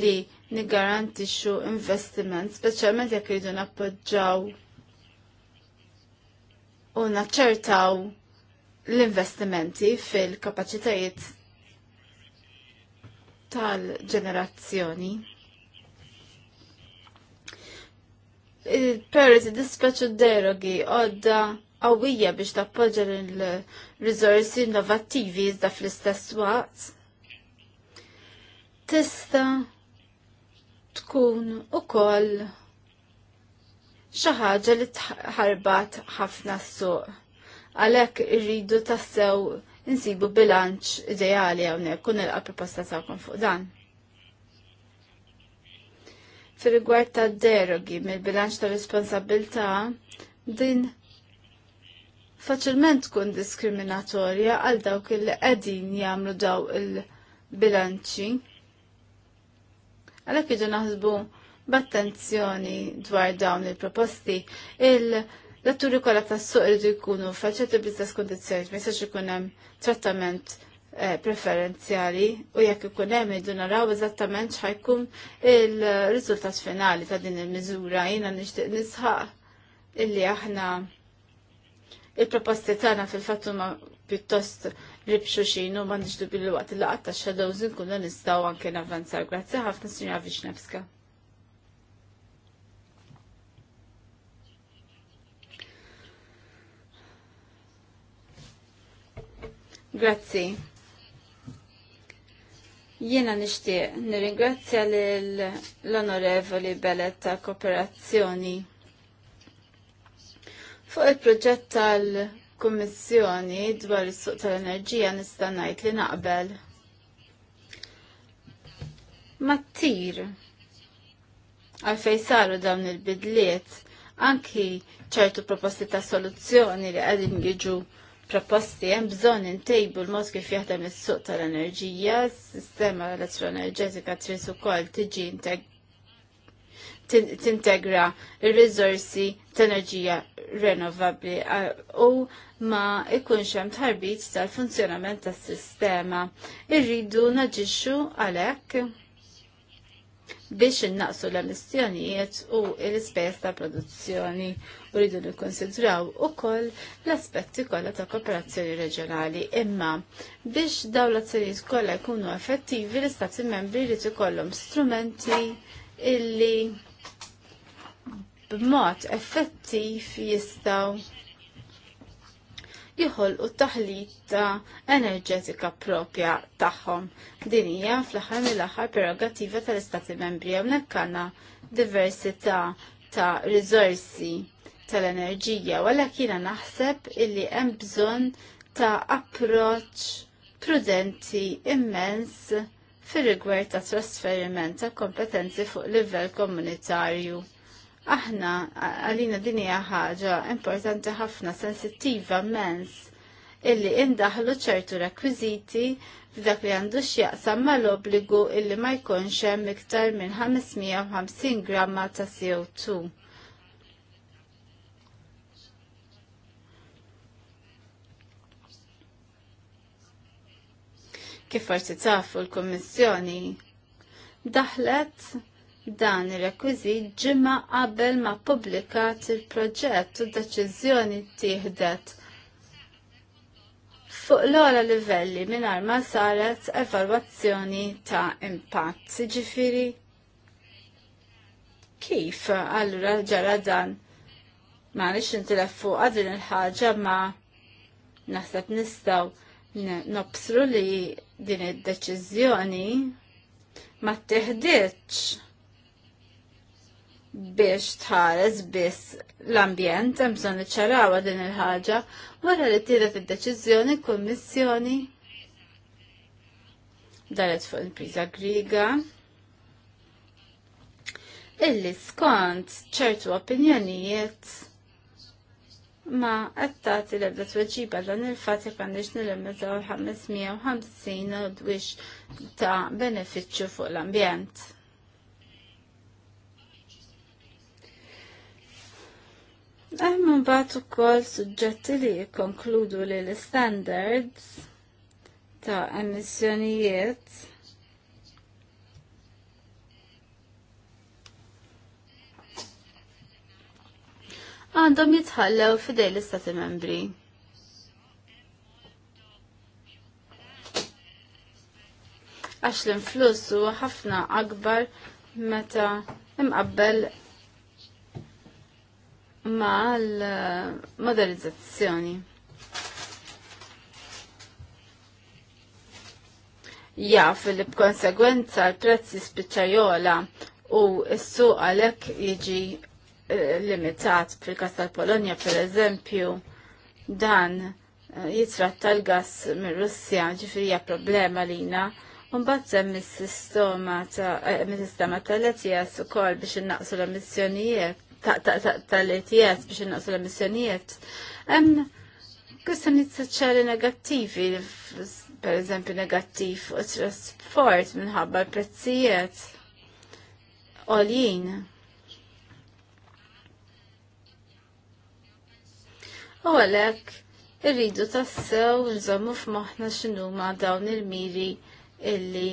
S3: li niggarantixxu investiment, speċjalment jekk iridu nappoġġaw u naċċertaw l-investimenti fil-kapaċitajiet tal-ġenerazzjoni. Il-Parity dispeċu derogi għodda għawija biex tappoġġa l-rizorsi innovattivi iżda fl-istess waqt. Tista' tkun ukoll xi ħaġa li tħarbat ħafna s-suq. Għalhekk irridu tassew insibu bilanċ ideali hawnhekk kun il proposta tagħkom fuq dan. fil rigward ta' derogi mill-bilanċ ta' responsabilità din faċilment tkun diskriminatorja għal dawk il qegħdin jagħmlu daw il-bilanċi. Għalhekk iġu naħsbu b'attenzjoni dwar dawn il-proposti. Il-letturi kollha tas-suq iridu jkunu faċċetti biżdas kondizjoni, ma jistax ikun hemm trattament eh, preferenzjali u jekk ikun hemm irdu naraw eżattament x'ħajkum il-riżultat finali ta' din il-miżura jiena nixtieq nisħaq illi aħna il-proposti tagħna fil-fatt huma pjuttost ribxu xinu ma nġdu billu għat il-laqat ta' shadows nkunu nistaw anke navvanzaw. Grazzi ħafna sinja Vixnevska. Grazzi. Jiena nixtieq nirringrazzja l-Onorevoli Belet ta' Kooperazzjoni fuq il-proġett tal- kummissjoni dwar is-suq tal-enerġija nista' ngħid li naqbel. Mattir għalfej saru dawn il-bidliet anki ċertu proposti ta' soluzzjoni li għadin jiġu proposti hemm bżonn intejbu l-mod kif jaħdem is-suq tal-enerġija, s-sistema elettroenerġetika tris ukoll tiġi tintegra r-riżorsi ta' enerġija renovabbli u ma ikunx hemm tħarbit tal-funzjonament tas-sistema. Irridu naġixxu għalhekk biex innaqsu l-emissjonijiet u l-ispejjeż ta' produzzjoni u rridu nikkonsidraw ukoll l-aspetti kollha ta' kooperazzjoni reġjonali. Imma biex dawn l-azzjonijiet kollha jkunu effettivi l-Istati membri jrid ikollhom strumenti illi b'mod effettiv jistgħu jħolqu taħlita enerġetika propja tagħhom. Din hija fl-aħħar mill-aħħar prerogattiva tal-Istati Membri hawnhekk għandna diversità ta' riżorsi tal-enerġija, wala kiena naħseb illi hemm bżonn ta' approċċ prudenti immens fir rigward ta' trasferiment ta' kompetenzi fuq livell komunitarju. Aħna għalina din hija ħaġa importanti ħafna sensittiva mens illi indaħlu ċertu rekwiżiti f'dak li għandu x'jaqsam mal-obbligu illi ma jkunx hemm iktar minn 550 gramma ta' CO2. kif forsi tafu l-Kommissjoni daħlet dan ir-rekwiżit ġimma qabel ma publikat il-proġett u deċiżjoni tieħdet fuq l-ola livelli mingħajr ma saret evalwazzjoni ta' impatt. Ġifiri, kif allura ġara dan? Ma nix intilef fuq għadin il-ħaġa ma naħseb nistaw nobsru li din id-deċiżjoni ma teħdiċ biex tħares biss l-ambjent, hemm bżonn iċċarawa din il-ħaġa, wara li tiedet id-deċiżjoni kummissjoni daret fuq il-priża griga illi skont ċertu opinjonijiet ma għattati l-ebda tweġiba dan il-fat jek għandix nil-limitaw 550 u dwix ta' beneficju fuq l-ambjent. Hemm mbagħad ukoll suġġetti li jikkonkludu li l-standards ta' emissjonijiet għandhom jitħallew fidej l-istati membri. Għax l-influss huwa ħafna akbar meta imqabbel ma' l-modernizzazzjoni. fil li b'konsegwenza l-prezzi spiċċajola u s su għalhekk jiġi eh, limitat fil-kas tal-Polonja per eżempju dan eh, jitratta l-gas mir russja ġifirija problema lina un sem eh, mis-sistema tal-ETS u kol biex innaqsu l-emissjonijiet tal-ETS biex innaqsu l-emissjonijiet. Hemm kwistjonijiet negattivi, per eżempju negattiv u trasport minħabba l-prezzijiet għoljien. U għalek, irridu tassew nżommu f'moħħna x'inhuma dawn il-miri illi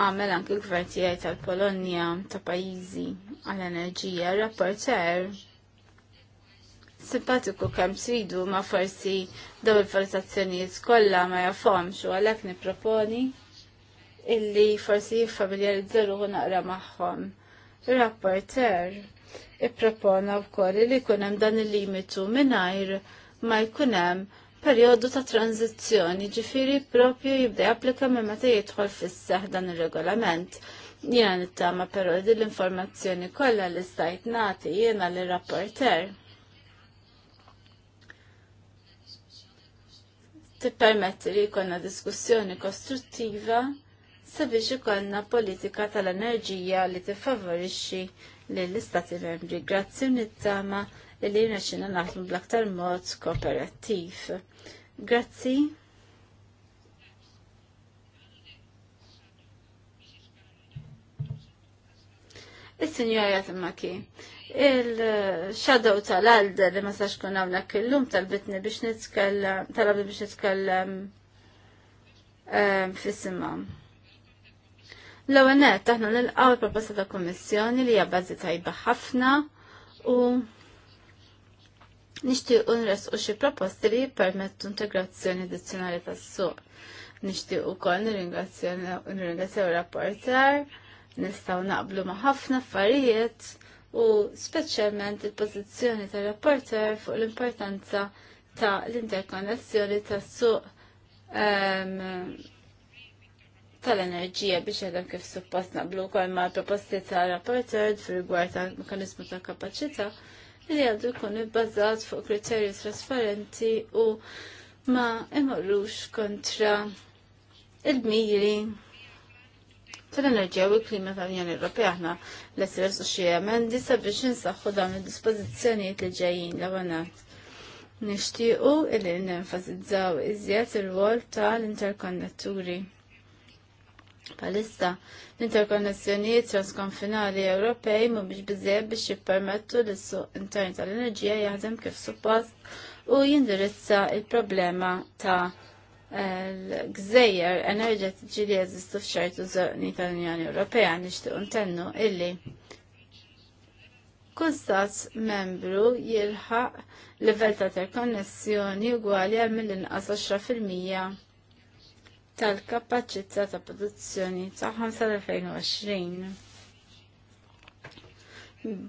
S3: għamel anki l-gvern tiegħi tal-Polonja ta' pajjiżi għall-enerġija rapporter simpatiku kemm sridu ma forsi daw il-valutazzjonijiet kollha ma jafhomx u għalhekk nipproponi illi forsi għu naqra magħhom. Rapporter ippropona wkoll li jkun hemm dan il-limitu mingħajr ma jkun hemm perjodu ta' tranzizzjoni ġifiri propju jibda applika minn meta jidħol fis-seħ dan ir-regolament. Jiena nittama però din l-informazzjoni kollha li stajt nagħti jiena li rapporter. Tippermetti li jkollna diskussjoni kostruttiva sabiex ikollna politika tal-enerġija li tiffavorixxi lill-Istati Membri. Grazzi nittama illi rnexxina naħdmu bl-aktar mod kooperattiv. Grazzi. Is-Sinjora Tamaki, il-shadow tal-għalda li ma sax kun hawnhekk illum bitni biex nitkellem talabni biex nitkellem ehm, fis L-ewwel nett aħna għaw il-proposta ta' kummissjoni li hija bażi tajba ħafna u Nixtiequ nresqu xi proposti li jippermettu integrazzjoni addizzjonali tas-suq. kol nirringazzjoni u rapportar, nistgħu naqblu ma' ħafna affarijiet u speċjalment il-pożizzjoni tar-rapportar fuq l-importanza ta' l-interkonnessjoni tas-suq ehm, tal-enerġija biex għedem kif suppost naqblu kol ma' proposti ta' rapporter fil rigward ta' mekanizmu ta' kapacita li għaddu kun ibbażat fuq kriterju trasparenti u ma imorrux kontra il-miri tal-enerġija u l-klima tal-Unjoni Ewropea aħna l-essers u xie sabiex insaħħu dawn id-dispożizzjonijiet li ġejjin l-għanat. Nixtiequ illi nenfasizzaw iżjed il-wol tal-interkonnetturi. Palissa, l-interkonnessjonijiet transkonfinali Ewropej biex bizzeb biex jippermettu l suq intern tal-enerġija jaħdem kif suppost u jindirizza il-problema ta' l-gżejjer enerġetiċi li jeżistu f'ċertu żoni tal-Unjoni Ewropea nixtieq intennu illi kull stat membru jilħaq livell ta' interkonnessjoni ugwali għal mill-inqas 10 fil-mija tal-kapaċità ta' produzzjoni tagħhom sal-2020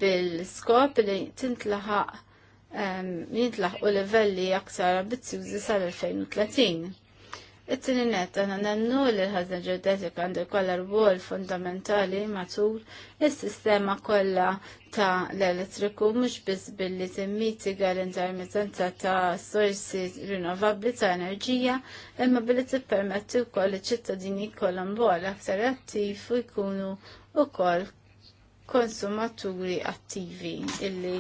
S3: bil-skop li tintlaħaq jintlaħqu livelli aktar ambizjużi sal-2030. It-tini net, għana nannu li l-ħazna ġeodetika għandu kolla rwol fundamentali matul il-sistema kolla ta' l-elettriku mux biz billi timmitiga l-intermittenza ta' sorsi rinnovabli ta' enerġija imma billi tippermetti u koll ċittadini kollha bol aktar attiv u jkunu u koll konsumaturi attivi illi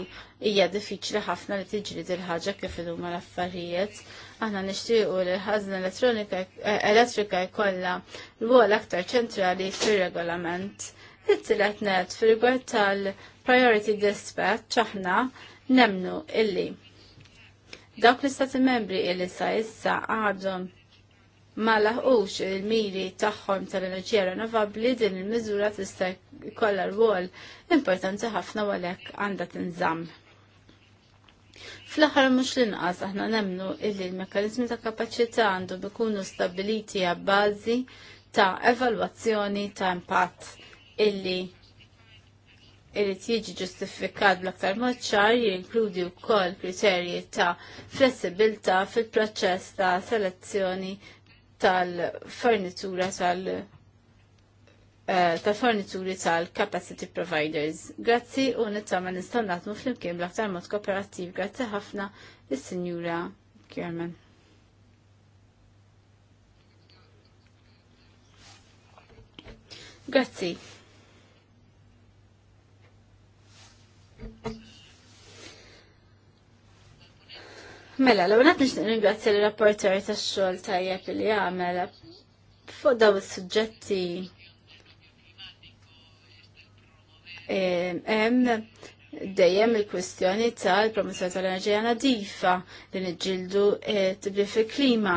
S3: hija diffiċli ħafna li tiġri dil-ħaġa kif il l-affarijiet Aħna nixtiequ li l-ħażna eh, elettrika jkollha l-wol aktar ċentrali fir-regolament. it net fir-rigward tal-priority dispatch aħna nemnu illi dawk l-istati membri illi sa issa għadhom ma laħqux il-miri tagħhom tal-enerġija rinnovabbli din il-miżura tista' jkollha rwol importanti ħafna għalhekk għandha tinżamm. Fl-aħħar mhux l-inqas aħna nemnu illi l-mekkaniżmi ta' kapaċità għandu bikunu stabiliti għabbażi ta' evalwazzjoni ta' impatt illi illi jiġi ġustifikat bl-aktar maċċar jinkludi wkoll kriterji ta' flessibilità fil-proċess ta' selezzjoni tal-fornitura tal-, -fornitura tal Eh, tal-fornituri tal-capacity providers. Grazzi u nittama nistaw naħdmu fl-imkien bl-aktar mod kooperativ. Grazzi ħafna il-Sinjura Kierman. Grazzi. Mela, l-għu għat nix ringrazzja l-rapporter ta' xol tajjeb li għamela fuq daw il-sujġetti hemm dejjem il-kwestjoni tal-promessa tal-enerġija nadifa li niġġieldu eh, tibdil fi klima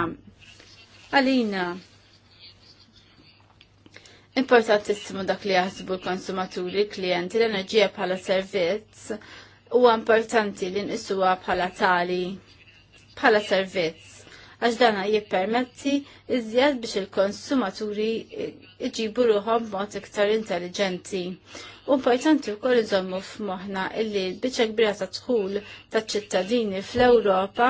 S3: Għalina, Importantissimu dak li jaħsbu l-konsumaturi, klienti, l-enerġija bħala servizz huwa importanti li nqisuha bħala tali bħala servizz għax dana jippermetti iżjed biex il-konsumaturi iġibu ruħom b'mod iktar intelligenti U importanti wkoll iżommu f'moħħna illi l-biċċa kbira ta' dħul taċ-ċittadini fl-Ewropa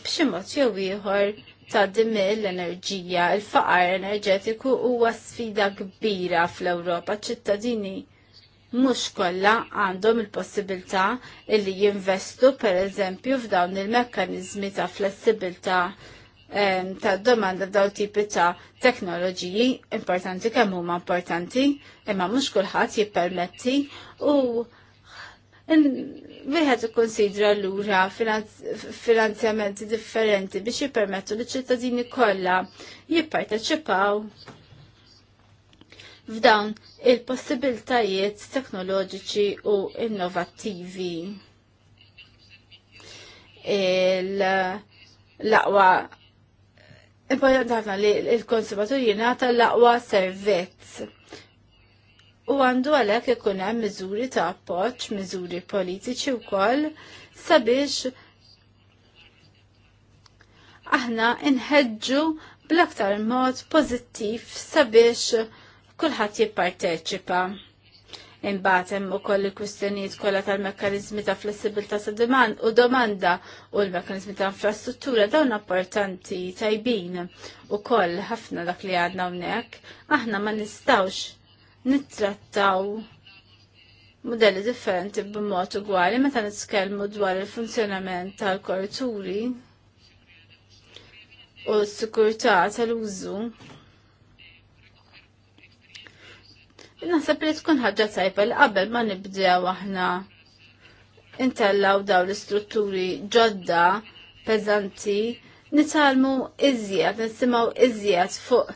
S3: b'xi mod jew ieħor ta' dimmi l-enerġija, il-faqar enerġetiku huwa sfida kbira fl-Ewropa ċittadini mux kolla għandhom il-possibilità illi jinvestu per eżempju f'dawn il mekkaniżmi ta' flessibilità ta' domanda daw tipi ta' teknoloġiji importanti kemm huma importanti, imma mhux kulħadd jippermetti u wieħed ikkonsidra lura finanzjamenti differenti biex jippermettu li ċittadini kollha jipparteċipaw f'dawn il-possibiltajiet teknoloġiċi u innovattivi. Il- l-aqwa importanti li l-konsumatur jingħata l-aqwa servizz. U għandu għalhekk ikun hemm miżuri ta' appoġġ, miżuri politiċi wkoll sabiex aħna inħedġu bl-aktar mod pożittiv sabiex kulħadd jipparteċipa. Imbagħad hemm ukoll il-kwistjonijiet kollha tal-mekkaniżmi ta' flessibilta ta' demand u domanda u l-mekkaniżmi ta' infrastruttura dawn importanti tajbin ukoll ħafna dak li għadna hawnhekk. Aħna ma nistawx nittrattaw modelli differenti b'mod ugwali meta nitkellmu dwar il-funzjonament tal korturi u s-sikurtà tal-użu Naħseb li tkun ħaġa tajba li qabel ma nibdew aħna intellaw daw l-istrutturi ġodda peżanti nitalmu iżjed, nisimgħu iżjed fuq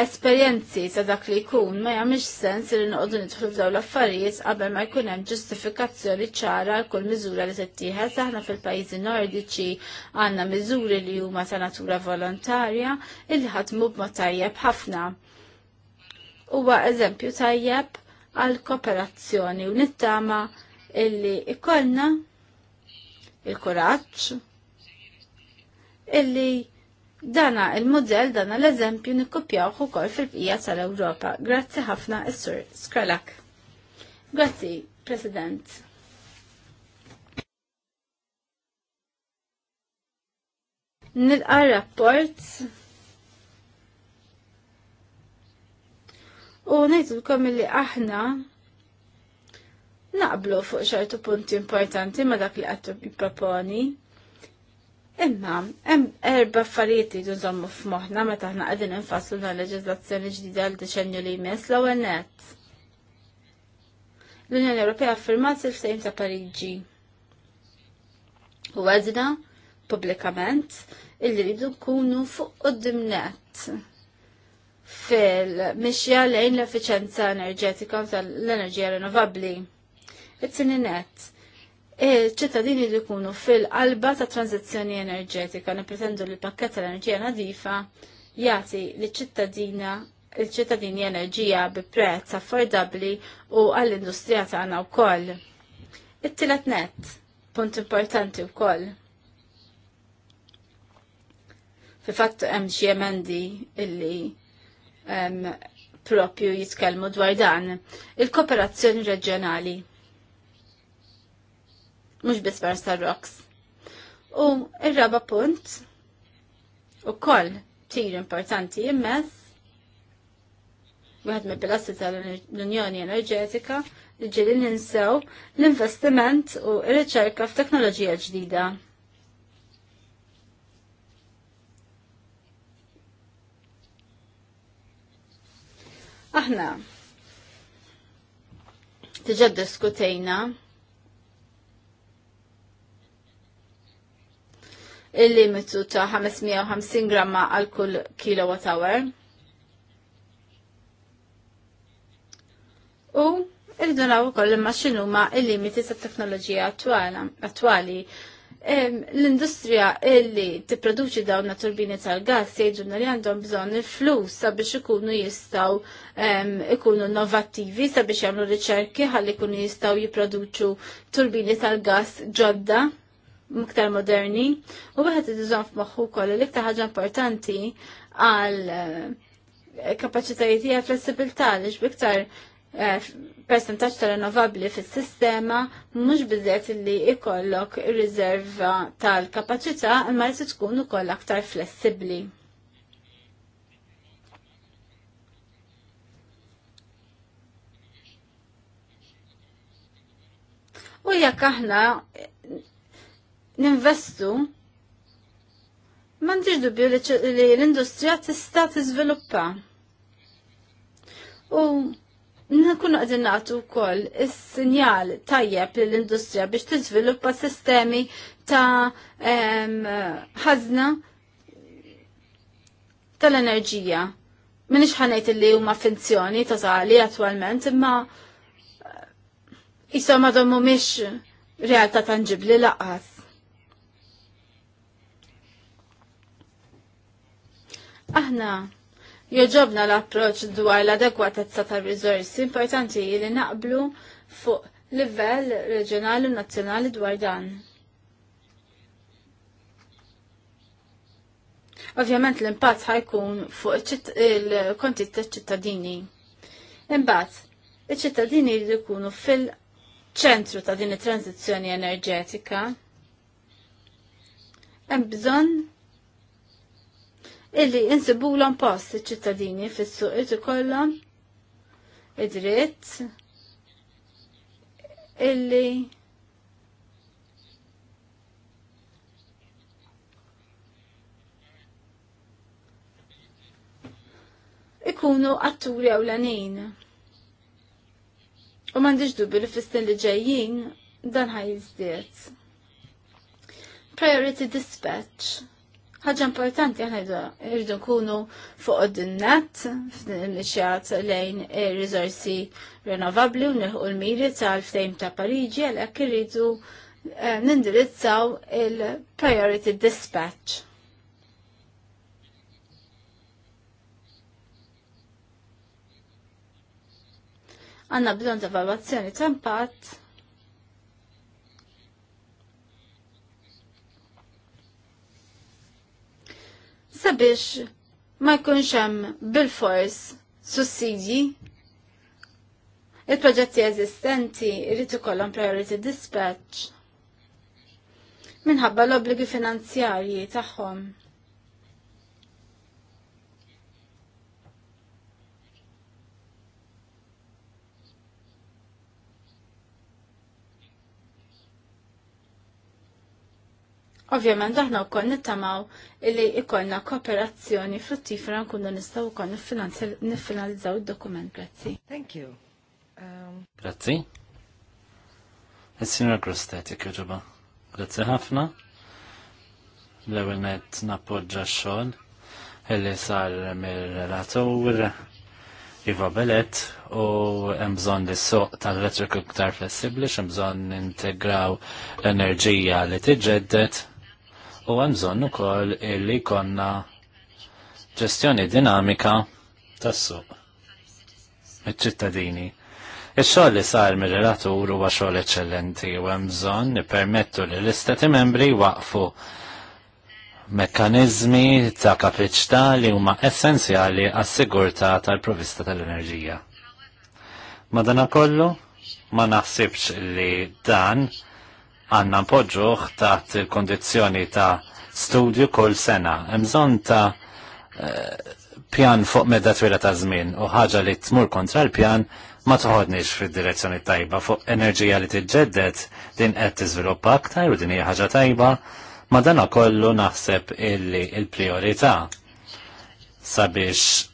S3: esperjenzi ta' dak li jkun ma jgħamix sens li noqogħdu nidħlu f'daw l-affarijiet qabel ma jkun hemm ġustifikazzjoni ċara għal kull miżura li tittieħed aħna fil-pajjiżi nordiċi għandna miżuri li huma ta' natura volontarja illi ħadmu b'mod tajjeb ħafna huwa eżempju tajjeb għal kooperazzjoni u nittama illi ikollna il-kuraġġ illi dana il-modell dana l-eżempju nikkopjaw ukoll fil-bqija tal-Ewropa. Grazzi ħafna is-Sur Skralak. Grazzi, President. Nilqa rapport u ngħidulkom li aħna naqblu fuq ċertu punti importanti ma dak li għattu proponi. Imma, hemm erba' affarijiet li nżommu f'moħħna meta aħna qegħdin infasslu dan leġiżlazzjoni ġdida għal deċennju li jmiss l-ewwel nett. L-Unjoni Ewropea affirmat il-sejm ta' Pariġi. U għedna pubblikament illi rridu nkunu fuq qudiem nett fil-mixja lejn l-efficienza enerġetika tal-enerġija rinnovabbli. It-tini net. Il-ċittadini li jkunu fil-qalba ta' tranzizzjoni enerġetika nipretendu li l-pakket tal-enerġija nadifa jagħti li ċittadina il-ċittadini enerġija bi prezz affordabli u għall-industrija tagħna wkoll. it tilet net, punt importanti wkoll. Fi fatt hemm xi emendi illi propju jitkellmu dwar dan. Il-kooperazzjoni reġjonali. Mhux biss bar roks. U ir-raba punt ukoll tir importanti immess wieħed mill-pilastri tal-Unjoni Enerġetika li ġieli ninsew l-investiment u r-riċerka f'teknoloġija ġdida. Aħna diġà diskutejna il-limitu ta' 550 gramma għal kull kilowatt hour. U il naw ukoll imma x'inhuma il-limiti tat-teknoloġija attwali l-industrija illi tipproduċi dawn turbini tal-gas jgħidulna li għandhom bżonn il-flus sabiex ikunu jistaw ikunu innovattivi sabiex jagħmlu riċerki ħalli ikunu jistaw jipproduċu turbini tal-gas ġodda miktar moderni u wieħed iżżomm f'moħħu wkoll li iktar ħaġa importanti għal eh, kapaċitajiet hija flessibilità li b'iktar. Eh, percentaġġ ta' rinnovabbli fis-sistema mhux bizzet li jkollok riserva tal-kapaċità imma li tkun ukoll aktar flessibbli. U jekk aħna ninvestu m'għandix dubju li l-industrija tista' tiżviluppa. U Nkun għadin nagħtu wkoll is-sinjal tajjeb lill-industrija biex tiżviluppa sistemi ta' ħazna tal-enerġija. Minix ħanajt li huma finzjoni totali attwalment, imma jisom eh, għadhom mhumiex realtà tangibli laqas. Aħna Joġobna l-approċ dwar l-adekwatezza ta' rizorsi importanti li naqblu fuq livell reġjonali u nazzjonali dwar dan. Ovvjament l-impatt ħajkun fuq il-konti t ċittadini Imbagħad, iċ-ċittadini jridu jkunu fil-ċentru ta' din it-tranzizzjoni enerġetika. Hemm bżonn illi insibulhom post iċ-ċittadini fis-suq kollha, id-dritt illi ikunu atturi ewlenin. U m'għandix dubi li fissin li ġejjin dan ħaj Priority dispatch ħagġa importanti aħna irdu nkunu fuq id-dinnat f'nixjat lejn il riżorsi rinnovabbli u nħu l-miri tal-ftejm ta' Pariġi għalhekk irridu eh, nindirizzaw il-priority dispatch. Għanna bżon ta' valwazzjoni ta' impatt sabiex ma jkunx hemm bil-fors sussidji il-proġetti eżistenti jrid ikollhom priority dispatch minħabba l-obbligi finanzjarji tagħhom. Ovvjament aħna wkoll nittamaw illi ikonna kooperazzjoni kundu nkunu nistgħu wkoll niffinalizzaw
S1: id-dokument. Grazzi. Thank you. Um,
S2: Grazzi. Is-Sinjor Grostet jekk ġoba. Grazzi ħafna. L-ewwel net nappoġġa x-xogħol illi sar mir-relatur Iva Belet u hemm bżonn li soq tal-elettriku iktar flessibbli, hemm bżonn integraw l-enerġija li t-ġeddet u hemm bżonn ukoll li jkollna ġestjoni dinamika tas-suq ċittadini Ix-xogħol li sar mir-relatur huwa xogħol eċċellenti u hemm bżonn nippermettu li l-istati membri waqfu mekkaniżmi ta' kapaċità li huma essenzjali għas-sigurtà tal-provista tal-enerġija. Madanakollu, ma naħsibx li dan għanna poġġuħ taħt kondizjoni ta' studju kull sena. Mżon ta' eh, pjan fuq medda twila ta' żmien u ħaġa li tmur kontra l-pjan ma toħodniex fid-direzzjoni tajba fuq enerġija li tiġġeddet din qed tiżviluppa aktar u din hija ħaġa tajba ma dana kollu naħseb illi il-priorità sabiex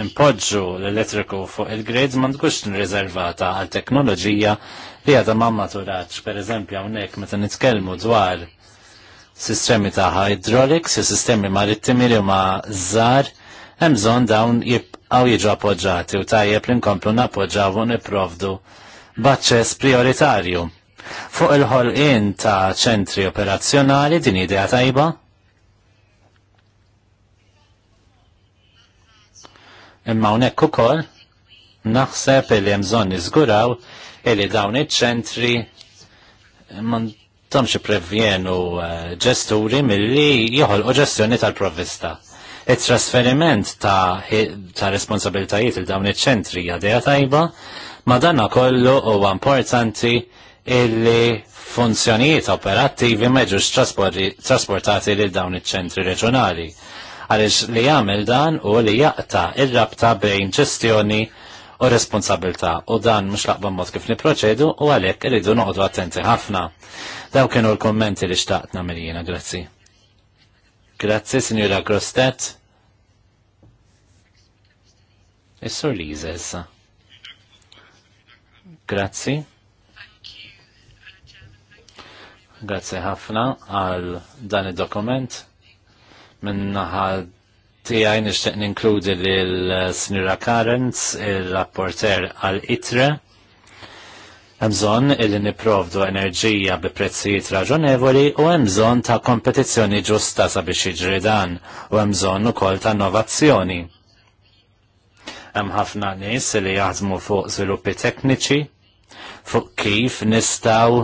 S2: impoġġu l-elettriku fuq il-grids ma tkunx nriservata għal teknoloġija li għadha ma maturax, per eżempju hawnhekk meta nitkellmu dwar sistemi ta' hydraulics, sistemi marittimi li ma żar, hemm bżonn dawn jibqgħu jiġu appoġġati u tajjeb li nkomplu nappoġġaw u nipprovdu b'aċċess prioritarju. Fuq il-ħolqien ta' ċentri operazzjonali din idea tajba? Imma hawnhekk ukoll naħseb li hemm bżonn niżguraw illi dawn iċ-ċentri mandomx prevjenu eh, ġesturi milli joħolqu ġestjoni tal-provvista. Il-trasferiment ta', ta responsabiltajiet il dawn iċ-ċentri għadeja tajba, ma danna kollu huwa importanti illi funzjonijiet operattivi meġux trasportati lil dawn iċ-ċentri reġjonali għalix li jagħmel dan u li jaqta ir-rabta bejn ġestjoni u responsabilta u dan mux laqban mod kif niproċedu u għalek rridu noqdu attenti ħafna. Daw kienu l-kommenti li xtaqt namirjina, grazzi. Grazzi, Signora Grostet. Is-sur Liza Grazzi. Grazzi ħafna għal dan id-dokument minn ħad tijaj nixtieq ninkludi lil eh, Sinjura Karenz, il-rapporter għal ITRE. Hemm bżonn illi nipprovdu enerġija bi prezzijiet raġonevoli u hemm bżonn ta' kompetizzjoni ġusta sabiex jiġri dan u hemm bżonn ukoll ta' innovazzjoni. Hemm ħafna nies li jaħdmu fuq żviluppi tekniċi fuq kif nistgħu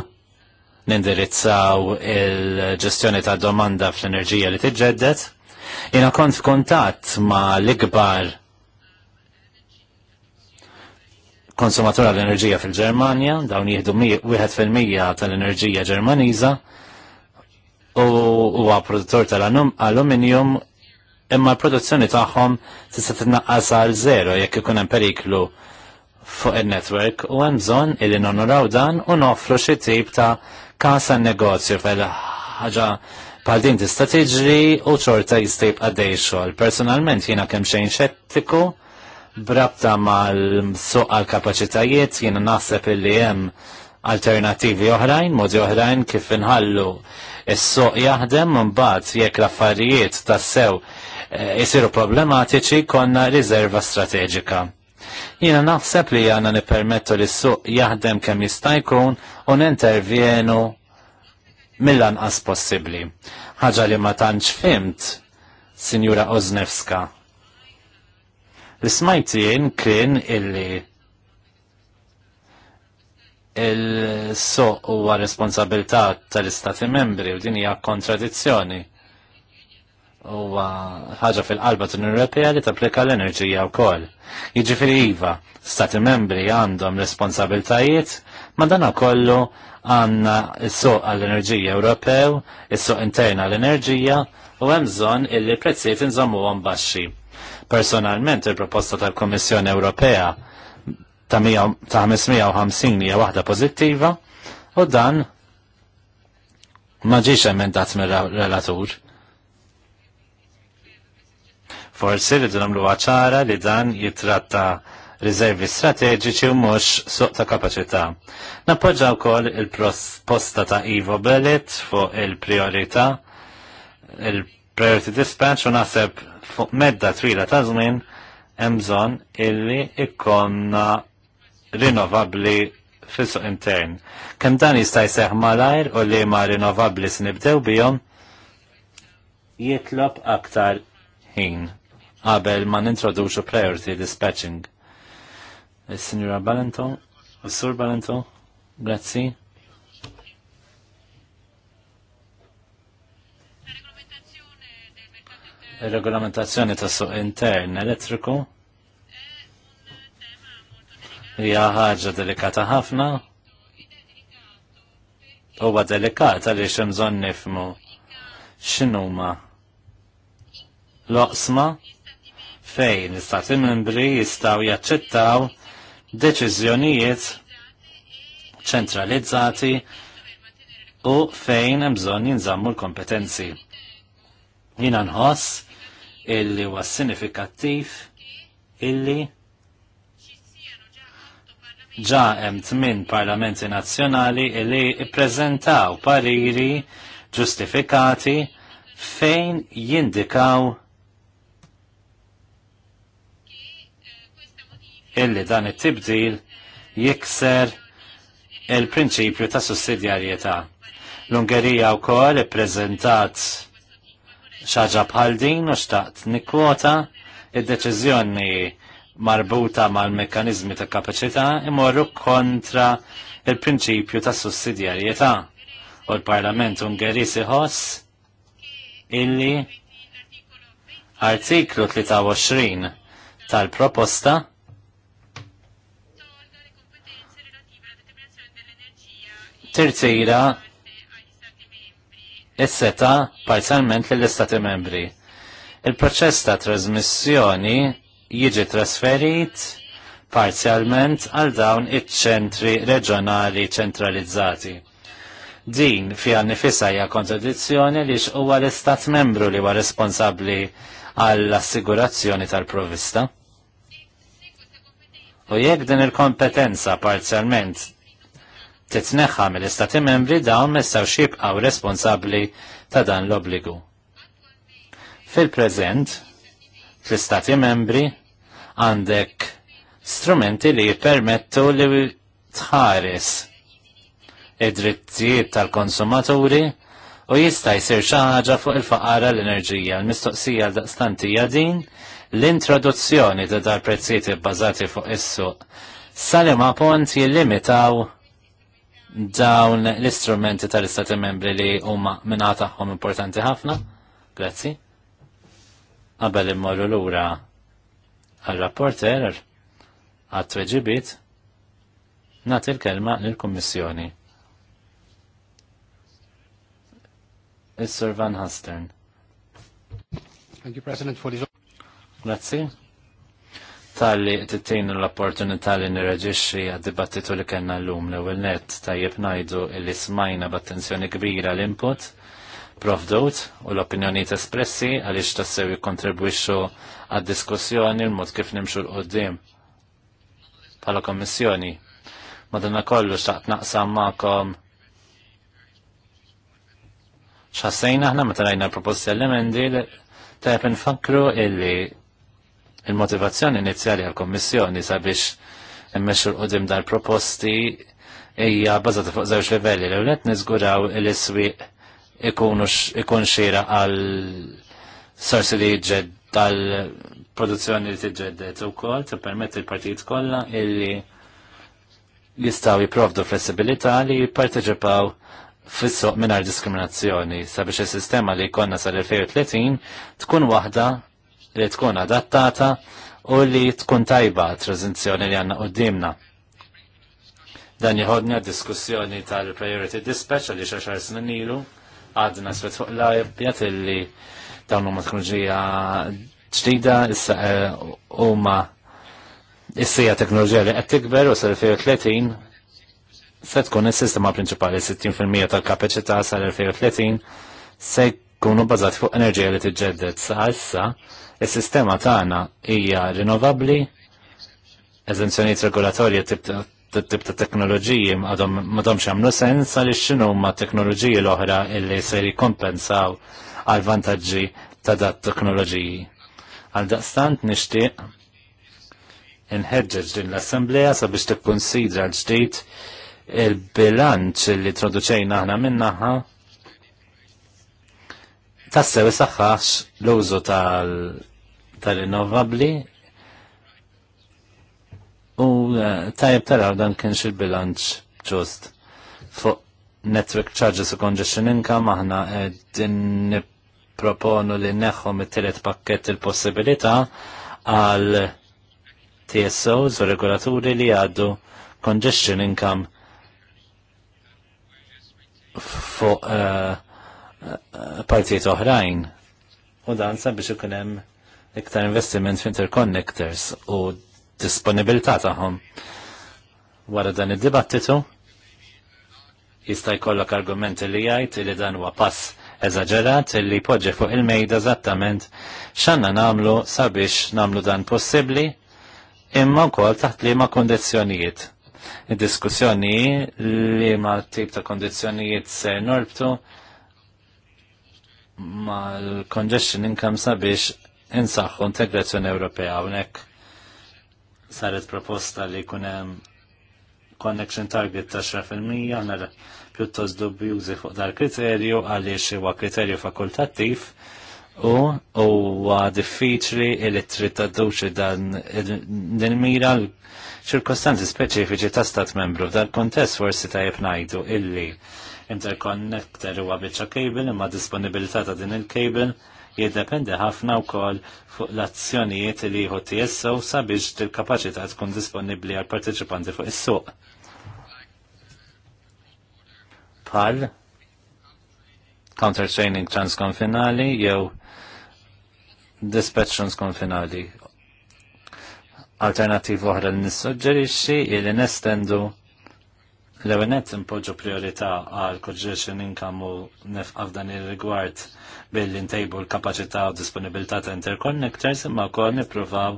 S2: nindirizzaw il-ġestjoni ta' domanda fl-enerġija li tiġġedded Jena kont f'kuntatt ma l-ikbar konsumatura l-enerġija fil-Ġermanja, dawn jieħdu 1% tal-enerġija Ġermaniża u huwa produttur tal-aluminium imma l-produzzjoni tagħhom tista' titnaqqas għal zero jekk ikun hemm periklu fuq il-network u hemm bżonn illi nonoraw dan u noffru xi tip ta' kasa negozju fil ħaġa Pal din tista' tiġri u xorta jista' jibqa' dejxol. Personalment jiena kemm xejn xettiku brabta mal-suq għal-kapaċitajiet jiena naħseb illi hemm alternativi oħrajn, modi oħrajn kif inħallu is-suq jaħdem mbagħad jekk l-affarijiet tassew jisiru eh, problematiċi konna riserva strateġika. Jiena naħseb li għana nipermettu li s-suq jaħdem kemm jista' jkun u nintervjenu mill-anqas possibbli. Ħaġa li ma tantx fimt, Sinjura Oznewska. L-smajtien kien illi il-soq huwa responsabilità tal-Istati membri u din hija kontradizzjoni. Huwa ħaġa fil-qalba tal Ewropea li tapplika l-enerġija wkoll. Jiġifieri iva, Stati membri għandhom responsabiltajiet Ma dana kollu għanna il soq għall-enerġija Ewropew, il soq interna għall-enerġija u hemm bżonn illi prezzijiet inżommuhom baxxi. Personalment il-proposta tal komissjoni Ewropea ta' 550 hija waħda pożittiva u dan ma ġiex emendat mir-relatur. Forsi d nagħmlu ċara li dan jitratta riservi strateġiċi u mhux suq ta' kapaċità. Nappoġġa wkoll il-posta ta' Ivo Bellet fuq il-priorità il-priority dispatch u naħseb fuq medda twila ta' żmien hemm bżonn illi ikkonna rinnovabbli fis-suq intern. Kemm dan jista' jseħħ malajr u li ma rinnovabbli snibdew nibdew bihom jitlob aktar ħin qabel ma nintroduċu priority dispatching il-Sinjura Balento, il-Sur Balento, grazzi. Il-regolamentazzjoni ta' suq intern elettriku hija ħaġa delikata ħafna huwa delikata li hemm bżonn nifmu x'inhuma l-oqsma fejn l-istati membri jistgħu jaċċettaw deċiżjonijiet ċentralizzati u fejn hemm bżonn jinżammu l-kompetenzi. Jina nħoss illi huwa sinifikattiv illi ġa hemm tmien parlamenti nazzjonali illi ippreżentaw pariri ġustifikati fejn jindikaw illi dan it-tibdil jikser il-prinċipju ta' sussidjarjetà. L-Ungerija wkoll ippreżentat xaġa bħal din u xtaqt nikkwota id-deċiżjoni marbuta mal mekanizmi ta' kapaċità imorru kontra il-prinċipju ta' sussidjarjetà u l-Parlament Ungerisi iħoss illi artiklu 23 tal-proposta tirtira is-seta parzialment lill-Istati membri. Il-proċess ta' trasmissjoni jiġi trasferit parzjalment għal dawn iċ-ċentri reġjonali ċentralizzati. Din fija nifisa hija kontradizzjoni li huwa l-Istat membru li huwa responsabbli għall-assigurazzjoni tal-provista. U jekk din il-kompetenza parzjalment titneħħa mill-Istati membri dawn messaw xibqaw responsabli ta' dan l-obligu. Fil-preżent, fl-Istati membri għandek strumenti li jippermettu li tħares id-drittijiet tal-konsumaturi u jista' jsir xi ħaġa fuq il-faqara l-enerġija. L-mistoqsija l-daqstantija din l-introduzzjoni ta' dar prezzijiet bbażati fuq is-suq. Salima pont jillimitaw dawn l-istrumenti tal-Istati membri li huma minna tagħhom importanti ħafna. Grazzi. Qabel immorru lura għal-rapporter għat-tweġibit nagħti l-kelma lill-Kummissjoni. Is-Sir Van Hastern. Thank you, President, for this. Grazie tal-li tittejnu l-opportunità li nirreġixxi għad-dibattitu li kellna llum l-ewwel nett tajjeb ngħidu li smajna b'attenzjoni kbira l-input provdut u l-opinjonijiet espressi għaliex tassew jikkontribwixxu għad-diskussjoni l-mod kif nimxu l qoddim bħala kommissjoni. Madonna kollu xtaqt naqsam ma'kom x'ħassejna aħna meta rajna proposti għall emendi tajjeb fakru illi Il-motivazzjoni inizjali għal-Kommissjoni sabiex immexxu l qudim dal-proposti hija bazata fuq żewġ livelli. L-ewlet niżguraw il-iswieq ikun xira għal sorsi li jġed tal-produzzjoni li tiġġedet u kol, t-permet il-partijiet kolla illi jistgħu jipprovdu flessibilità li jipparteġipaw fissuq minar diskriminazzjoni sabiex il-sistema li jkollna sal-2030 tkun waħda li tkun adattata u li tkun tajba trazinzjoni li għanna dimna. Dan jħodni diskussjoni tal-Priority Dispatch li xaxar snin ilu għadna s fuq lajbjat li dawnu ma teknoloġija ġdida eh, u ma issija teknoloġija li għed tikber u sal-2030 se tkun is-sistema prinċipali 60% tal-kapaċità sal-2030 se jkunu bażat fuq enerġija li tiġġedded sa issa Is-sistema tagħna hija rinnovabbli, eżenzjonijiet regolatorji tip ta' teknoloġiji m'għadhomx jagħmlu sens għaliex x'inhu ma' teknoloġiji l-oħra illi se jikkompensaw għal vantaġġi ta' dat teknoloġiji. Għal daqstant nixtieq inħeġġeġ din l-Assembleja sabiex tikkunsidra l-ġdid il-bilanċ li traduċejna aħna minnaħa tassew saħħax l-użu tal-innovabli u eh, tajb taraw dan kienx il-bilanċ ġust fuq network charges u congestion income aħna din niproponu li neħħom mit tielet pakket il-possibilità għal TSOs u regolaturi li għaddu congestion income fuq uh, partijiet oħrajn u dan sabiex ikun hemm iktar investiment f'interconnectors u disponibilità tagħhom. Wara dan id-dibattitu jista' jkollok argumenti li jgħid li dan huwa pass eżaġerat li poġġi fuq il-mejda eżattament x'għandna nagħmlu sabiex nagħmlu dan possibbli imma wkoll taħt liema kondizzjonijiet. Id-diskussjoni li ma tip ta' kondizzjonijiet se norbtu mal-congestion income sabiex insaħħu integrazzjoni Ewropea hawnhekk saret proposta li jkun hemm connection target ta' mija għandna pjuttost dubjużi fuq dar kriterju għaliex huwa kriterju fakultattiv u huwa diffiċli li trid tadduċi dan din mira l ċirkostanzi speċifiċi ta' stat membru F'dan kontest forsi tajjeb ngħidu illi interconnector huwa biċċa cable imma disponibilità ta' din il-cable jiddependi ħafna wkoll fuq l-azzjonijiet li jieħu TSO sabiex il-kapaċità tkun disponibbli għal partiċipanti fuq is-suq. Pal counter training transkonfinali jew dispatch transconfinali. alternativ oħra li nissuġġerixxi li nestendu L-ewenet impoġġu priorita għal congestion income u nefqa f'dan il-rigward billi ntejbu l kapacita u disponibilità ta' interconnectors imma wkoll nippruvaw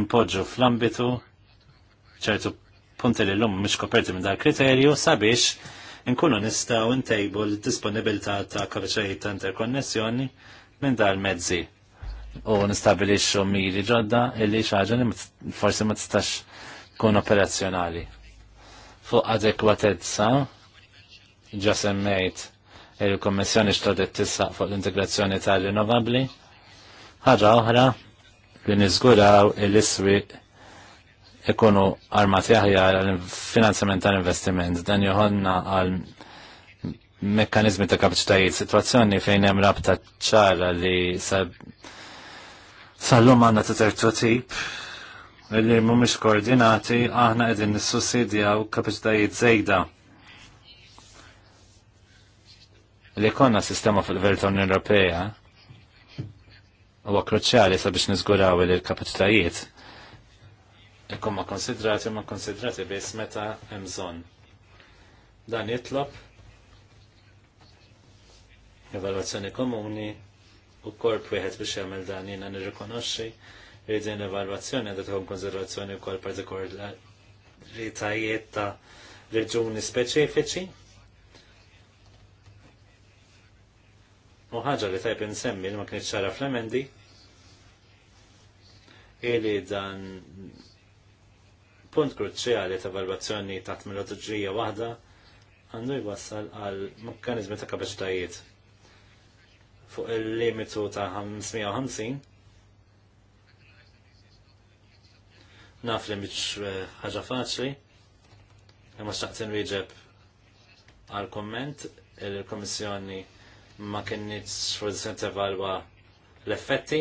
S2: impoġġu fl-ambitu ċertu punti li l-lum mhux koperti minn dal-kriterju sabiex nkunu nistgħu ntejbu l-disponibilità ta' kapacita ta' interkonnessjoni minn dal-mezzi u nistabilixxu miri ġodda illi xi ħaġa li forsi ma tistax tkun operazzjonali fuq adekwatezza ġa semmejt il-Kommissjoni x'tadet Tissaq fuq l-integrazzjoni tal-rinnovabli. Ħaġa oħra li niżguraw il-iswiq ikunu armati aħjar għal-finanzjament tal-investiment. Dan joħonna għal mekkanizmi ta' kapacitajiet, situazzjoni fejn hemm rabta ċara li sal-lum għandna ta' tertu tip li mhumiex koordinati aħna qegħdin nissussidjaw kapaċitajiet żejda. Li konna sistema fil-Verta Unjoni Ewropea huwa kruċjali sabiex niżguraw li l-kapaċitajiet ikun ma konsidrati ma konsidrati biss meta hemm bżonn. Dan jitlob evalwazzjoni komuni u korp wieħed biex jagħmel dan jiena nirrikonoxxi din għom evalwazzjoni u kol konsiderazzjoni wkoll ritajiet ta' reġuni speċifiċi. U ħaġa li tajb insemmi li ma kienx ċara flamendi, ili dan punt kruċjali ta' evalwazzjoni ta' t-melodġija waħda għandu jwassal għal mekkanizmi ta' kapaċitajiet fuq il-limitu ta' 550 Naf li mhix eh, ħaġa faċli. Ma staqtin wieġeb għal komment il-Komissjoni ma kienitx forsi evalwa l-effetti.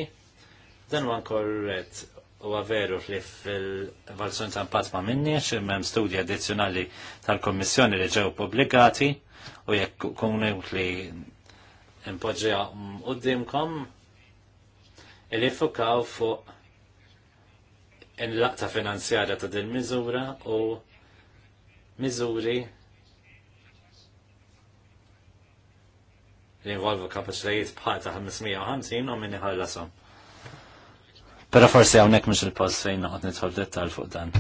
S2: Dan huwa korret huwa veru li fil evaluzzjoni ta' impatt ma' minniex imma studji addizzjonali tal komissjoni li ġew pubblikati u jekk kunu li impoġġija qudiemkom il-ifukaw fuq il-laqta finanzjarja ta' din miżura u miżuri li involvu kapaċitajiet bħal ta' 550 u minni ħallasom. Pero forsi hawnhekk mux il-post fejn noqgħod nidħol dettal fuq dan.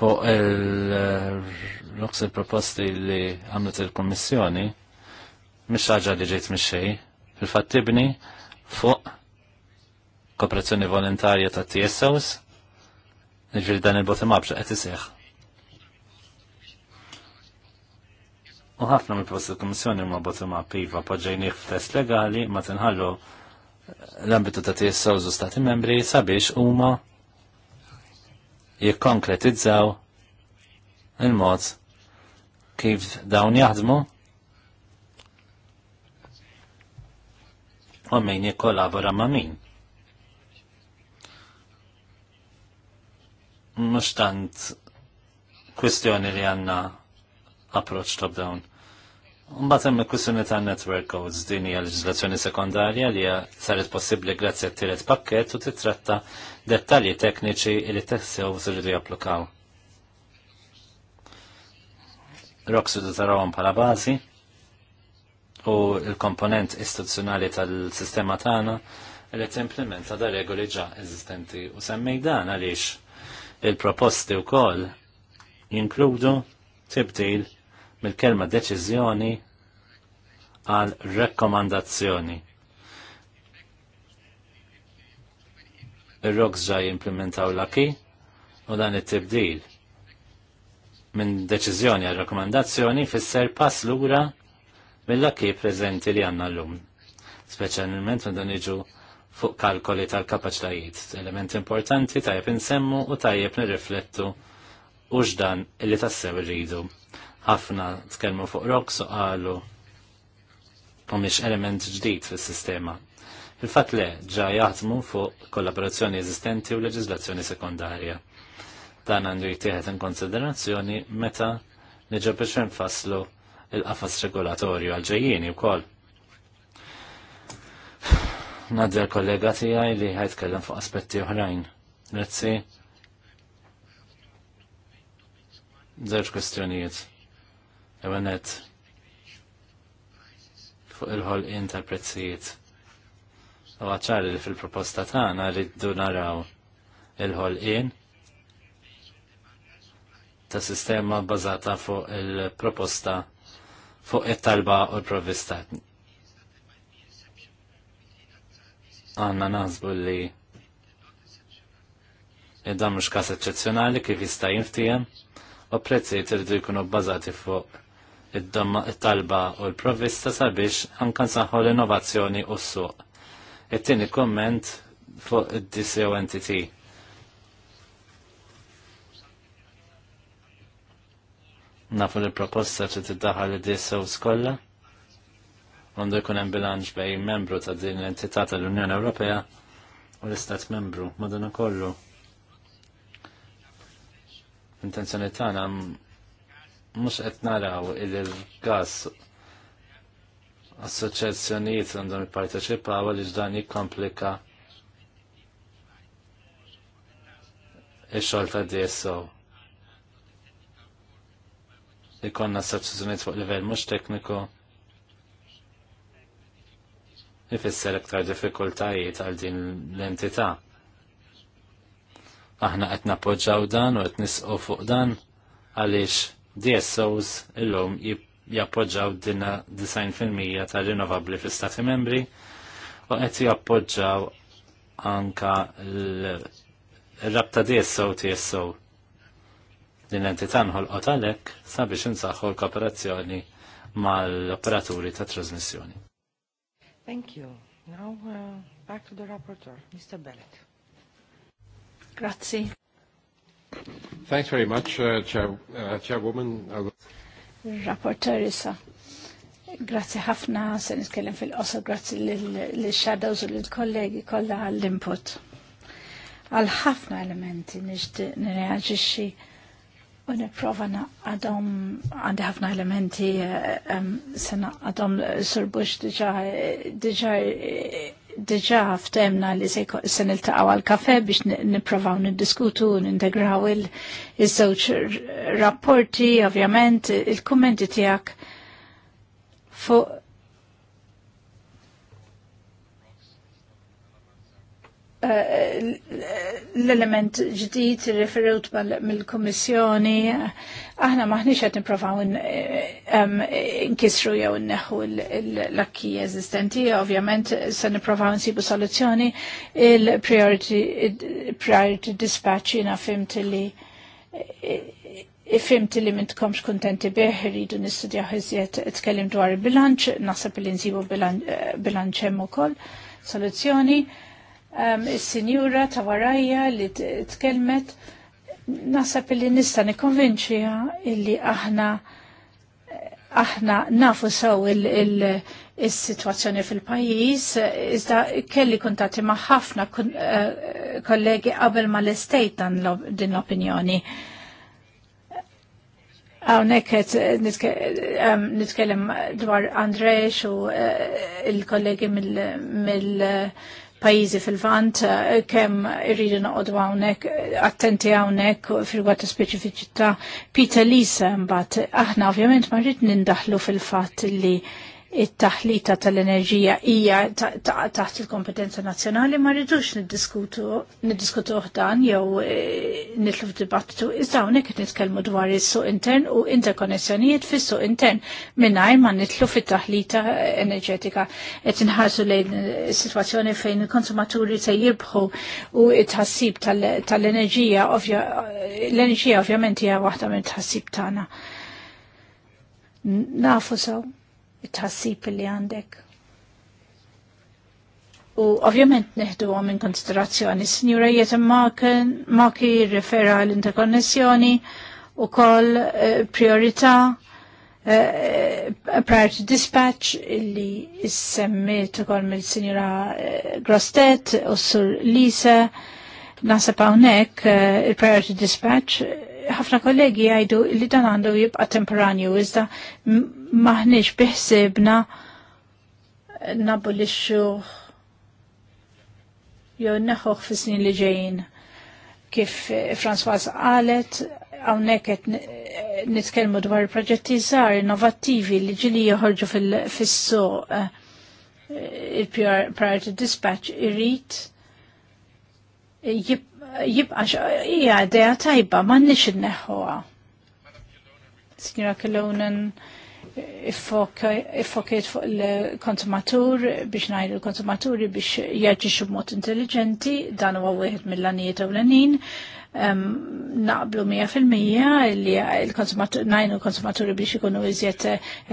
S2: Fuq il-roqs il-proposti li għamlet il-Kommissjoni, missaġa ħaġa li ġejt mis xej. Fil-fatt tibni fuq kooperazzjoni volontarja ta' TSOs, ġviri dan il-bottom up qed iseħħ. U ħafna mill post il-Kummissjoni ma' bottom up iva poġġejnih f'test legali ma tinħallu l-ambitu ta' TSOs u stati membri sabiex huma jikkonkretizzaw il-mod kif dawn jaħdmu u min jikollabora ma' min. Mux tant kwistjoni li għanna approach top-down. Mbagħad hemm il-kwistjoni ta' network codes din hija leġislazzjoni sekondarja li saret possibbli grazzi t tielet pakkett u titratta dettalji tekniċi li tassew iridu japplikaw. Roxu du tarawhom bħala bażi u il-komponent istituzzjonali tal-sistema tagħna li timplementa da regoli ġa eżistenti. U semmej dan għaliex il-proposti wkoll jinkludu tibdil mill-kelma deċiżjoni għal rekkomandazzjoni. Ir-rogs ġa jimplementaw l-aki u dan it-tibdil minn deċiżjoni għal rakkomandazzjoni fisser pass lura mill mela ki prezenti li għanna l-lum. Speċjalment ma dan iġu fuq kalkoli tal kapaċtajiet Element importanti tajjeb insemmu u tajjeb nirriflettu u ġdan illi tassew rridu. Ħafna tkellmu fuq rok qalu mhumiex element ġdid fis-sistema. Il-fat le ġa jaħdmu fuq kollaborazzjoni eżistenti u leġiżlazzjoni sekundarja. Dan għandu jittieħed in konsiderazzjoni meta niġu biex nfasslu il-qafas regolatorju għal-ġejjini u koll. Nadder kollega tijaj li ħajtkellem fuq aspetti uħrajn. Grazzi. Zerġ kwestjonijiet. Ewenet. Fuq il-ħol interprezzijiet. U għacċar li fil-proposta tagħna rridu naraw il-ħol in ta' sistema bbażata fuq il-proposta fuq it-talba u l-provvista. Għanna nazbu li id-dam mux kas eccezjonali kif jista' jinftijem u prezzijiet irridu jkunu bbażati fuq id-talba u l-provvista sabiex ankan saħħu l-innovazzjoni u s-suq. It-tieni komment fuq id-DCO entity Nafu li proposta ċi li d dso skolla. Għandu jkun hemm bilanċ bej membru ta' din l-entità tal-Unjoni Ewropea u l-Istat membru madan kollu. Intenzjoni tagħna mhux qed naraw il-gas assoċjazzjonijiet għandhom jipparteċipaw għaliex dan jikkomplika ix-xogħol ta' DSO li konna s-saċċizuniet fuq livell mux tekniku ifisser iktar diffikultajiet għal din l-entità. Aħna qed nappoġġaw dan u qed nisqu fuq dan għaliex DSOs illum jappoġġaw dina 90% ta' rinnovabli fl-Stati membri u qed jappoġġaw anka l-rabta DSO TSO li l-entità nħolqot għalhekk sabiex nsaħħu l-kooperazzjoni mal-operaturi ta' trasmissjoni. Thank you. Now uh, back to the rapporteur, Mr. Bellet. Grazzi. Thanks very much, uh, Chair, uh, Chairwoman.
S1: Rapporteur issa. Grazzi ħafna, se nitkellem fil qosso grazie l-shadows u l-kollegi kollha għall-input. Għal ħafna elementi nixtieq xie U niprofa għadhom għandi ħafna elementi eh, sena għadhom eh, surbux diġa eh, diġa diġa ftemna li se niltaqgħu għal kafe biex nipprovaw niddiskutu nintegraw il-żewġ rapporti, ovvjament, il-kummenti tiegħek fuq l-element ġdid referut mill-Komissjoni, aħna maħniċ qed niprofaw nkisru jew neħu l-akki eżistenti, ovvjament se niprofaw nsibu soluzzjoni il-priority dispatch jina fimt li fimt li mintkomx kontenti bih, rridu nistudjaw iżjed t dwar il-bilanċ, nasab li nsibu bilanċ hemm ukoll soluzzjoni Is-sinjura ta' warajja li tkellmet nasab li nista' nikkonvinċiha illi aħna aħna nafu sew il-situazzjoni fil-pajis, iżda kelli kontati ma' ħafna eh, kollegi qabel ma' l-estate dan din l-opinjoni. Għawnek nitkellem dwar Andrex u eh, il-kollegi mill- pajjiżi fil-vant eh, kemm irridu noqogħdu hawnhekk attenti hawnhekk fil-gwatt speċifiċità Peter Lisa mbagħad aħna ovvjament ma rrid nindaħlu fil-fatt li it-taħlita tal-enerġija hija taħt il-kompetenza nazzjonali ma rridux niddiskutu dan jew e, nitlu f'dibattitu iżda hawnhekk qed nitkellmu dwar is-suq intern u interkonnessjonijiet fis-suq intern mingħajr ma nitlu fit-taħlita enerġetika qed inħarsu lejn is-sitwazzjoni fejn il-konsumaturi se jibħu u it ħassib tal-enerġija l-enerġija ovvjament hija waħda mill-tħassib tagħna. Nafu sew. So it-ħassib li għandek. U ovvjament neħdu għom in konsiderazzjoni. Signora Jetem Maki rifera l-interkonnessjoni u koll eh, priorità eh, prior to dispatch illi semmit u koll mill-signora eh, Grostet u sur Lisa nasab hawnhekk eh, il-prior to dispatch ħafna kollegi għajdu li dan għandu jibqa temporanju, iżda maħniġ biħsibna nabu li xuħ jew neħuħ fi snin li ġejjin. Kif François qalet, hawnhekk qed nitkellmu dwar proġetti żgħar innovattivi li ġili joħorġu fis-suq eh, il-priority dispatch irrid jibqax hija idea tajba m'għandniex inneħħuha. Signora Kellonen iffokiet fuq il-konsumatur biex ngħidu l-konsumaturi biex jaġixxu b'mod intelligenti, dan huwa wieħed mill-għanijiet ewlenin. Naqblu 100% li najnu l-konsumaturi biex ikunu iżjed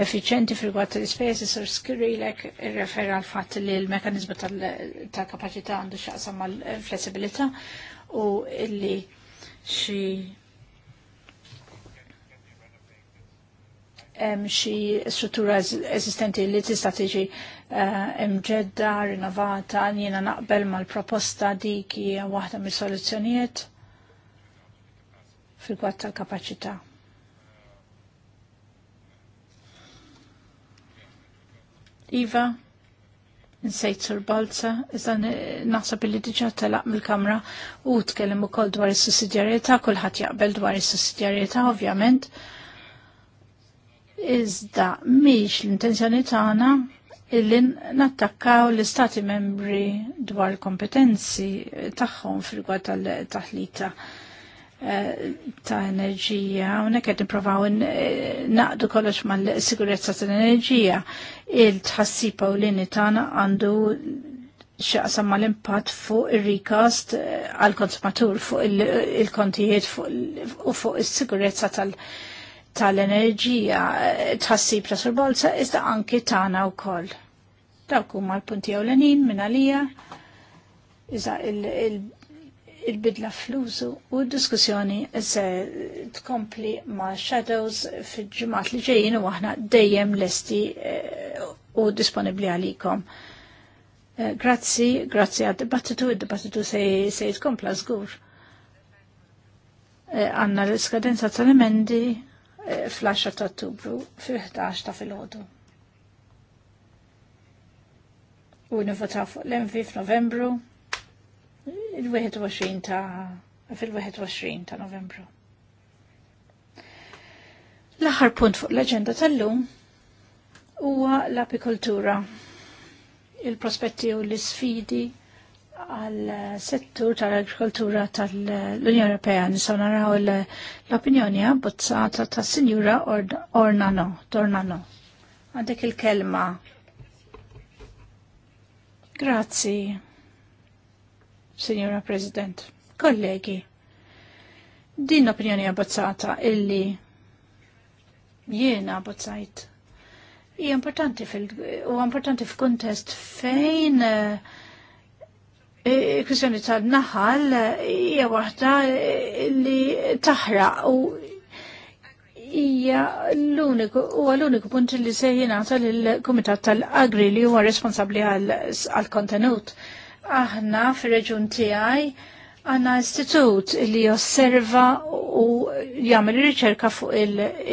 S1: effiċenti fil-gwatt l-ispejjeż isir skirilek irrefer għal fatt li l-mekanizmu tal-kapaċità għandu x'aqsam mal-flessibilità u illi xi hemm xi struttura eżistenti li tista' tiġi eh, imġedda, rinnovata, jiena naqbel mal-proposta dik hija waħda mis-soluzzjonijiet fil kwad tal-kapaċità. Iva, nsejt sur balza, iżda naħseb li diġa telaq mill-kamra u tkellem ukoll dwar is-sussidjarjetà, kulħadd jaqbel dwar is-sussidjarjetà ovvjament. Iżda miex l-intenzjoni tagħna illi nattakkaw l-istati membri dwar kompetenzi tagħhom fil-gwad tal-taħlita. Ta Eh, ta' enerġija, unek għed niprofaw eh, naqdu kollox mal-sigurezza tal-enerġija, il-tħassipa u l-inni għandu xaqsam mal-impat fuq il-rikast eh, għal-konsumatur, fuq il-kontijiet u fuq il-sigurezza tal-enerġija, tħassib ta' surbolza, iżda anki tana u koll. Dawk huma l-punti ewlenin minn għalija, iżda il- il-bidla fl-użu u d-diskussjoni se tkompli ma' Shadows fil-ġimat li ġejjin u aħna dejjem lesti eh, u disponibli għalikom. Eh, grazzi, grazzi għad-dibattitu, id-dibattitu se jitkompla zgur. Eh, għanna l-skadenza tal-emendi fl-10 ta' ottubru fil-11 ta' fil-ħodu. U nivotaw fuq l-envi f'Novembru il-21 ta' fil-21 ta' novembru. L-aħħar punt fuq l-agenda tal-lum huwa l-apikoltura, il-prospetti u l-sfidi għal-settur tal-agrikoltura tal-Unjoni Ewropea nisaw naraw l-opinjoni abbozzata ta' Sinjura Ornano, Tornano. Għandek il-kelma. Grazzi. Signora President. Kollegi, din opinjoni abbozzata illi jiena abbozzajt hija importanti fil u importanti f'kuntest fejn eh, il-kwistjoni tal-naħal hija waħda li taħraq u hija l-uniku huwa l-uniku punt li se jingħata lill-Kumitat tal-Agri li huwa responsabbli għall-kontenut. għal kontenut Aħna fir-reġun tiegħi għandna istitut li josserva u jagħmel riċerka fuq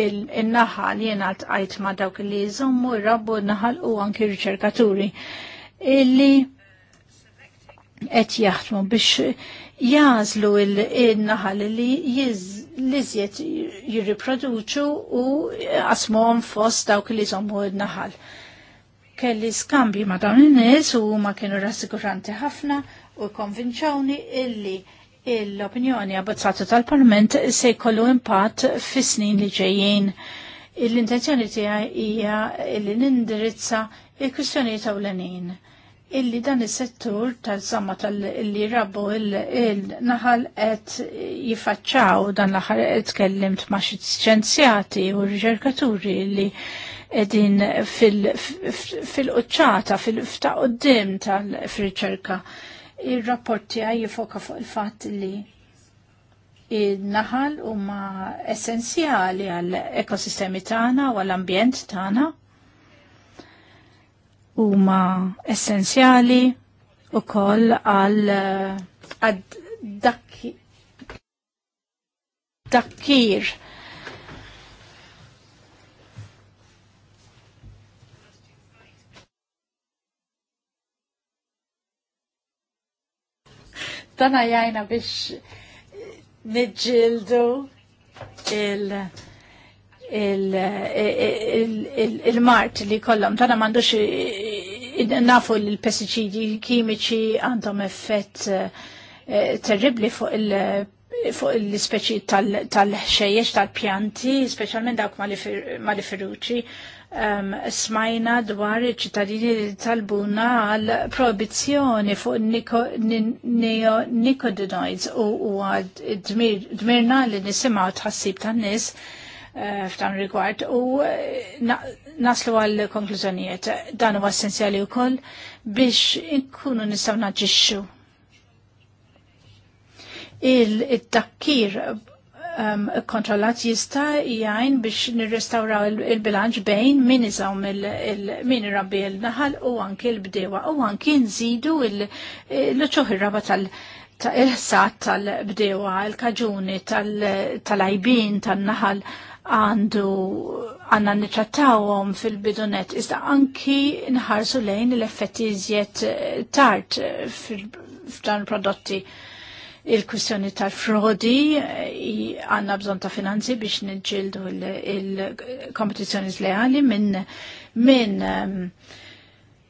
S1: il naħal li għajt ma' dawk li jżommu j-rabbu n-naħal u anki riċerkaturi illi qed jaħdmu biex jażlu il-naħal li jiżjed jirriproduċu u qasmuhom fost dawk li jżommu n-naħal kelli skambi ma dawn in-nies u ma kienu rassikuranti ħafna u konvinċawni illi l-opinjoni abbozzata tal-Parlament se jkollu impatt fis-snin li ġejjin. L-intenzjoni tiegħi hija li nindirizza il-kwistjonijiet ewlenin illi dan is-settur tal-żamma tal-li rabbu il-naħal qed jifaċċaw dan l-aħħar qed tkellimt ma' xi xjenzjati u riċerkaturi li edin fil-qċata, fil-fta' qoddim tal-riċerka. Il-rapporti għaj jifoka fuq il-fat li il-naħal huma essenzjali għall-ekosistemi tagħna u għall-ambjent tagħna. Huma essenzjali ukoll għal dakkir tana jajna biex nidġildu il- il-mart li kollom, tana mandux nafu l-pesticidi kimiċi għandhom effett eh, terribli fuq il- fuq l-speċi tal-ħxejjex tal-pjanti, specialment dawk ma li ferruċi, um, smajna dwar iċ-ċittadini li talbuna għal proibizzjoni fuq neonicotinoids u, għad għal dmirna li nisimaw tħassib tan nis eh, f'dan rigward u eh, naslu għal konklużjonijiet. Dan huwa essenzjali wkoll biex inkunu nistgħu naġixxu il-takkir Um, kontrollat jista jgħin biex nirrestawraw il-bilanċ bejn min iżawm min irrabbi il-naħal u anki l-bdewa u anki nżidu l-ċoħ ir-raba tal- ta' il-ħsat tal-bdewa, il-kaġuni, tal-ajbin, tal-naħal għandu għanna nitrattawhom fil-bidunet, iżda anki nħarsu lejn l-effetti iżjed tard f'dan prodotti. prodotti il-kwistjoni tal-frodi eh, għanna bżon ta' finanzi biex nġildu il-kompetizjoni leali minn minn ehm,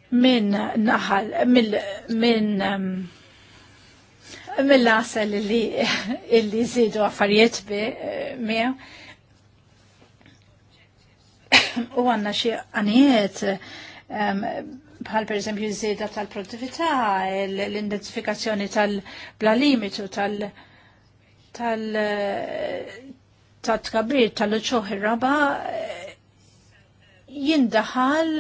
S1: minn naħal minn ehm, mill-asel li illi zidu affarijiet bi eh, mia u għanna xie għaniet ehm, bħal per eżempju żieda tal-produttività, l-identifikazzjoni tal limitu, tal- tal- tal tkabir tal-uċuħ ir-raba jindaħal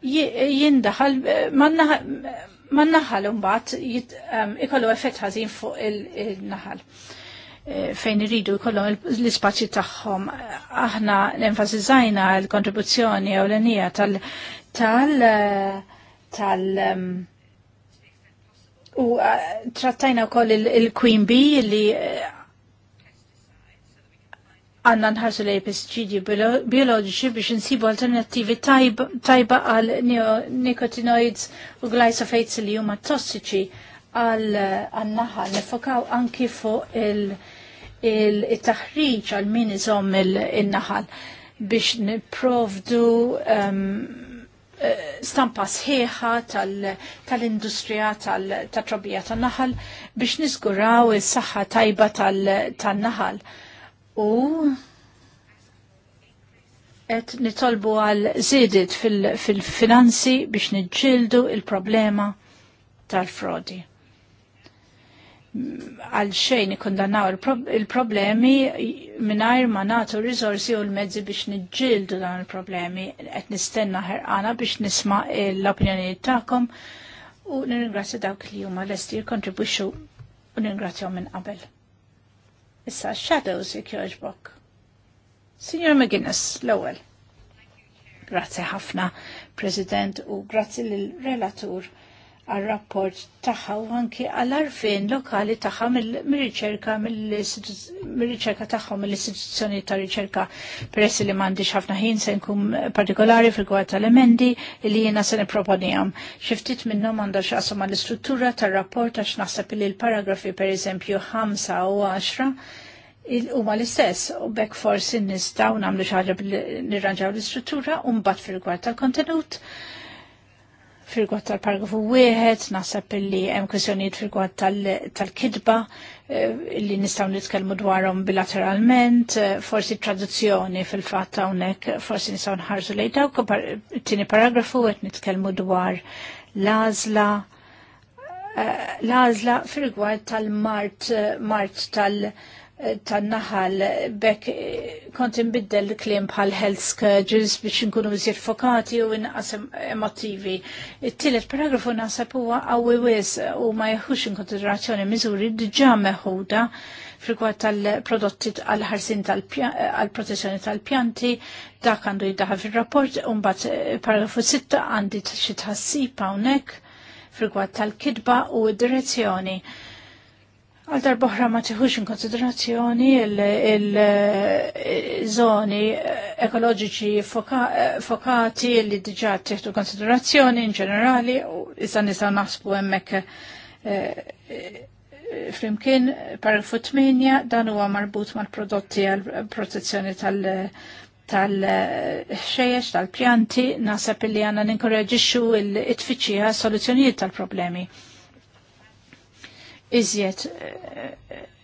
S1: jindaħal man-naħal mbagħad ikollu effett ħażin fuq il-naħal e, fejn iridu jkollhom l-ispazju tagħhom. Aħna l-enfasizzajna l-kontribuzzjoni ewlenija tal- tal tal um, u uh, trattajna wkoll il-Queen Bee li uh, għanna nħarsu li pesticidi bioloġiċi biex nsibu alternativi tajba għal nicotinoids u glyphosate li huma tossiċi għal uh, għannaħa nifokaw anki fuq il-taħriġ għal min iżomm il-naħal biex niprovdu um, Eh, stampa sħiħa tal-industrija tal tal-trobija tan-naħal biex niżguraw is-saħħa tajba tan-naħal. U et nitolbu għal zidit fil-finanzi fil biex nġildu il-problema tal-frodi għal xejn ikkondannaw il-problemi mingħajr ma nagħtu rizorsi u l-mezzi biex niġġieldu dan il-problemi qed nistenna ħerqana biex nisma' l-opinjonijiet tagħkom u nirringrazzja dawk li huma lesti jikkontribwixxu u nirringrazzjahom minn qabel. Issa shadows jogħġbok. Signor McGuinness, l-ewwel. Grazzi ħafna, President, u grazzi lill-relatur għal-rapport taħħa u anki għal-arfin lokali taħħa mill-riċerka mill-riċerka taħħa mill-istituzzjoni ta' riċerka peress li mandi ħafna ħin se nkun partikolari fil tal-emendi li jena se niproponijam. Xiftit minnom għandha xaqsu ma' l-istruttura tal-rapport għax naħseb li l-paragrafi per eżempju 5 u 10 huma l-istess u bekk forsi nistaw nagħmlu xi ħaġa nirranġaw l-istruttura u mbagħad fil-rigward tal-kontenut fil-gwad tal-paragrafu wieħed, naħseb illi hemm kwestjonijiet fil-gwad tal-kidba eh, li nistgħu nitkellmu dwarhom bilateralment, eh, forsi traduzzjoni fil-fatt hawnhekk forsi nistgħu nħarsu lejn dawk tieni paragrafu qed nitkellmu dwar l-għażla eh, l-għażla fil-gwad tal-mart mart tal-, -mart tal tan-naħal bekk eh, kont imbiddel klim bħal health scourges biex nkunu mżir fokati u inqasem emotivi. It-tielet paragrafu nasab huwa qawwi wis u ma jeħux inkonsiderazzjoni miżuri diġà meħuda frikwa tal-prodotti għal-ħarsin tal-protezzjoni tal-pjanti, dak għandu jiddaħa fil-rapport, unbat eh, paragrafu 6 għandi xi tħassib hawnhekk tal-kidba u d-direzzjoni. Għal darboħra ma tiħux in konsiderazzjoni il-żoni ekoloġiċi fokati li diġa tiħtu konsiderazzjoni in ġenerali, issa nisa naħsbu emmek eh, eh, flimkien paragrafu futminja dan huwa marbut mal-prodotti għal protezzjoni tal- tal-xejjex tal-pjanti nasab li għanna ninkorreġixxu il-tfittxija soluzzjonijiet tal-problemi. tal problemi iżjed eh,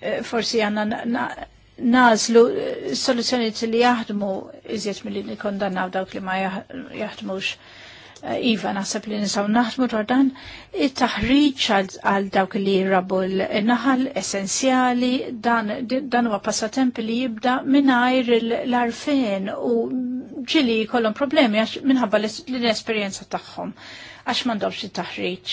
S1: eh, forsi għanna nażlu eh, soluzzjoniet li jaħdmu iżjed mill-li nikondannaw dawk li ma jaħdmux. Iva, naħseb li nisaw naħdmu dwar dan, it-taħriġ għal dawk li jirrabu l-naħal essenzjali, dan huwa passatemp li jibda mingħajr l arfen u ġili kollhom problemi minħabba l-esperjenza tagħhom għax m'għandhomx it-taħriġ.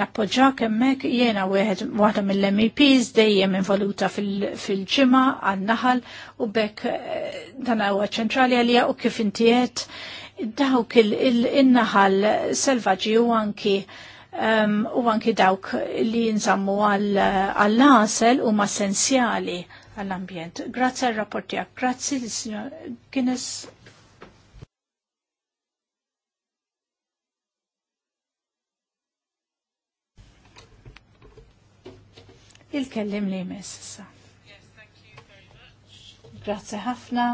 S1: Nappoġġak hemmhekk jiena wieħed waħda mill-MEPs dejjem involuta fil-ġimgħa fil għan-naħal u bekk eh, dan huwa ċentrali għalija u kif intijiet dawk il-naħal selvaġi u anki um, u anki dawk li jinżammu għall-asel u ma essenzjali għall-ambjent. Grazzi għal rapportijak, grazzi l-Sinjor Guinness il-kellim li jmiss issa. Grazzi ħafna.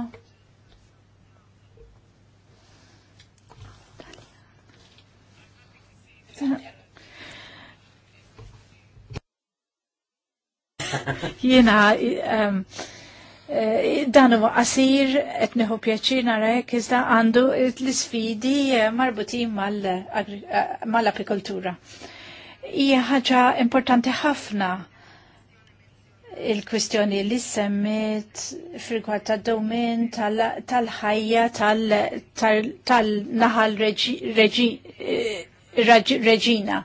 S1: Jena, ehm, eh, dan huwa qasir qed nieħu pjaċir narek iżda għandu l-isfidi eh, marbutin mal eh, apikoltura Mal Hija ħaġa importanti ħafna il-kwistjoni li semmit frikwa ta' domen tal-ħajja tal-naħal eh, reġina.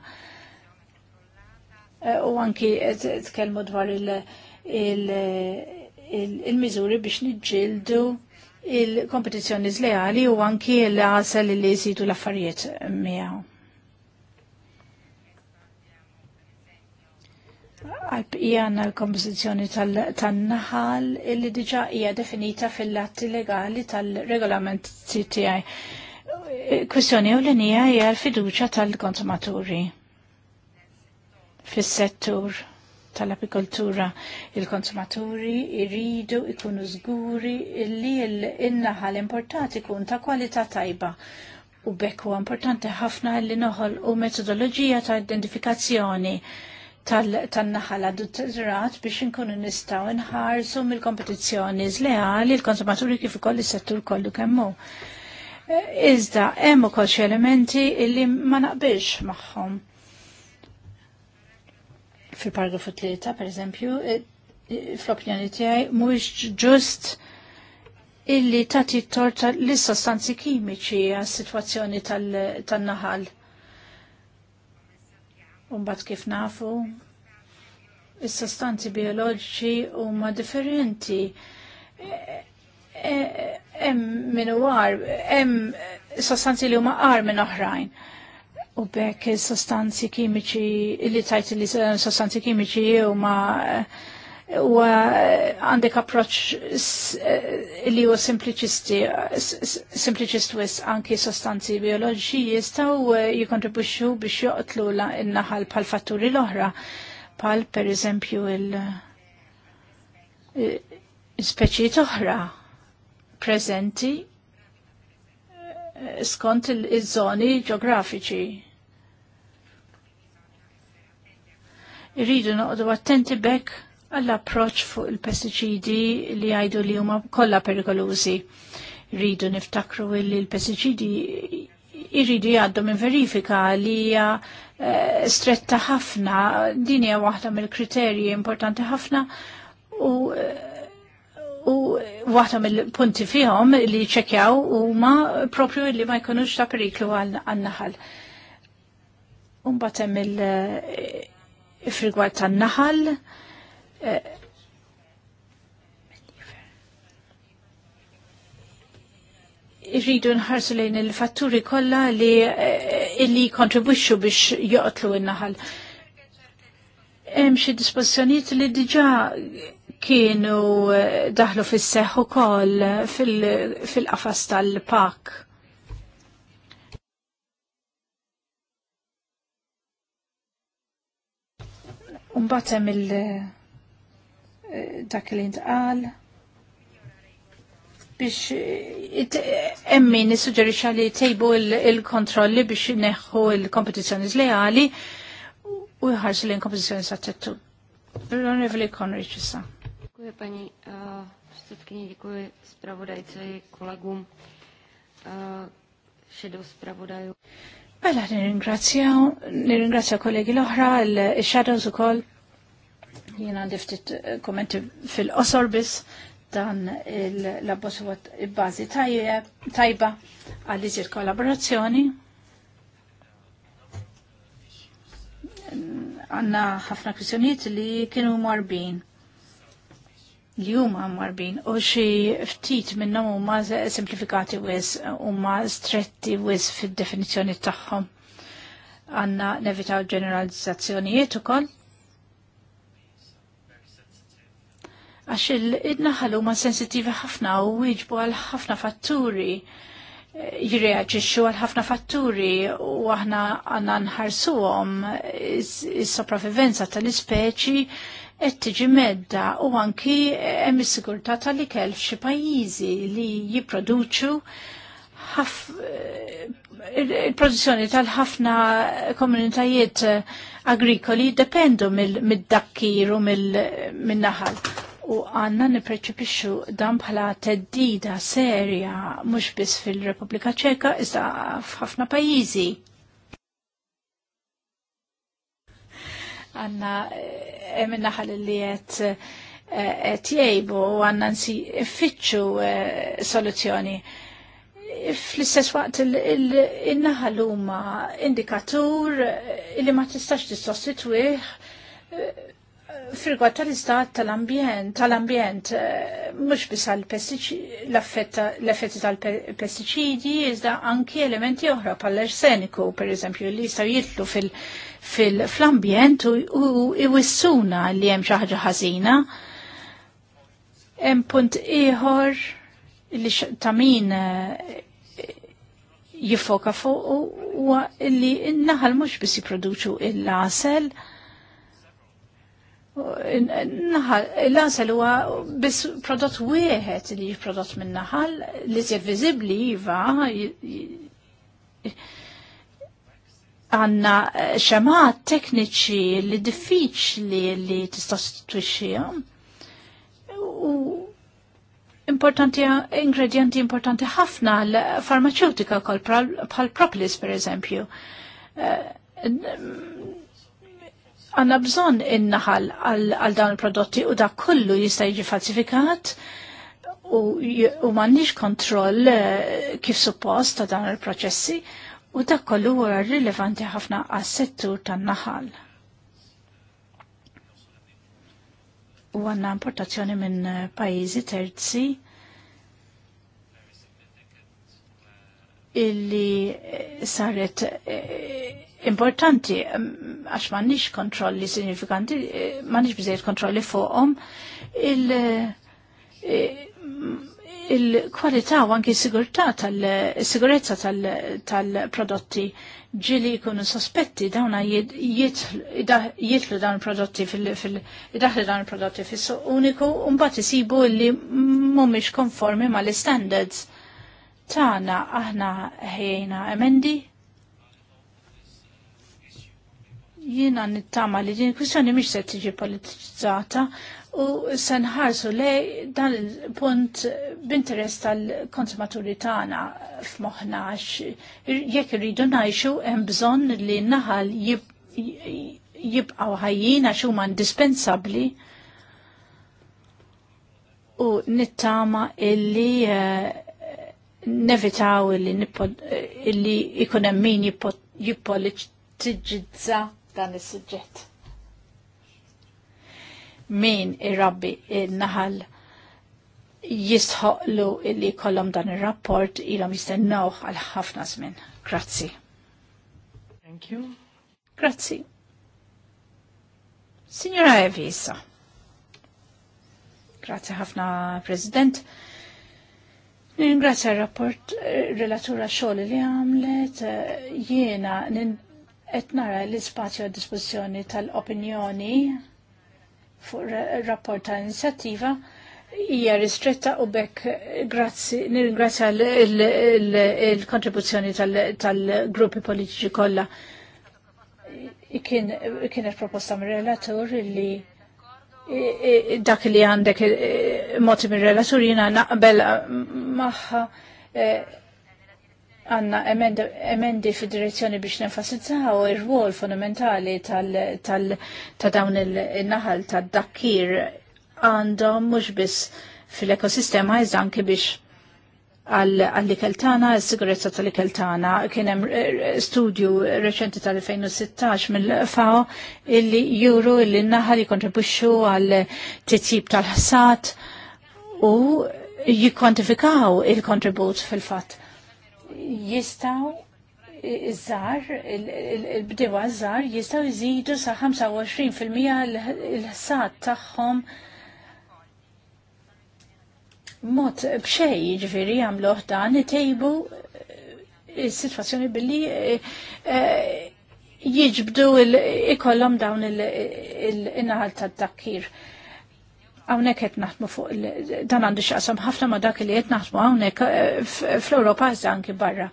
S1: Eh, u anki t-kelmu dwar il-mizuri biex nġildu il-kompetizjoni zleali u anki l-għasel li jisidu l-affarijiet miegħu. għalbqija għanna l-kompozizjoni tal-naħal illi diġa hija definita fil-latti legali tal-regolament CTI. Kwestjoni u l-inija hija l-fiduċa tal-konsumaturi fis-settur tal-apikoltura. Il-konsumaturi iridu ikunu żguri illi l-innaħal importati kun ta' kwalità tajba u bekku importanti ħafna li noħol u metodologija ta' identifikazzjoni tal-naħala d-tazrat biex inkunu nistaw nħarsu mill-kompetizzjoni zleali l-konsumaturi kif ukoll is-settur kollu kemmu. E, iżda hemm ukoll xi elementi illi ma naqbilx magħhom. Fil-paragrafu tlieta, pereżempju, e, e, fl-opinjoni tiegħi mhuwiex ġust illi tagħti torta lis-sostanzi kimiċi għas-sitwazzjoni tan-naħal. Tal Umbat kif nafu, is-sostanzi bioloġiċi huma differenti. E, e, e, hemm min war, hemm sostanzi li huma għar minn oħrajn. U bekk sostanzi kimiċi li tajt li sostanzi kimiċi huma uh, u eh, għandek approċ eh, li u simpliċisti, simpliċist wis anki sostanzi bioloġi jistaw eh, jikontribuċu biex joqtlu la naħal pal fatturi l-oħra, pal per eżempju il-speċi toħra prezenti skont il-żoni ġeografiċi. Irridu noqdu attenti bekk l approċ fuq il-pesticidi li għajdu li huma kollha perikolużi. Rridu niftakru li l-pesticidi irridu jgħaddu minn verifika li hija eh, stretta ħafna, din hija waħda mill-kriterji importanti ħafna u u waħda mill-punti fihom li ċekjaw huma propju li ma jkunux ta' periklu għan-naħal. Umbat hemm eh, il-frigwar tan-naħal, il frigwar tan naħal irridu nħarsu lejn il-fatturi kollha li eh, illi kontribwixxu biex joqtlu n-naħal. Hemm xi dispożizzjonijiet li diġà kienu eh, daħlu fis-seħħ ukoll fil-qafas tal-pak. Umbatem il- dak li ntqal biex emmi nissuġġerixxa li tejbu il-kontrolli biex neħu il kompetizjoni zlejali u jħarsu li l-kompetizjoni sa' tettu. L-Onorevoli Connery ċissa.
S3: Dziękuję Pani e, Szczytkini, dziękuję sprawodajcy i kolegom
S1: e, shadow sprawodaju. Mela, nirringrazzjaw, nirringrazzjaw kollegi l-oħra, il-shadows Zukol. Jien għandi ftit eh, kommenti fil-qosor biss dan l-abbos huwa bażi tajba għal iżjed kollaborazzjoni. Għanna ħafna kwistjonijiet li kienu marbin li huma marbin u xi ftit minnhom huma simplifikati wis huma stretti wis fid-definizzjoni tagħhom. Għanna nevitaw ġeneralizzazzjonijiet ukoll Għax il-naħal huma sensittivi ħafna u wieġbu għal ħafna fatturi eh, jirreaġixxu għal ħafna fatturi u aħna għanna nħarsuhom is-sopravivenza tal-ispeċi qed tiġi medda u anki hemm is-sigurtà tal-ikel f'xi pajjiżi li jipproduċu eh, il-produzzjoni tal-ħafna komunitajiet agrikoli dependu mid-dakkir u mill-naħal u għanna nipreċipixxu dan bħala teddida serja mhux biss fil-Repubblika Ċeka iżda f'ħafna pajjiżi. Għanna hemm eh, naħal li qed qed eh, u għandna nsi ifittxu eh, soluzzjoni fl-istess waqt il-naħal huma indikatur li ma tistax tissostitwih Firgwa tal-istat tal-ambjent, tal-ambjent, eh, mux bisa l-effetti tal-pesticidi, iżda anki elementi oħra pal-arseniku, per eżempju, li jistaw jitlu fil-ambjent u iwissuna li jem xaħġa ħazina. Hemm punt ieħor li tamin eh, jifoka fuq u li n-naħal mux bis jiproduċu il-lasel, il lasel Naħal, l-ansel huwa biss prodott wieħed li jipprodott minn naħal li se viżibbli iva għanna eh, xemat tekniċi li diffiċli li tista' U importanti ingredienti importanti ħafna l-farmaceutika kol bħal propolis per eżempju eh, għanna bżon innaħal għal dawn il-prodotti u dak kollu jista' jiġi falsifikat u, u m'għandniex kontroll eh, kif suppost ta' dawn il-proċessi u da kollu huwa rilevanti ħafna għas-settur tan-naħal. U għanna importazzjoni minn eh, pajjiżi terzi illi eh, saret importanti għax m'għandniex kontrolli sinifikanti, eh, m'għandniex bżejt kontrolli fuqhom il- eh, il-kwalità u anki sigurtà tal-sigurezza tal-prodotti ġili jkunu sospetti dawna jitlu dawn prodotti fil-daħli dawn prodotti fis uniku un bat jisibu li mumiex konformi ma l-standards tana aħna ħejna emendi Jiena nittama li din kwistjoni mhix se tiġi politizzata u se nħarsu le dan il-punt b'interess tal-konsumaturi tagħna f'moħħna jekk irridu ngħixu hemm bżonn li naħal jibqgħu ħajjin għax huma indispensabbli u nittama illi eh, nevitaw illi ikun hemm min jippolitiġizza dan is-suġġett. Min irrabbi il-naħal jistħoqlu li kollom dan il-rapport ilhom jistennawh għal ħafna żmien. Grazzi. Thank you. Grazzi. Signora Evisa. Grazzi ħafna, President. Ningrazzja il-rapport eh, relatura xoll li għamlet eh, jiena qed nara l spazio a dispożizzjoni tal-opinjoni fuq rapport ta' inizjattiva hija ristretta u bekk nirringrazzja l-kontribuzzjoni tal-gruppi politiċi kollha. Kienet proposta mir relatur li dak li għandek eh, moti mir relatur jina naqbel eh, maħħa eh, għanna emendi fil-direzzjoni biex nenfasizzaw ir-rwol fondamentali ta' dawn il-naħal tal dakkir għandhom mhux biss fil-ekosistema iżda anke biex għall-ikeltana, s-sigurezza tal-ikeltana. Kien hemm eh, studju reċenti tal-2016 mill-FAO illi juru illi n-naħal jikontribuxu għal titjib tal-ħsat u jikwantifikaw il-kontribut fil-fatt jistaw iż il-bdewa żar jistaw jżidu sa 25% il-ħsat tagħhom mod bxej ġifiri għamluħ dan tejbu eh, il-situazzjoni billi eh, eh, jiġbdu ikollhom dawn il-naħal tad-dakkir. Hawnhekk qed naħtmu fuq dan għandu xaqsam ħafna ma dak li qed naħtmu hawnhekk eh, fl europa iżda anki barra.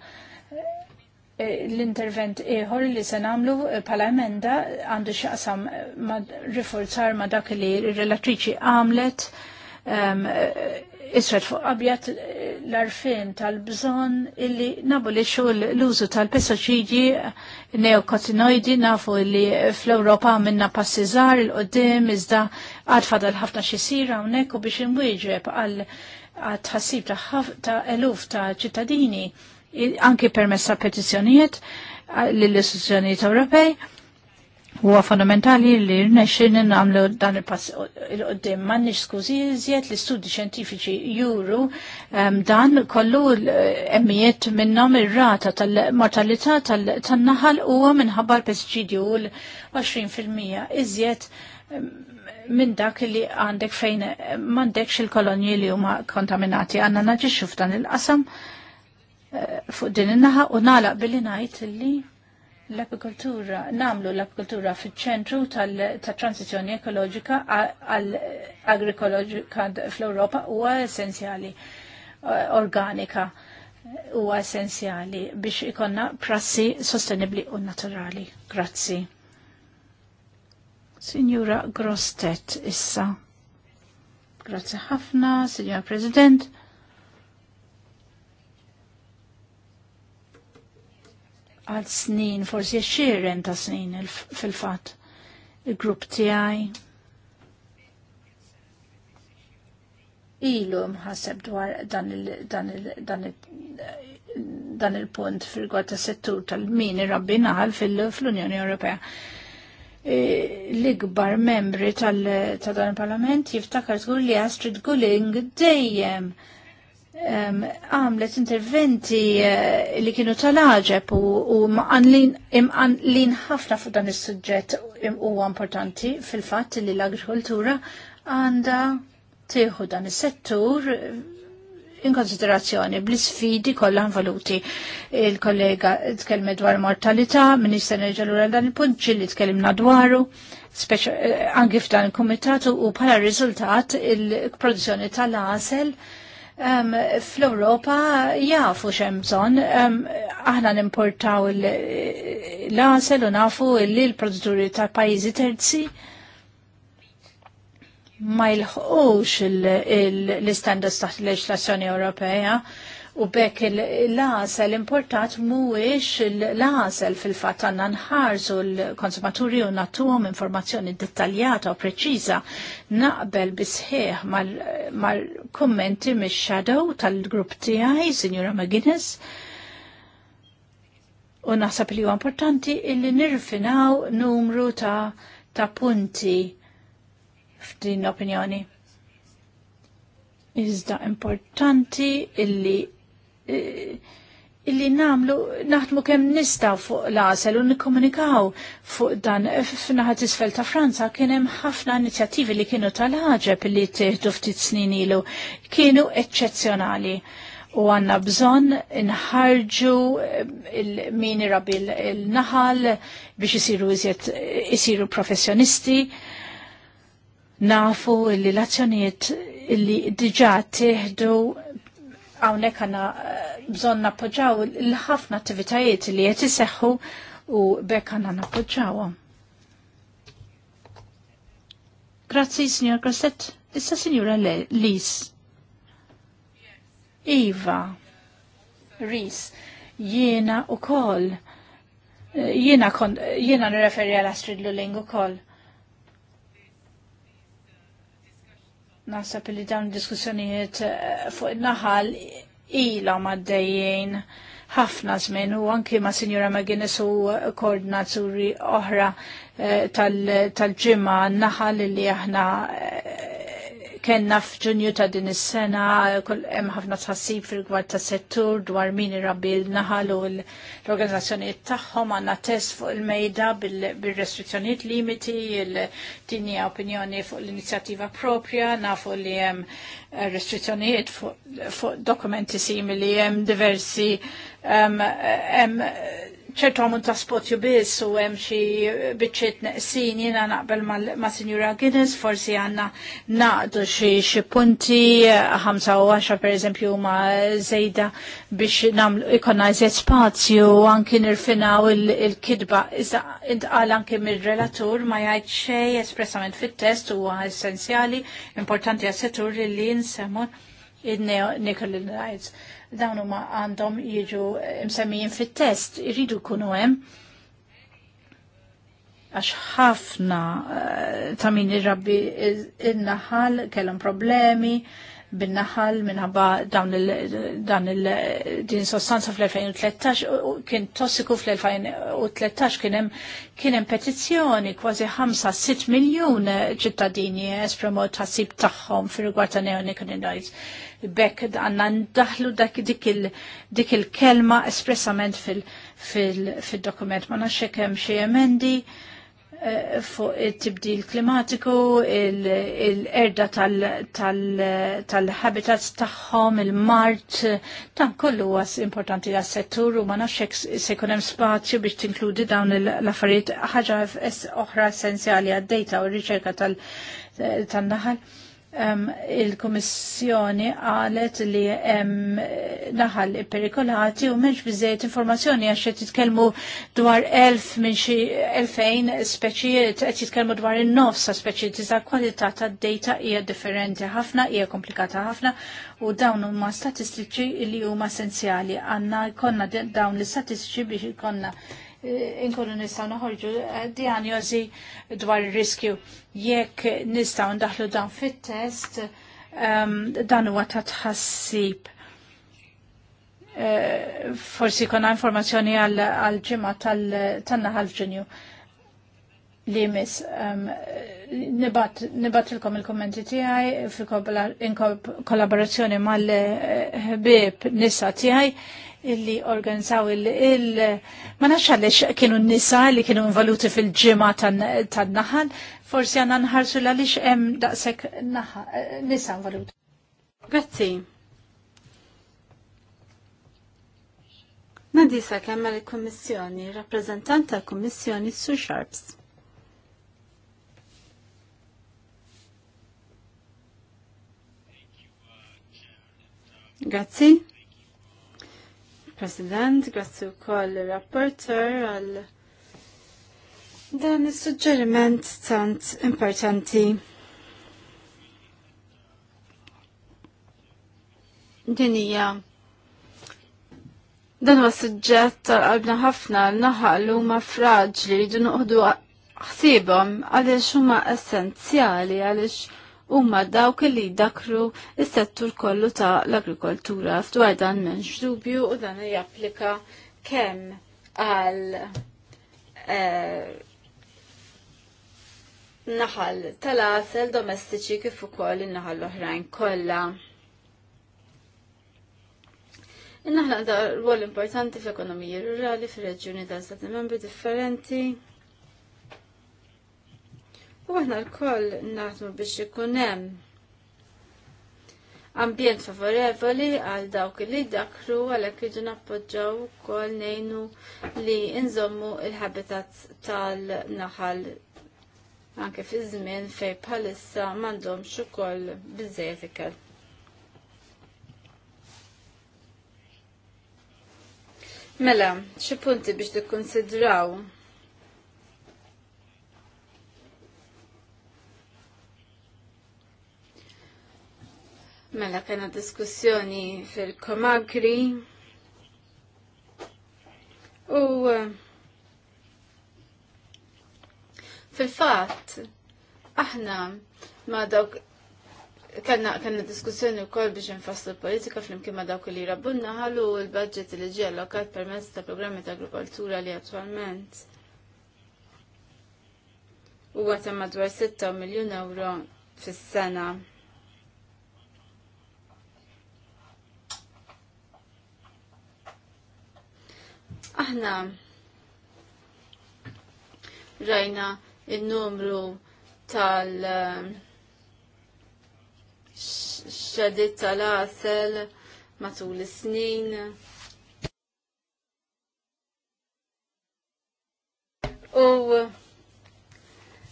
S1: Eh, l-intervent ieħor li se nagħmlu eh, bħala emenda għandu xaqsam ma riforzar ma dak li relatriċi għamlet ehm, isret fuq abjad eh, l-arfin tal-bżon illi nabu li xu l-użu tal pesoċidji neokotinoidi nafu li fl-Europa minna passizar il-qoddim iżda għad fadal ħafna xisira unnek u biex imwieġeb għal tħassib ta' eluf ta' ċittadini anki permessa petizjonijiet eh, l-istituzzjonijiet Ewropej Huwa fondamentali li rnexin nagħmlu dan il-pass il-qoddim m'għandniex skużi iżjed li studi xjentifiċi juru ehm, dan kollu emmijiet minnhom ir-rata tal-mortalità tan-naħal huwa minħabba l-pestiċidju l-20% iżjed ehm, minn dak li għandek fejn m'għandekx il-kolonji li huma kontaminati għandna naġixxu f'dan il-qasam eh, fuq din in-naħa u nagħlaq billi ngħid li l-apikultura, namlu l-apikultura fil-ċentru tal-transizjoni ekoloġika għal-agrikoloġika fl-Europa huwa essenzjali, eh, organika huwa essenzjali biex ikonna prassi sostenibli u naturali. Grazzi. Signora Grostet issa. Grazzi ħafna, Signora President. għal snin, forsi xirren ta' snin fil-fat. Il-grupp tiegħi ilu mħaseb dwar dan il-punt il, fil ta' settur tal-min irrabbinaħal fil-Unjoni Ewropea. E, l-ikbar membri tal-dan il-parlament jiftakar tgur li Astrid Gulling dejjem għamlet interventi eh, li kienu tal-ħġeb u, u imqanlin ħafna fuq dan is-suġġett huwa importanti fil-fatt li l-agrikoltura għandha tieħu dan is-settur in konsiderazzjoni bl-sfidi kollha valuti. Il-kollega tkellmet dwar mortalità, minister nerġalura dan il-punt li tkellimna dwaru eh, anki f'dan il-komitatu u bħala riżultat il-produzzjoni tal-għasel Um, Fl-Europa jafu xemżon, um, aħna nimportaw l-asel u nafu li l-produtturi ta' pajizi terzi ma jilħqux l-istandards taħt il leġislazzjoni Ewropea U bekk l-għasel importat mhuwiex l-għasel fil-fatt għandna nħarsu l-konsumaturi u nagħtuhom informazzjoni dettaljata u preċiża naqbel bisħieħ mal-kummenti mix-shadow tal-grupp tijaj, Sinjura McGuinness. U naħseb li huwa importanti illi nirfinaw numru ta' ta' punti f'din opinjoni. Iżda importanti illi illi namlu naħdmu kemm nistaw fuq l u nikkomunikaw fuq dan f'naħat isfel ta' Franza kien hemm ħafna inizjattivi li kienu tal-ħaġeb li tieħdu ftit snin ilu kienu eċċezzjonali u għanna bżon nħarġu eh, min irabi il-naħal biex isiru iżjed isiru professjonisti nafu li l-azzjonijiet li diġa tieħdu Hawnhekk għandna eh, bżonn nappoġġaw l-ħafna attivitajiet li qed iseħħu u bekk għana nappoġġawhom. Grazzi, Signor Grosset. Issa, Signora Lis. Iva. Ris. Jiena u kol.
S2: Eh, jiena,
S1: kon, nireferi għal Astrid Lulling u koll. Nasab li dawn diskussjonijiet eh, fuq il-naħal ilhom għaddejjin ħafna żmien u anki ma' Sinjura McGuinness u koordinaturi oħra eh, tal-ġimma naħal li aħna eh, kellna f'Ġunju ta' din is-sena hemm ħafna tħassib fil-gwar ta' settur dwar min irabbi l-naħal u l-organizzazzjonijiet tagħhom għandna test fuq il-mejda bil-restrizzjonijiet limiti, il-dinja opinjoni fuq l-inizjattiva propja, nafu li hemm eh, restrizzjonijiet fuq dokumenti simili hemm diversi hemm ċertu għamun ta' spotju biss u hemm xi biċċiet neqsin jiena naqbel ma' Sinjura Guinness, forsi għandna naqdu xi punti, 5 per eżempju ma' zejda biex namlu ikonna eżiet spazju anki nirfinaw il-kidba. Iżda intqal anki mir-relatur ma jgħajt xej espressament fit-test huwa essenzjali, importanti għas-settur li nsemmu il-Nickel Rights dawn huma għandhom jiġu eh, msemmijin fit-test, irridu jkunu hemm għax ħafna eh, ta' min irrabbi innaħal kellhom problemi, bin-naħal minħabba dan il-din sostanza fl-2013 kien tossiku fl-2013 kien hemm kien hemm petizzjoni kważi 5-6 miljun ċittadini espremu tħassib tagħhom fil rigward ta' neonicotinoids. Bekk għandna ndaħlu dak dik il-kelma espressament fil-dokument ma nafx hekk hemm xi emendi Eh, fuq it-tibdil klimatiku, il-erda tal-habitats tagħhom, il-mart, dan kollu għas importanti għas settur u ma nafx se jkun hemm spazju biex tinkludi dawn l-affarijiet ħaġa oħra essenzjali għad-dejta u r-riċerka tal-naħal. Eh, um, il-Komissjoni għalet li um, naħal perikolati u menx bizzejt informazzjoni għax qed jitkellmu dwar elf minn xi elfejn speċi qed jitkellmu dwar in-nofs sa tiza iżda kwalità tad-data hija differenti ħafna, hija komplikata ħafna u dawn huma statistiċi li huma essenzjali. Għanna jkollna dawn l-istatistiċi biex jkollna inkunu nistaw naħorġu eh, diagnosi dwar il-riskju. Jekk nistaw ndaħlu dan fit-test, um, dan huwa ta' tħassib. Uh, forsi konna informazzjoni għal-ġimma tal-naħal ġunju li mis um, nibat, nibat il-kom il-kommenti tijaj fi kollaborazzjoni mal-ħbib nisa tijaj illi organizzaw il- ma nafx għaliex kienu n-nisa li kienu involuti fil-ġimgħa tan-naħal, forsi għandna nħarsu għaliex hemm daqshekk eh, nisa involuti. Grazzi.
S3: Nadisa kemmel il-Kommissjoni, rappresentant tal Kommissjoni Su Sharps.
S1: Grazzi.
S3: President, grazzi u koll rapporter għal dan il-sugġeriment tant importanti. Dinija. Dan huwa suġġett għalbna ħafna l-naħal huma fraġli li jridu noqogħdu ħsiebhom għaliex huma essenzjali għaliex huma dawk li dakru s-settur kollu ta' l-agrikoltura f'dwar dan m'hemmx dubju u dan japplika kemm għal eh, naħal tal-asel domestiċi kif ukoll in-naħal l-oħrajn kollha. In-naħla għandha rwol importanti fl-ekonomija rurali fir-reġjuni ta' stati membri differenti. U aħna l-koll naħdmu biex ikun hemm ambjent favorevoli għal dawk li dakru għalhekk jiġu nappoġġaw ukoll ngħinu li nżommu il-habitat tal-naħal anke fi żmien fejn bħalissa m'għandhomx ukoll biżejjed ikel. Mela, xi punti biex tikkonsidraw Mela kena diskussjoni fil-komagri u eh, fil-fat aħna ma dawk kena, diskussjoni u kol biex nfasslu politika fl-imkien ma dawk li rabbunna ħallu l-budget li ġi allokat permezz ta' programmi ta' agrikoltura li attualment huwa ta' madwar 6 miljun euro fis-sena. Aħna rajna il-numru tal eh, xedit tal-asel matul is-snin. U eh,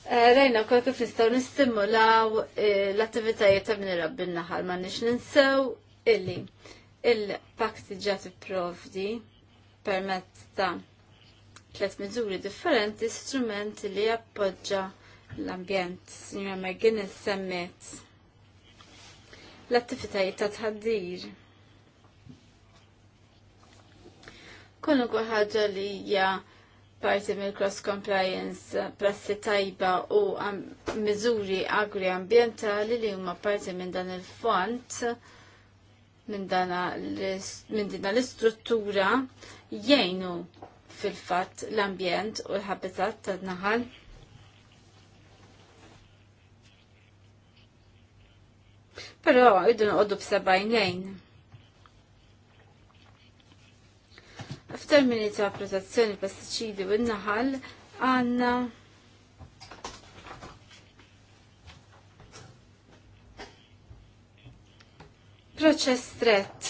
S3: Rajna kol kif nistaw nistimulaw eh, l-attivitajiet ta' minn rabbi naħal ma nix ninsew illi il-pakti ġati provdi permezz ta' tliet miżuri differenti strument li jappoġġa l-ambjent. Signora McGinnis semmet l-attivitajiet ta' tħaddir. Kunu ħaġa li hija parti mill cross compliance prassi tajba u miżuri agri ambientali li huma parti minn dan il-font minn din l-istruttura jgħinu fil-fatt l-ambjent u l-habitat tad-naħal. Però iddu noqogħdu b'sebgħinejn. F'termini ta' protezzjoni pestiċidi u n-naħal għandna Proċess strett.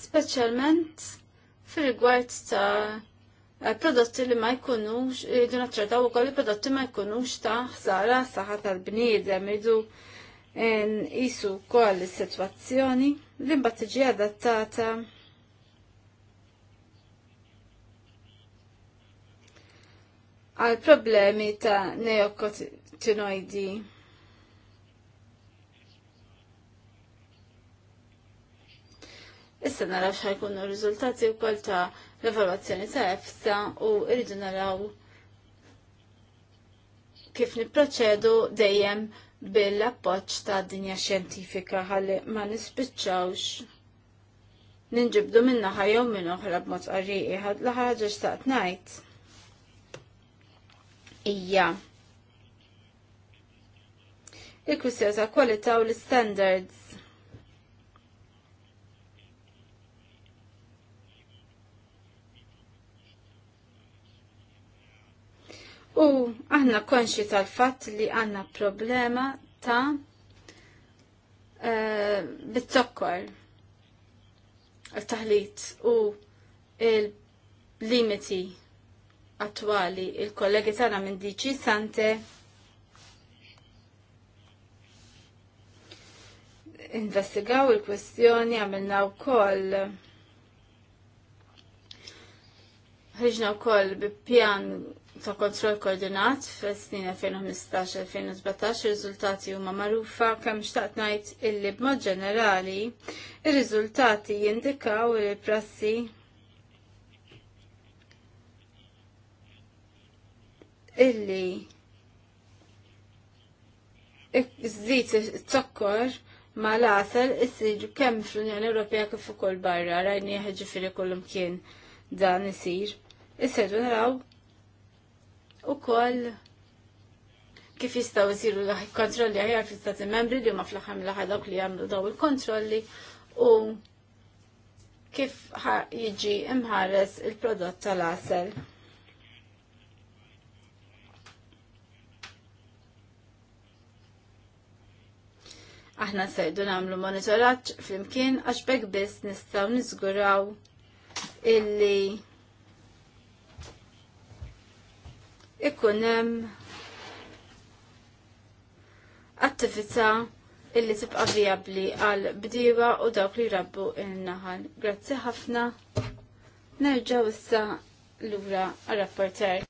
S3: Speċjalment fil-rigward ta' prodotti li ma jkunux, jridu u ukoll prodotti ma jkunux ta' ħsara saħħa tal-bniedem, idu jisu eh, wkoll is-sitwazzjoni li mbagħad tiġi adattata. għal problemi ta' neokotinoidi. Issa naraw xħajkunu r-riżultati wkoll ta' l-evalwazzjoni ta' EFSA u rridu naraw kif niproċedu dejjem bil-appoċ ta' dinja xjentifika ħalli ma nispiċċawx ninġibdu minna ħajom minn oħra b'mod qarriqi ħad l-ħaġa xtaqt ngħid ija. il-kwistjoni ta' kwalità u l-standards. U aħna konxi tal-fatt li għanna problema ta' eh, bit-sokkor il-taħlit u il-limiti attwali. Il-kollegi tagħna minn DG Sante investigaw il-kwestjoni għamilna wkoll ħriġna wkoll bi pjan ta' kontroll koordinat fis-snin 2015-2017 ir-riżultati huma magħrufa kemm xtaqt ngħid illi b'mod ġenerali ir-riżultati jindikaw li prassi illi żżid t sokkor ma l-asal isiru kemm fl-Unjoni Ewropea kif ukoll barra rajni ħiġifieri kollum kien dan isir. Issedu naraw ukoll kif jistgħu jsiru l kontrolli aħjar fi stati membri li huma fl-ħam l-ħadok li jagħmlu daw il-kontrolli u kif jiġi imħares il-prodott tal-asel. Aħna serdu namlu fl flimkien għax bekk biss nistgħu niżguraw illi ikun hemm attività illi tibqa vijabbli għal bdiewa u dawk li rabbu il-naħal. Grazzi ħafna. Nerġaw issa lura għal-rapporter.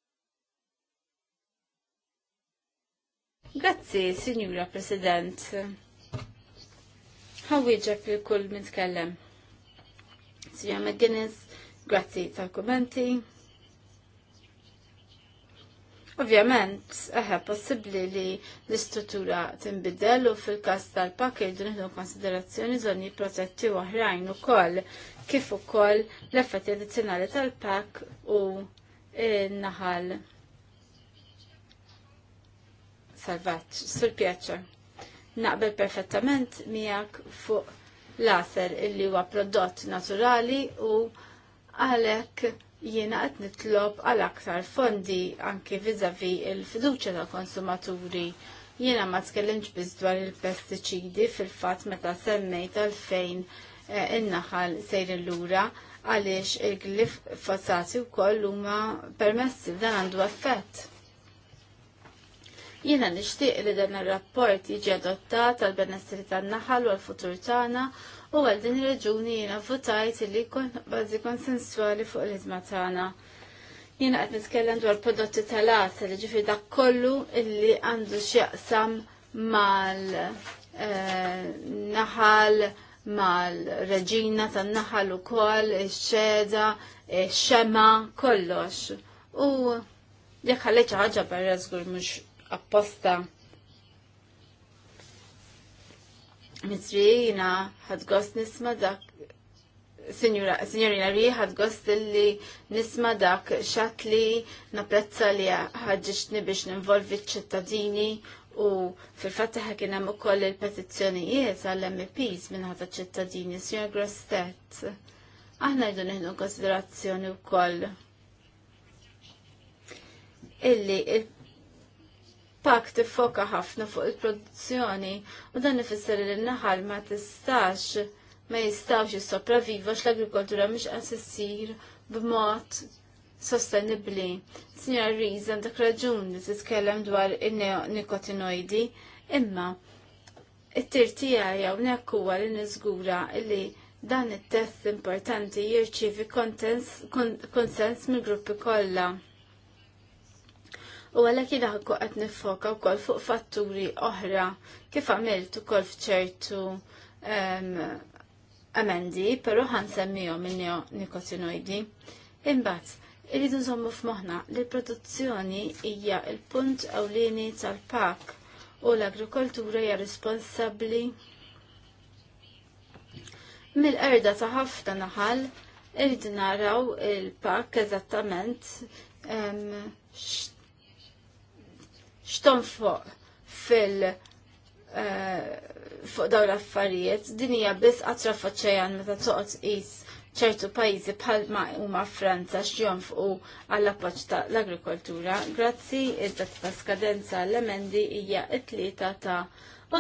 S3: Grazzi, Signora President ħawieġeb li kull min tkellem. Sija McGuinness, grazzi tal-kommenti. Ovvjament, eħe possibli li l-istruttura timbidel u fil-kas tal-package nħidu konsiderazzjoni zoni protetti oħrajn u koll kif u koll l-effetti addizzjonali tal-pak u naħal salvaċ, sul-pjaċa naqbel perfettament miegħek fuq l-aser illi huwa prodott naturali u għalhekk jiena qed nitlob għal aktar fondi anki viżavi il-fiduċja tal-konsumaturi. Jiena ma tkellimx biss dwar il-pestiċidi fil-fatt meta semmejt għalfejn eh, in-naħal sejrin lura għaliex il-glifosati wkoll huma permessi dan għandu effett. Jiena nixtieq li dan ir-rapport jiġi adottat għal benessri tan-naħal u l-futur tagħna u għal din ir-raġuni jiena votajt li jkun bażi konsensuali fuq l-ħidma tagħna. Jiena qed nitkellem dwar prodotti tal li ġifi dak kollu li għandu x'jaqsam mal-naħal, eh, mal-reġina tan-naħal ukoll, ix-xeda, ix-xema, kollox. U jekk ħalleċ ħaġa barra żgur mhux apposta mitrijina gost nisma dak Signorina Ri ħadgost li nisma dak xat li napprezza li ħagġiċni biex ninvolvi ċittadini u fil-fattaħa kien hemm ukoll il-petizzjonijiet għall-MPs minħata ċittadini, Signor Grostet. Aħna jdu nħinu konsiderazzjoni wkoll illi il pak tifoka ħafna fuq il-produzzjoni u dan ifisser li l-naħal ma tistax ma jistawx jissopraviva l-agrikoltura mhix qas issir b'mod sostenibbli. Sinjor Riz dak raġun li titkellem dwar in-nikotinoidi, imma it-tir tiegħi hawnhekk huwa li niżgura li dan it-test importanti jirċievi konsens mill-gruppi kollha u għalhekk għakku qed nifoka wkoll fuq fatturi oħra kif għamilt ukoll f'ċertu amendi, ehm, però ħansemmihom minnio nikotinoidi Imbagħad irridu nżommu f'moħħna li l-produzzjoni hija l-punt ewlieni tal-pak u l-agrikoltura hija responsabbli mill-erda ta' ħafna naħal irridu naraw il-pak eżattament ehm, x'tom fuq fil- eh, fuq dawn l-affarijiet, din hija biss qatra faċċejan meta toqgħod is ċertu pajjiżi bħal ma huma Franza fuq għall appoġġ ta' l-agrikoltura. Grazzi idda ta' skadenza l-emendi hija t-tlieta ta'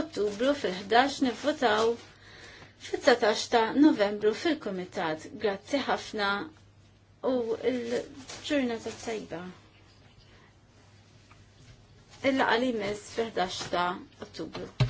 S3: Ottubru fil-11 nivvotaw fit-19 ta' Novembru fil-Kumitat. Grazzi ħafna u l-ġurnata tajba illa laqa li fil-11 ta' ottubru.